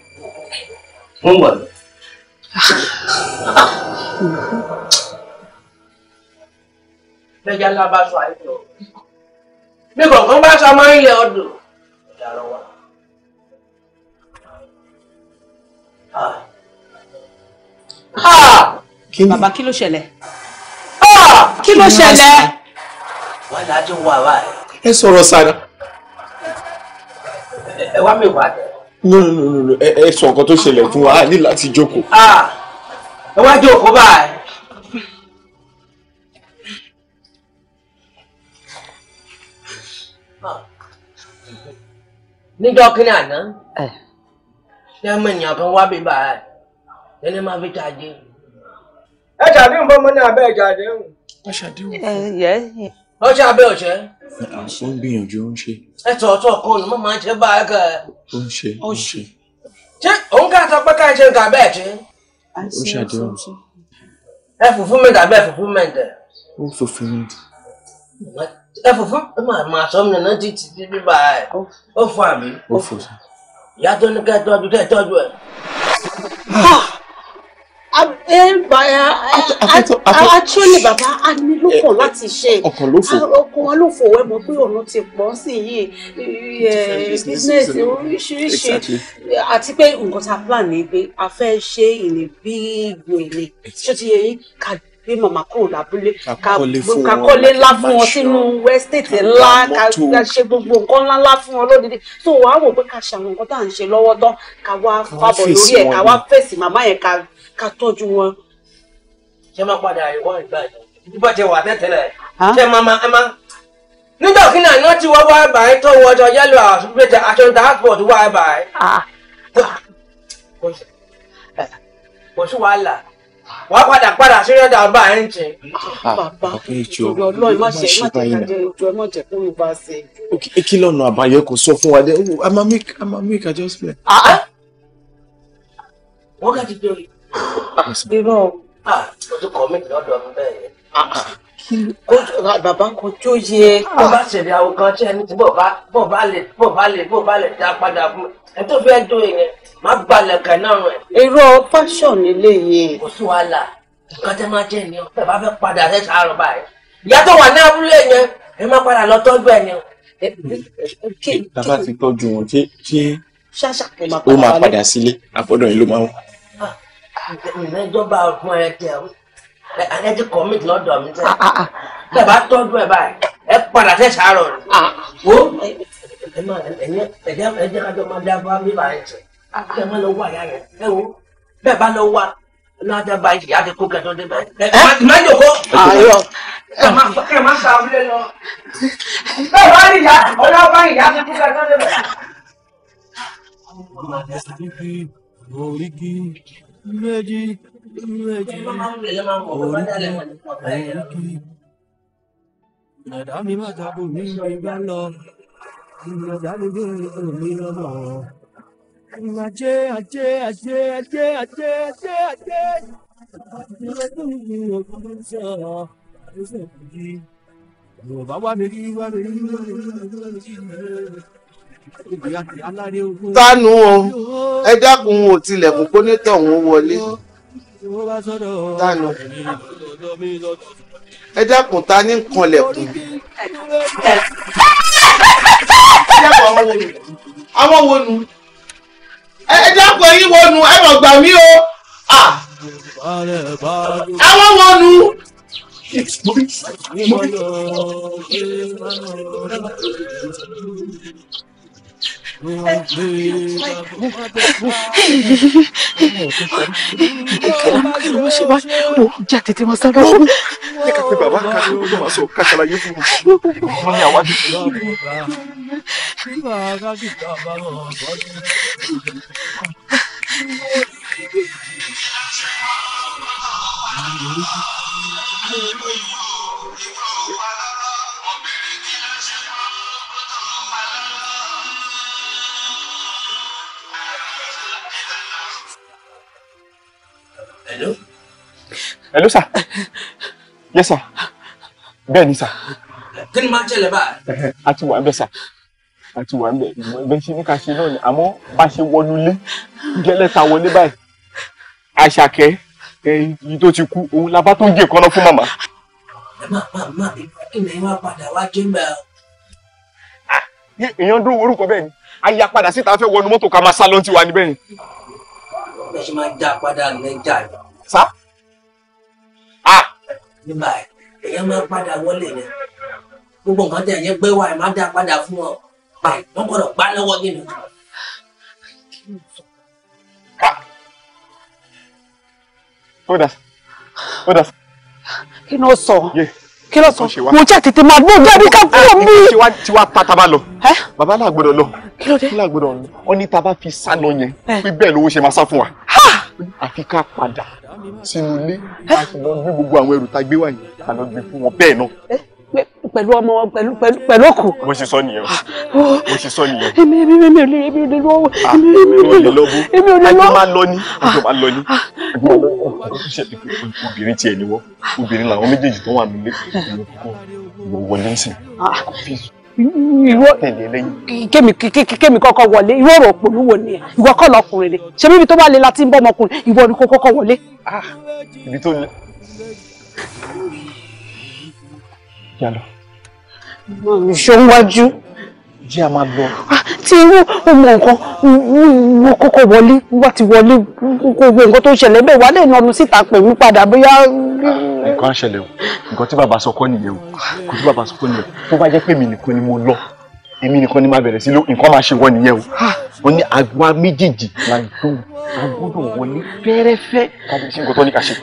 wọ́n wà lọ. lẹ́jà ńlá bá kí ló ṣẹlẹ̀? kí ló ṣẹlẹ̀? wọ́n dájú wà báyìí. ẹ sọ̀rọ̀ sára. ẹ wá mi wá dẹ̀ no no no no ẹ sọ nǹkan tó ṣẹlẹ̀ fún wa a ní láti jókòó. Ah, ẹ wá jókòó báyìí. níjọ́ kí ni àná lẹ́mọ ènìyàn kan wá bíbá ẹ̀ lẹ́ni máa fi jáde. ẹ ṣàdéhùn bọ́mọ ní abẹ́ ìjà àdéhùn. ọ ṣàdéhùn fún. ọ ṣàbẹ̀ ọ̀ṣẹ́ ó ń gbìyànjú ó ń ṣe. ẹ tọ̀ ọ̀tọ̀ kọ́ ni mo máa ń ṣe bá a kẹ́. ó ń ṣe ó ń ṣe. ṣé òun ká sọ pé ká ṣe nǹkan bẹ́ẹ̀ ṣe. ó ṣàdéhùn. ẹ fùfú mi tàbí ẹ fùfú mi dẹ̀. ó fòfin mi. ẹ fùfú màá sọ mi nínú títí tí bíbá ẹ ó fọ àmì. ó fò sí. ìyá tó ní kẹ́ tọ́jú kẹ́ tọ́jú ẹ. Eh, actually eh, eh, bàbá a ní lókàn láti ṣe ọkàn ló fò ọkàn wa ló fò wẹ́ mọ̀ pé ọ̀nà ti pọ̀ sí yìí business oríṣiríṣi àti pé nǹkan tá a plan ni pé a fẹ́ ṣe ìní bí gbòòlè ṣé ti yẹ yín ká bí màmá kúrò lábúlé ká kọ́lé ńlá fún wọn sínú estate ńlá ká ṣe gbogbo nǹkan ńlá ńlá fún wọn lódìdí tó wàá wò pé ká ṣe àwọn nǹkan tá à ń ṣe lọ́wọ́ tán ká wá fàbọ̀ lórí ẹ̀ ká wá fèsì màmá yẹn ká ká tọ́jú wọn. ṣé máa padà ìwọ ìgbà yìí bó wà tẹ́tẹ́lẹ̀ ṣé mama ẹ má. nígbà kí náà iná ti wá wá báyìí tó wọ ọjọ́ yẹ́lò àṣùpẹ̀tẹ̀ àṣọ̀ǹda àpọ̀t wá báyìí. kò sí wàhálà wà á padà padà sí rẹ́dà ọba ẹ̀ ń tì. bàbá ìjọ ọlọ́ọ̀ má ṣe má jẹ́ kájẹ́ ìjọ ẹ kó ló bá ṣe. E kí lọ́nà àbáyọ kò sọ fún wa dé i ma make i ma ah, ah. wọ́n kà ti jẹun irọ́ ah, ojú kan mi lọ́dọ̀ mi bẹ́ẹ̀ yẹn ah, ah. bàbá kò tó yẹ. bó bá ṣẹlẹ̀ àwọn kan tí ẹni tí bó bá bó bá lè bó bá lè bó bá lè dá padà fún ẹ tó fẹ́ dó yẹn má gbalẹ̀ kan náà rẹ̀. irọ́ fashion eléyìí. kò sí wàhálà nǹkan tẹ́ máa jẹ́ ni ọ bẹ́ẹ̀ bá fẹ́ padà rẹ̀ sàárọ̀ báyìí. ìyá tó wà ní abúlé yẹn ẹ má padà lọ tọ́jú ẹ ni. bàbá ti tọ́jú wọn tí ó máa padà sílé àfọ́dọ̀ yìí ló máa wà ìrẹ́jọba ọdún ẹ tẹ ọ ẹ ti commit lọ́dọ̀ mi tẹ ah, ah, ah. ẹ bá tọ́jú ẹ báyìí ẹ padà tẹ sàárọ̀ rẹ wo ẹ má ẹ jẹ́ ẹ jẹ́ kájọ máa dá bá mi báyìí tẹ ẹ má lọ wá ìyá rẹ ẹ wo bẹ́ẹ̀ bá lọ wá lọ́dọ̀ bá ìyá rẹ kó kẹjọ dé báyìí ẹ má jòkó ẹ má ẹ má sàbílẹ lọ bẹ́ẹ̀ bá ìyá ọlọ́ọ̀ bá ìyá rẹ kó kẹjọ dé báyìí méjì méjì òrìkì òrìkì ẹ̀dá mi má dàbò mí mi bá lọ ẹ̀dá mi bí mi lọ́nà ajé ajé ajé ajé ajé ajé ajé ìrètí mi ò gbọ́dọ̀ sọ̀rọ̀ àdéhùn ìjì yorùbá wà mí rí wà mí rí wà mí rí wà mí rí tánú o ẹ dákun ò tilẹ̀kùn kó ní tọ̀hún wọlé tánú ẹ dákun ta ní kanlẹ̀kùn. àwọn wo nu ẹ dákun ẹyin wo nu ẹ mọ̀ gbà mí o àwọn wo nu mo kí ló ṣe bá wò ó jẹ́ àtẹ̀tẹ̀ máa sábà fún mi. Hello? Hello, sir. Yes, sir. Bẹ́ẹ̀ ni, sir. Kí ni máa ń ṣẹlẹ̀ báyìí? A ti wà ń bẹ̀, sir. A ti wà ń bẹ̀. Bẹ́ẹ̀ ṣe ní ká ṣe náà ni, àmọ́ bá ṣe wọnú ilé, gẹ́lẹ́ ta wọlé báyìí. Àṣàkẹ́ èyí tó ti kú, òun labá tó ń gé ìkọ́nà fún màmá. Ẹ má má má kí ni wọ́n padà wá jẹ́ mbẹ́ o. Èèyàn dúró orúkọ bẹ́ẹ̀ ni, a yà padà síta fẹ́ wọnú mọ́tò ká máa sá lọ́ntì wa ní bẹ́ẹ̀ ni bí a ṣe máa ń já padà nìyẹn já yìí. sá. nígbà èèyàn máa ń padà wọlé yẹn gbogbo nǹkan tẹ̀ yẹn gbé wa ẹ̀ máa dá padà fún ọ báyìí wọ́n gbọ́dọ̀ gbá lọ́wọ́ nínú. ó dà ó dà. kí ni ó sọ kí ló sọ mo jẹ́ tètè máa gbọ́ jáde ká kúrò mí. tí wàá pa taba lọ baba náà gbọ́dọ̀ lọ kí ló dé kí ló gbọ́dọ̀ lọ ọ ní taba fi sá lọ yẹn pé bẹ́ẹ̀ lówó ṣe máa sá fún wa àfi ká padà sínú ilé láti lọ gbé gbogbo àwọn ẹrù tá a gbé wá yìí ká lọ gbé fún wọn bẹ́ẹ̀ náà pẹ̀lú ọmọ wọn pẹ̀lú pẹ̀lú pẹ̀lú òkú. mo ṣe sọ nìyẹn mo oh! ṣe sọ nìyẹn. èmi èmi èmi ò lè èmi ò lè lọ ah, èmi ò lè lọ èmi ò lè lọ. àjọ máa lọ ní ṣẹlẹ̀ pé obìnrin tiẹ̀ ni wọ́n obìnrin làwọn méjèèjì tó wà nílé ìlú púpọ̀ ìwọ wọlé ń sìn. ìwọ kémi kémi kọ́kọ́ wọlé ìwọ rò òpònú wo ni ẹ ìwọ kọ́ lọkùnrin ni ṣé bíbi tó bá le la ti ń bọ́ ọmọkùnrin ìwọ ni kò kọ́kọ́ wọlé. Ah, ibi tó le. yálò. ìṣòwò wájú jẹ́ a máa lọ. Ah, tí irú ọmọ nǹkan wọ́n kọ́kọ́ wọlé wá ti wọlé gbogbo nǹkan tó ń ṣẹlẹ̀ bẹ́ẹ̀ wálé ìnáwó síta pè mí padà bóyá. nǹkan á ṣẹlẹ̀ o nǹkan tí bàbá sọ kọ́ nìyẹn o kò tí bàbá sọ kọ́ nìyẹn tó bá jẹ́ pé èmi nìkan ni mo lọ èmi nìkan ni máa bẹ̀rẹ̀ sí ló nǹkan máa ṣe wọ nìyẹn o wọ́n ah! ní àgbà méjèèjì la dùn a gbọ́dọ̀ wọlé fẹ́rẹ́fẹ́ kábí sí nǹkan tó ní ká ṣe.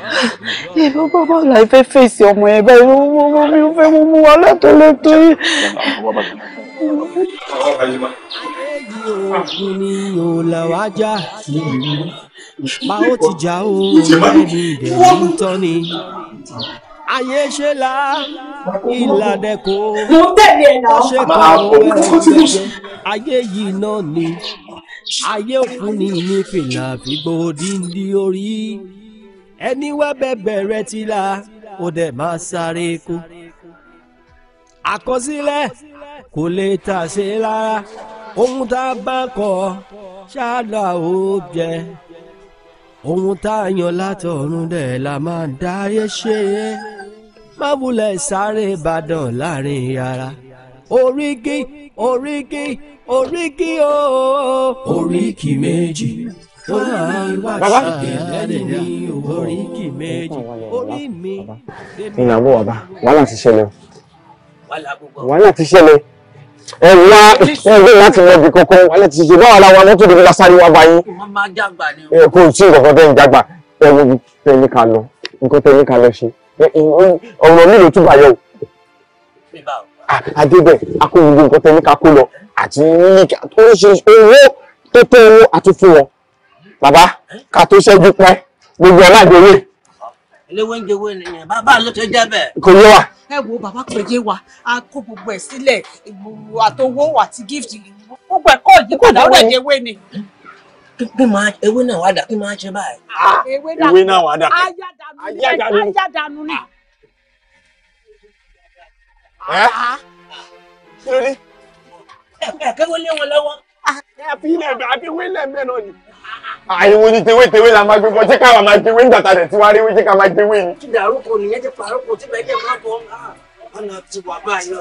ìlú bàbá ọ̀la ìfẹ́ fèsì ọmọ ẹ̀ bẹ́ẹ̀ ló mú wa lẹ́tọ̀ọ́lẹ́tọ̀ọ́ yìí. Ogun ni o là ti jà ó ẹni ìdẹ̀rù ń tọ́ ni. Ayé ṣe la ìlànà kò. Mo tẹ̀lé ẹ̀ náà. Ṣé kàn ó bẹ̀rẹ̀ jẹ́? Ayé yìí náà ni. Ayé òkun ni ní fìlà fìgbò díndín orí. Ẹni wá bẹ̀bẹ̀ rẹ̀ ti la, ó dẹ̀ máa sáré kú. Àkọsílẹ̀ kò lè tà sí rárá ohun tá a bá kọ ṣáàlà ó jẹ ohun tá a yan látọ̀run dẹ̀ la máa dáyé ṣe é má sáré ìbàdàn láàrin yàrá oríkì oríkì oríkì ooo. oríkì méjì ó ní wá ṣàkè lẹ́nu ní oríkì méjì orí mi. ìnáwó bàbá wàhálà ti ṣẹlẹ̀ o wàhálà ti ṣẹlẹ̀ ẹ wá ẹgbẹ́ láti mọ ibi kankan wàhálà ti ṣe báwa la wa mọ́tò dèbí lásán wá bá yín kò sí nǹkan tẹ́ ń jágbà tẹ́ni tẹ́ni ká lọ nǹkan tẹ́ni ká lọ ṣe ọ̀rọ̀ mi ló túbà yọ adébẹ̀ akóhùn nǹkan tẹ́ni ká kó lọ àti níkà tó ń ṣe owó tó tó owó àti fún wọn bàbá ká tó ṣẹ́jú pẹ́ gbogbo ọ̀la ìgbèrè eléwé ń jẹwé bàbá ló ti jẹ bẹ́ẹ̀. kò yé wa. ẹ wo bàbá péye wa a kó gbogbo ẹ sílẹ̀ àtowó àti gift gbogbo ẹ kọ yí padà ó dẹ ni. kí máa ewé náà wá dà kí máa ṣe báyìí. Ah, ewé náà wá dà ayádànù ni. Ah. Eh? Ah. ẹ kẹ́wọ́ lé wọn lọ́wọ́. àfi ilẹ̀ àfi wílẹ̀ mẹ́rin ni àìwò ni tewé tewé la máa gbé bọ́ jẹ́ káwa máa gbé wé nígbà tá a dẹ̀ ti wá rí wé jẹ́ ká máa gbé wé ni. kí ni àrùkọ nìyẹn ti pàrọ̀kọ tí bẹ́ẹ̀ kẹ́ máa bọ̀ ọ́n náà ọ̀nà ti wà báyìí o.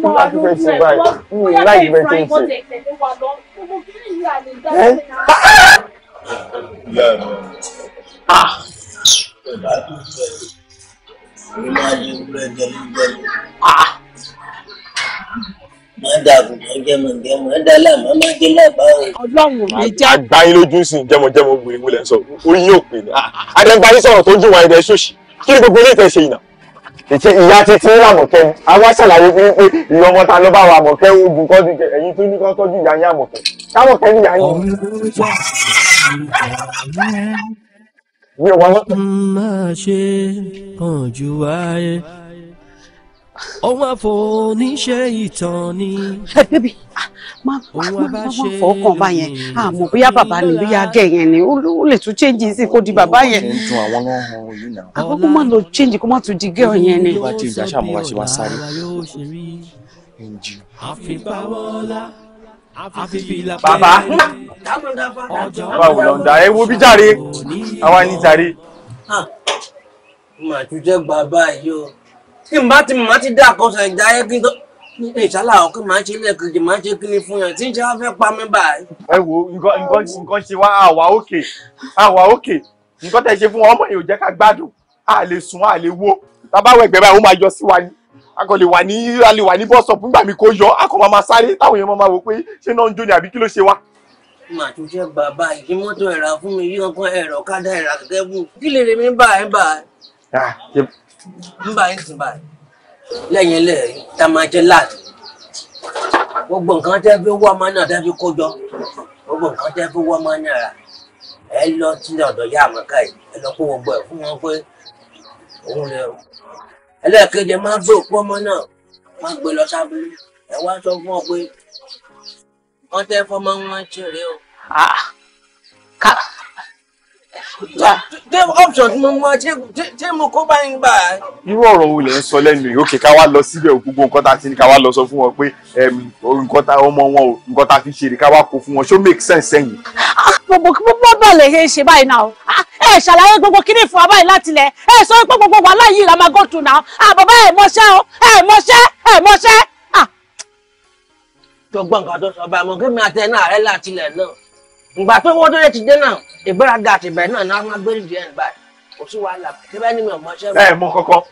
Mo máa yẹ wúrẹ́ jẹlú jẹlú. Má dàbí jẹmọjẹmọ dálà Ọlọ́run mi jẹ. lójú sí jẹmọjẹmọ wèrè wúlẹ̀ sọ oyin yóò pè ní. àdẹ́gbáyé sọ̀rọ̀ tó ń jùwọ̀n ẹ̀dẹ̀ ṣòṣì kí ni gbogbo ilé ìtẹ̀ ṣe yìí náà ìtì ìyá títí àmọ̀kẹ́ ni a ṣàlàyé pé pé ìyá ọmọ ta ló bá wa àmọ̀kẹ́ ogun kọ́ ti ẹ̀yìn tó ní kọ́ tọ́jú ìyá yín àmọ̀kẹ́ kámọ̀kẹ́ ní ìyá yín. mi ò wá lọ́tọ̀. má ṣe kàn ju ayé ohun àfọ̀níṣe ìtàn ni. ẹ bẹ́bí ohun ah, àbáṣe ọkàn bá yẹn àmọ́ ah, bóyá bàbá ni bóyá gẹ̀ yẹn ni ó lè tún change sí kó di bàbá yẹn. àwọn ah, kó má lọ change kó má tún di gẹ̀ yẹn ni. ìwà tí ìjà sàmú wa ṣe wá sáré. àfipáwọ́lá bàbá báwo ló ń da ẹ bí jàre àwa ni jàre. màtújẹ́ bàbá yìí o tí n bá ti mọ̀ ti dá àkọsọ ìjà ayé kí n tó ìṣálà ọkọ máa ń ṣe lẹ́ẹ̀kejì máa ń ṣe kiri fún yàn tí n ṣe wá fẹ́ pa mí báyìí. ẹ wo nǹkan nǹkan ṣe wá àwa òkè àwa òkè nǹkan tẹ̀ ṣe fún ọmọ yìí ò jẹ́ ká gbádùn a lè sùn a lè wo bàbá wẹ̀gbẹ́ báyìí ó máa yọ sí wa ni a kò lè wà ní a lè wà ní bọ́ọ̀sọ̀ nígbà mi kò yọ a kò máa sáré táwọn èèyàn máa wò pé ṣé náà ń jó ni àbí kí ló ṣe wá mà bàbá ìdí mọ́tò ẹ̀rà fún mi yí ọkàn ẹ̀rọ kádà ẹ̀rà gẹ́gẹ́ bù kí lè rèmi báyìí báyìí. Ah, nba yìí báyìí lẹ́yìn ilé tá máa jẹ láàdì gbogbo nǹkan tẹ́ fi wọ́ ọmọ náà tẹ́ fi kó jọ gbogbo nǹkan tẹ́ fi wọ́ ọmọ náà ẹ lọ sí ọ̀dọ̀ yá àmọ́ká yìí ẹ lọ kó gbogbo ẹ̀ fún wọn pé òun lè rò ẹlẹ́ẹ̀kejì máa gbé òkú ọmọ náà máa gbé lọ sábúlé ẹ wá sọ fún ọ pé wọ́n tẹ́ fọmọ wọn ṣeré o. Ah, dem options mo mọ ṣé mo kó báyìí gbà. irú ọ̀rọ̀ wo lè ń sọ lẹ́nu yìí òkè ká wá lọ síbẹ̀ gbogbo nǹkan tá a ti ní ká wá lọ sọ fún wọn pé nǹkan tá ọmọ wọn o nǹkan tá a fi ṣeré ká wá kó fún wọn ṣó make sense sẹ́yìn. Ah, gbogbo gbogbo bọ̀ lè ṣe báyìí náà ah, ẹ ṣàlàyé gbogbo kíní fún wa báyìí láti lẹ ẹ sọ pé gbogbo wàhálà yìí la máa go to now àbàbá ah, ẹ mọṣẹ́ o ẹ mọṣẹ́ ẹ mọṣẹ́. jọgbọ́n nǹkan tó sọ báyìí mo kí mi àtẹ náà rẹ́ látilẹ̀ náà ìgbà pé wọ́n tó lè ti dé náà ìgbéraga àti ìbẹ̀rẹ̀ náà náà máa gbé nídìí ẹ̀ báyìí kò sí wàhálà kébẹ́ ni mi ò mọ iṣẹ́ mi. ẹ mọ kankan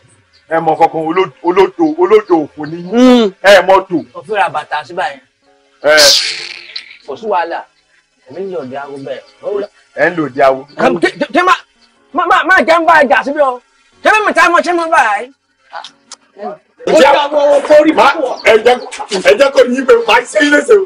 ẹ mọ kankan olódò olódò òfò ni yín ẹ mọ tò. mo fi ra bàtà sí báyìí. ẹ kò sí wàhálà èmi ń lò dé awo bẹ́ẹ̀. ẹ ń lò dé awo. kí má má jẹ́ ń bá ẹ jà síbí o kí mi ta mọ́ ṣé mo bá yìí. ó yà wọ́n kórìí bá wọ̀. ẹ jẹ́ kó ní ibẹ̀ máa ṣe é léṣe o.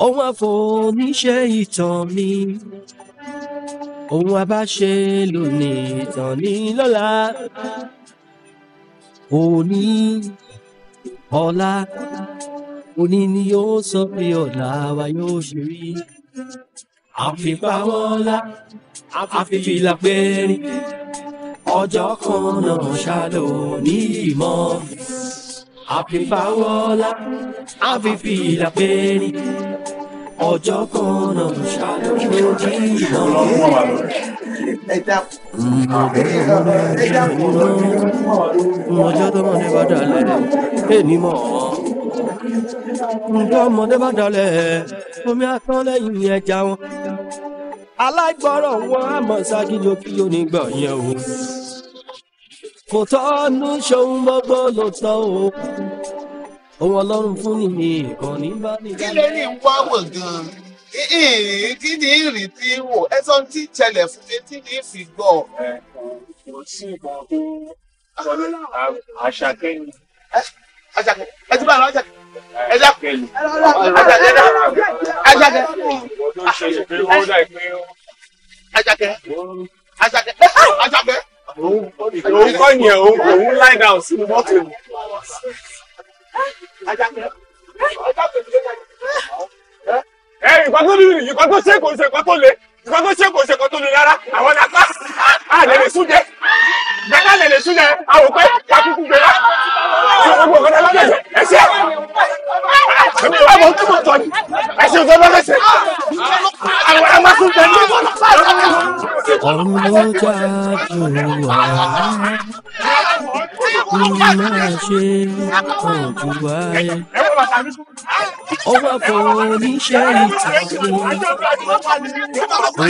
òun àfọ̀níṣe ìtàn mi òun àbáṣe lónìí ìtàn ní lọ́la òní ọ̀la òní ni yóò sọ pé ọ̀la wa yóò ṣe rí àfipáwọ́lá àfifìlà pẹ́ẹ́rín ọjọ́ kan náà ṣáà ní ìmọ̀. Happy Fáwọ́lá, àfífi ìlàpé ni. Ọjọ́ kan náà mo ṣàlóyè jí náà. Ọjọ́ tó mọ̀ ní bá dalẹ̀, èmi mọ̀ ọ́. Ǹjọ́ ọmọdé bá dalẹ̀, omi atán lẹ́yìn ẹja wọn. Aláìgbọ́rọ̀ wọn á mọ̀ ni yókí yóní gbọ̀ yẹn o kò tọ́nu ṣòun gbogbo ló tán o ohun ọlọ́run fún ni ìkan ní bá ní. kí ló ní wá wò gan-an ìrìn kí ni ìrìn tí ń wò ẹ sọ tí ìṣẹ̀lẹ̀ fún mi tí ní fi gbọ́. kò òun kọ́ yẹn òun òun lie down sínú mọ́tò mi. ẹ̀yìn kan tó nìyí kan tó ṣe kò ṣe kan tó le nǹkan tó ṣe kò ṣe kò tó lu rárá àwọn la a lè lè súnjẹ gbẹdá lè lè súnjẹ a ò pẹ kakuku gbẹdá tí o gbogbo ọ̀gá lọ́dọ̀ ẹ̀jẹ̀ ẹ̀ṣẹ̀ ẹ̀mí wà mọ̀ tó mọ̀ tọ̀ ni ẹ̀ṣẹ̀ ò tọ́lọ́ ẹ̀ṣẹ̀ àwọn ẹ̀ máa súnjẹ ní ìbọn náà. ọmọ jáde wá má ṣe ọ̀jú wáyé ó wà fún oníṣẹ́ ìtàgé. Ọlá,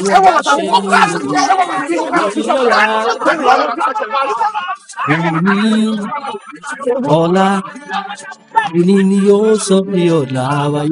ìní ni yóò sọ pé ọ̀la wa